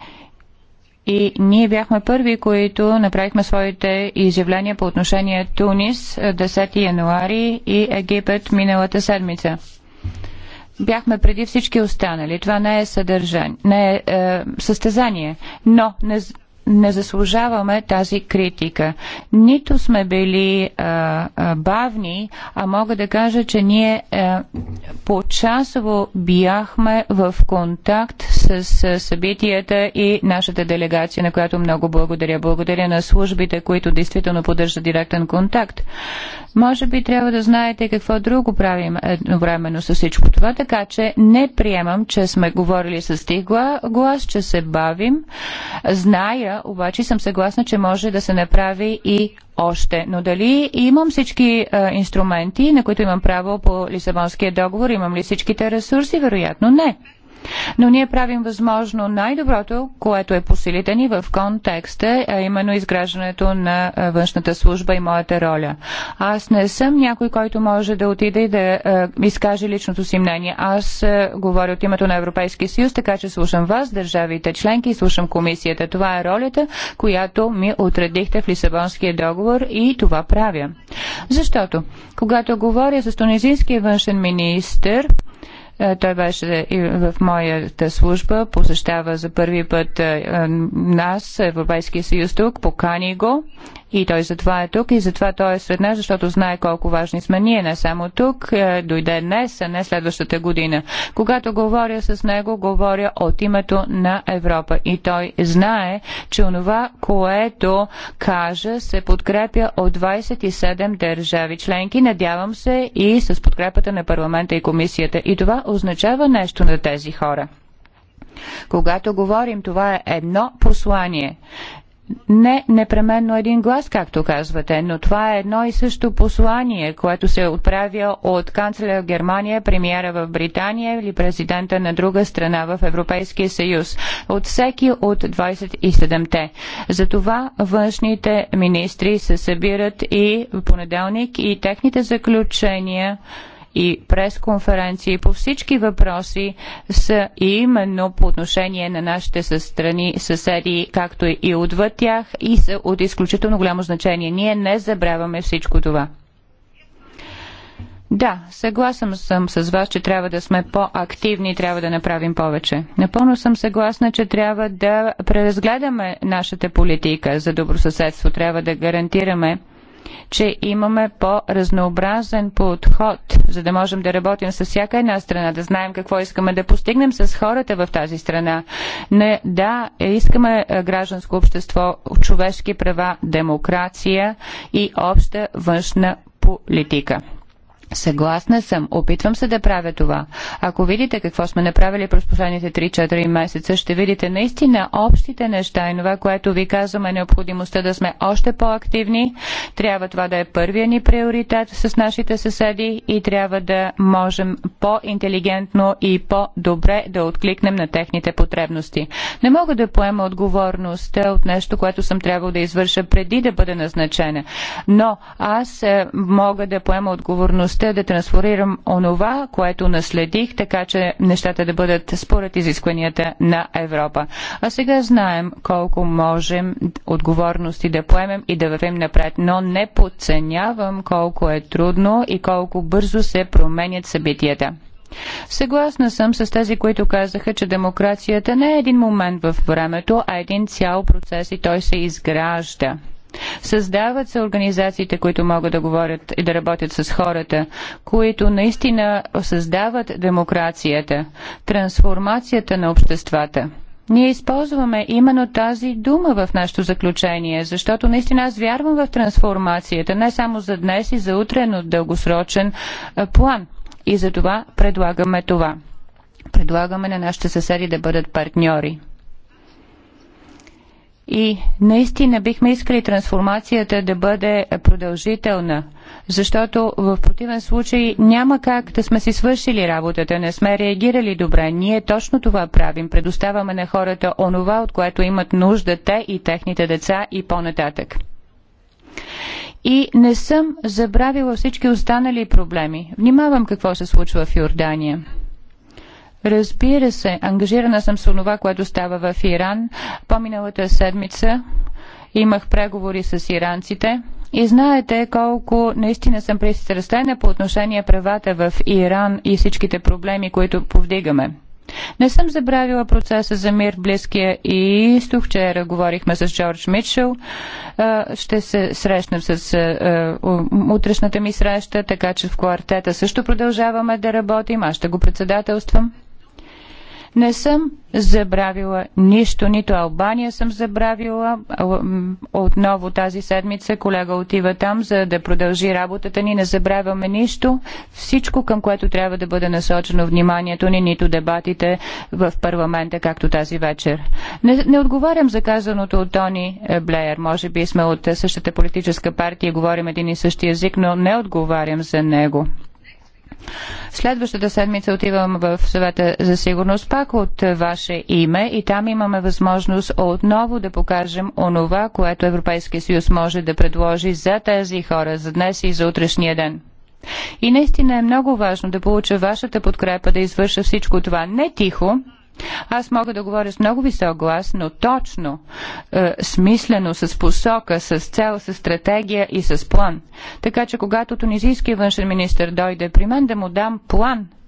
и ние бяхме първи, които направихме своите изявления по отношение Тунис 10 е, януари и Египет миналата седмица. Бяхме преди всички останали. Това не е съдържание, не е, е състезание, но не, не заслужаваме тази критика. Нито сме били а, а, бавни, а мога да кажа, че ние по почасово бяхме в контакт с, с събитията и нашата делегация, на която много благодаря. Благодаря на службите, които действително поддържат директен контакт. Може би трябва да знаете какво друго правим едновременно с всичко това, така че не приемам, че сме говорили с тих глас, че се бавим. Зная, мисля, обаче съм съгласна, че може да се направи и още. Но дали имам всички а, е, инструменти, на които имам право по Лисабонския договор, имам ли всичките ресурси? Вероятно не. Но ние правим възможно най-доброто, което е по силите ни в контекста, а именно изграждането на външната служба и моята роля. Аз не съм някой, който може да отиде и да изкаже личното си мнение. Аз говоря от името на Европейския съюз, така че слушам вас, държавите членки и слушам комисията. Това е ролята, която ми отредихте в Лисабонския договор и това правя. Защото, когато говоря с тунизинския външен министр, е, той беше и в моята служба, посещава за първи път е, е, нас, Европейския съюз тук, покани го и той затова е тук и затова той е сред нас, защото знае колко важни сме ние, не само тук, е, дойде днес, а не следващата година. Когато говоря с него, говоря от името на Европа. И той знае, че онова, което кажа, се подкрепя от 27 държави членки. Надявам се и с подкрепата на парламента и комисията. И това означава нещо на тези хора. Когато говорим, това е едно послание не непременно един глас, както казвате, но това е едно и също послание, което се отправя от канцлера в Германия, премиера в Британия или президента на друга страна в Европейския съюз, от всеки от 27-те. Затова външните министри се събират и в понеделник и техните заключения и пресконференции по всички въпроси са именно по отношение на нашите страни, съседи, както и отвъд тях и са от изключително голямо значение. Ние не забравяме всичко това. Да, съгласен съм с вас, че трябва да сме по-активни и трябва да направим повече. Напълно съм съгласна, че трябва да преразгледаме нашата политика за добросъседство. Трябва да гарантираме че имаме по-разнообразен подход, за да можем да работим с всяка една страна, да знаем какво искаме да постигнем с хората в тази страна. Не, да, искаме е, гражданско общество, човешки права, демокрация и обща външна политика. Съгласна съм. Опитвам се да правя това. Ако видите какво сме направили през последните 3-4 месеца, ще видите наистина общите неща и това, което ви казваме, необходимостта да сме още по-активни. Трябва това да е първия ни приоритет с нашите съседи и трябва да можем по-интелигентно и по-добре да откликнем на техните потребности. Не мога да поема отговорността от нещо, което съм трябвало да извърша преди да бъде назначена, но аз е, мога да поема отговорност възможността да трансформирам онова, което наследих, така че нещата да бъдат според изискванията на Европа. А сега знаем колко можем отговорности да поемем и да вървим напред, но не подценявам колко е трудно и колко бързо се променят събитията. Съгласна съм с тези, които казаха, че демокрацията не е един момент в времето, а един цял процес и той се изгражда. Създават се организациите, които могат да говорят и да работят с хората, които наистина създават демокрацията, трансформацията на обществата. Ние използваме именно тази дума в нашето заключение, защото наистина аз вярвам в трансформацията, не само за днес и за утре, но дългосрочен план. И за това предлагаме това. Предлагаме на нашите съседи да бъдат партньори. И наистина бихме искали трансформацията да бъде продължителна, защото в противен случай няма как да сме си свършили работата, не сме реагирали добре. Ние точно това правим. Предоставяме на хората онова, от което имат нужда те и техните деца и по-нататък. И не съм забравила всички останали проблеми. Внимавам какво се случва в Йордания. Разбира се, ангажирана съм с това, което става в Иран. По-миналата седмица имах преговори с иранците. И знаете колко наистина съм пристрастена по отношение правата в Иран и всичките проблеми, които повдигаме. Не съм забравила процеса за мир в Близкия и изток. Вчера говорихме с Джордж Митчел. Ще се срещнем с утрешната ми среща, така че в квартета също продължаваме да работим. Аз ще го председателствам. Не съм забравила нищо, нито Албания съм забравила. Отново тази седмица колега отива там, за да продължи работата ни. Не забравяме нищо. Всичко, към което трябва да бъде насочено вниманието ни, нито дебатите в парламента, както тази вечер. Не, не отговарям за казаното от Тони е, Блеер. Може би сме от същата политическа партия и говорим един и същи език, но не отговарям за него. Следващата седмица отивам в съвета за сигурност пак от ваше име и там имаме възможност отново да покажем онова, което Европейския съюз може да предложи за тези хора, за днес и за утрешния ден. И наистина е много важно да получа вашата подкрепа да извърша всичко това не тихо, аз мога да говоря с много висок глас, но точно, е, смислено, с посока, с цел, с стратегия и с план. Така че, когато тунизийски външен министр дойде при мен, да му дам план –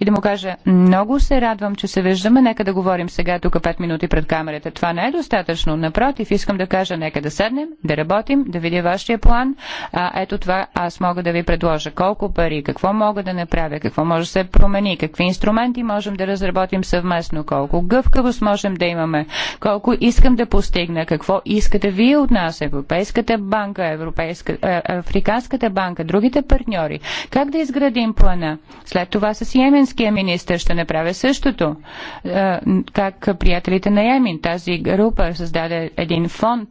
и да му кажа, много се радвам, че се виждаме, нека да говорим сега тук 5 минути пред камерата. Това не е достатъчно. Напротив, искам да кажа, нека да седнем, да работим, да видя вашия план. А, ето това аз мога да ви предложа. Колко пари, какво мога да направя, какво може да се промени, какви инструменти можем да разработим съвместно, колко гъвкавост можем да имаме, колко искам да постигна, какво искате вие от нас, Европейската банка, Европейска, е, Африканската банка, другите партньори. Как да изградим плана? След това с йеменския министр ще направя същото. Е, как приятелите на Йемен, тази група създаде един фонд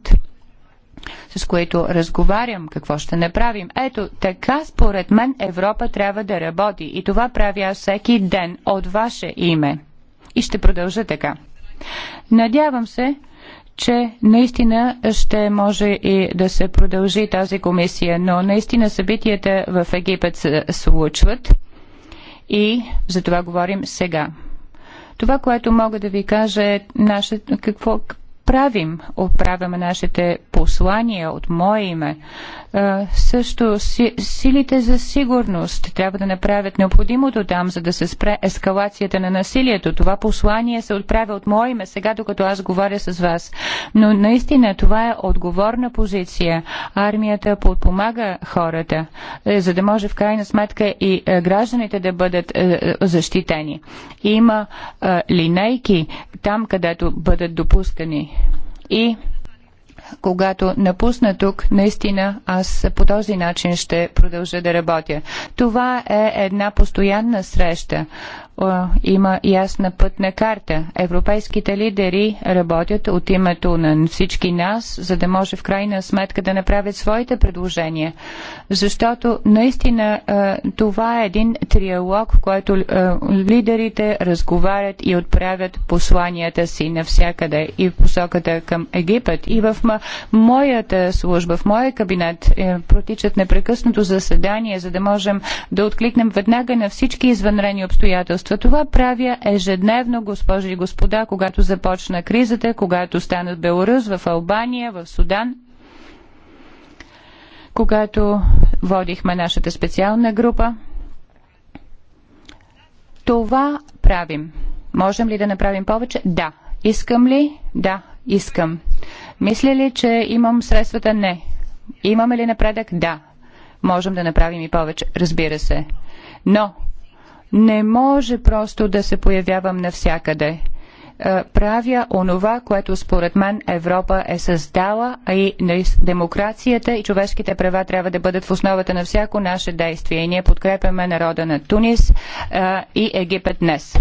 с който разговарям, какво ще направим. Ето, така според мен Европа трябва да работи и това правя аз всеки ден от ваше име. И ще продължа така. Надявам се, че наистина ще може и да се продължи тази комисия, но наистина събитията в Египет се случват и за това говорим сега. Това, което мога да ви кажа е наше, какво правим. Оправяме нашите послание от мое име. Е, също силите за сигурност трябва да направят необходимото там, за да се спре ескалацията на насилието. Това послание се отправя от мое име сега, докато аз говоря с вас. Но наистина това е отговорна позиция. Армията подпомага хората, е, за да може в крайна сметка и е, гражданите да бъдат защитени. Има линейки там, където бъдат допускани. И когато напусна тук, наистина аз по този начин ще продължа да работя. Това е една постоянна среща. Е, има ясна пътна карта. Европейските лидери работят от името на всички нас, за да може в крайна сметка да направят своите предложения. Защото наистина е, това е един триалог, в който е, лидерите разговарят и отправят посланията си навсякъде и в посоката към Египет. И в моята служба, в моя кабинет протичат непрекъснато заседание, за да можем да откликнем веднага на всички извънрени обстоятелства правителства. Това правя ежедневно, госпожи и господа, когато започна кризата, когато стана Белорус в Албания, в Судан когато водихме нашата специална група. Това правим. Можем ли да направим повече? Да. Искам ли? Да, искам. Мисля ли, че имам средствата? Не. Имаме ли напредък? Да. Можем да направим и повече, разбира се. Но не може просто да се появявам навсякъде е, правя онова, което според мен Европа е създала, а и нали, демокрацията и човешките права трябва да бъдат в основата на всяко наше действие. И ние подкрепяме народа на Тунис е, и Египет днес.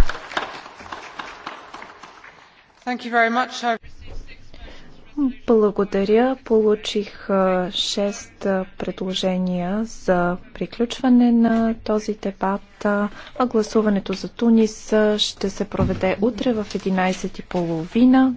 Благодаря. Получих 6 предложения за приключване на този дебат, а гласуването за Тунис ще се проведе утре в 11.30.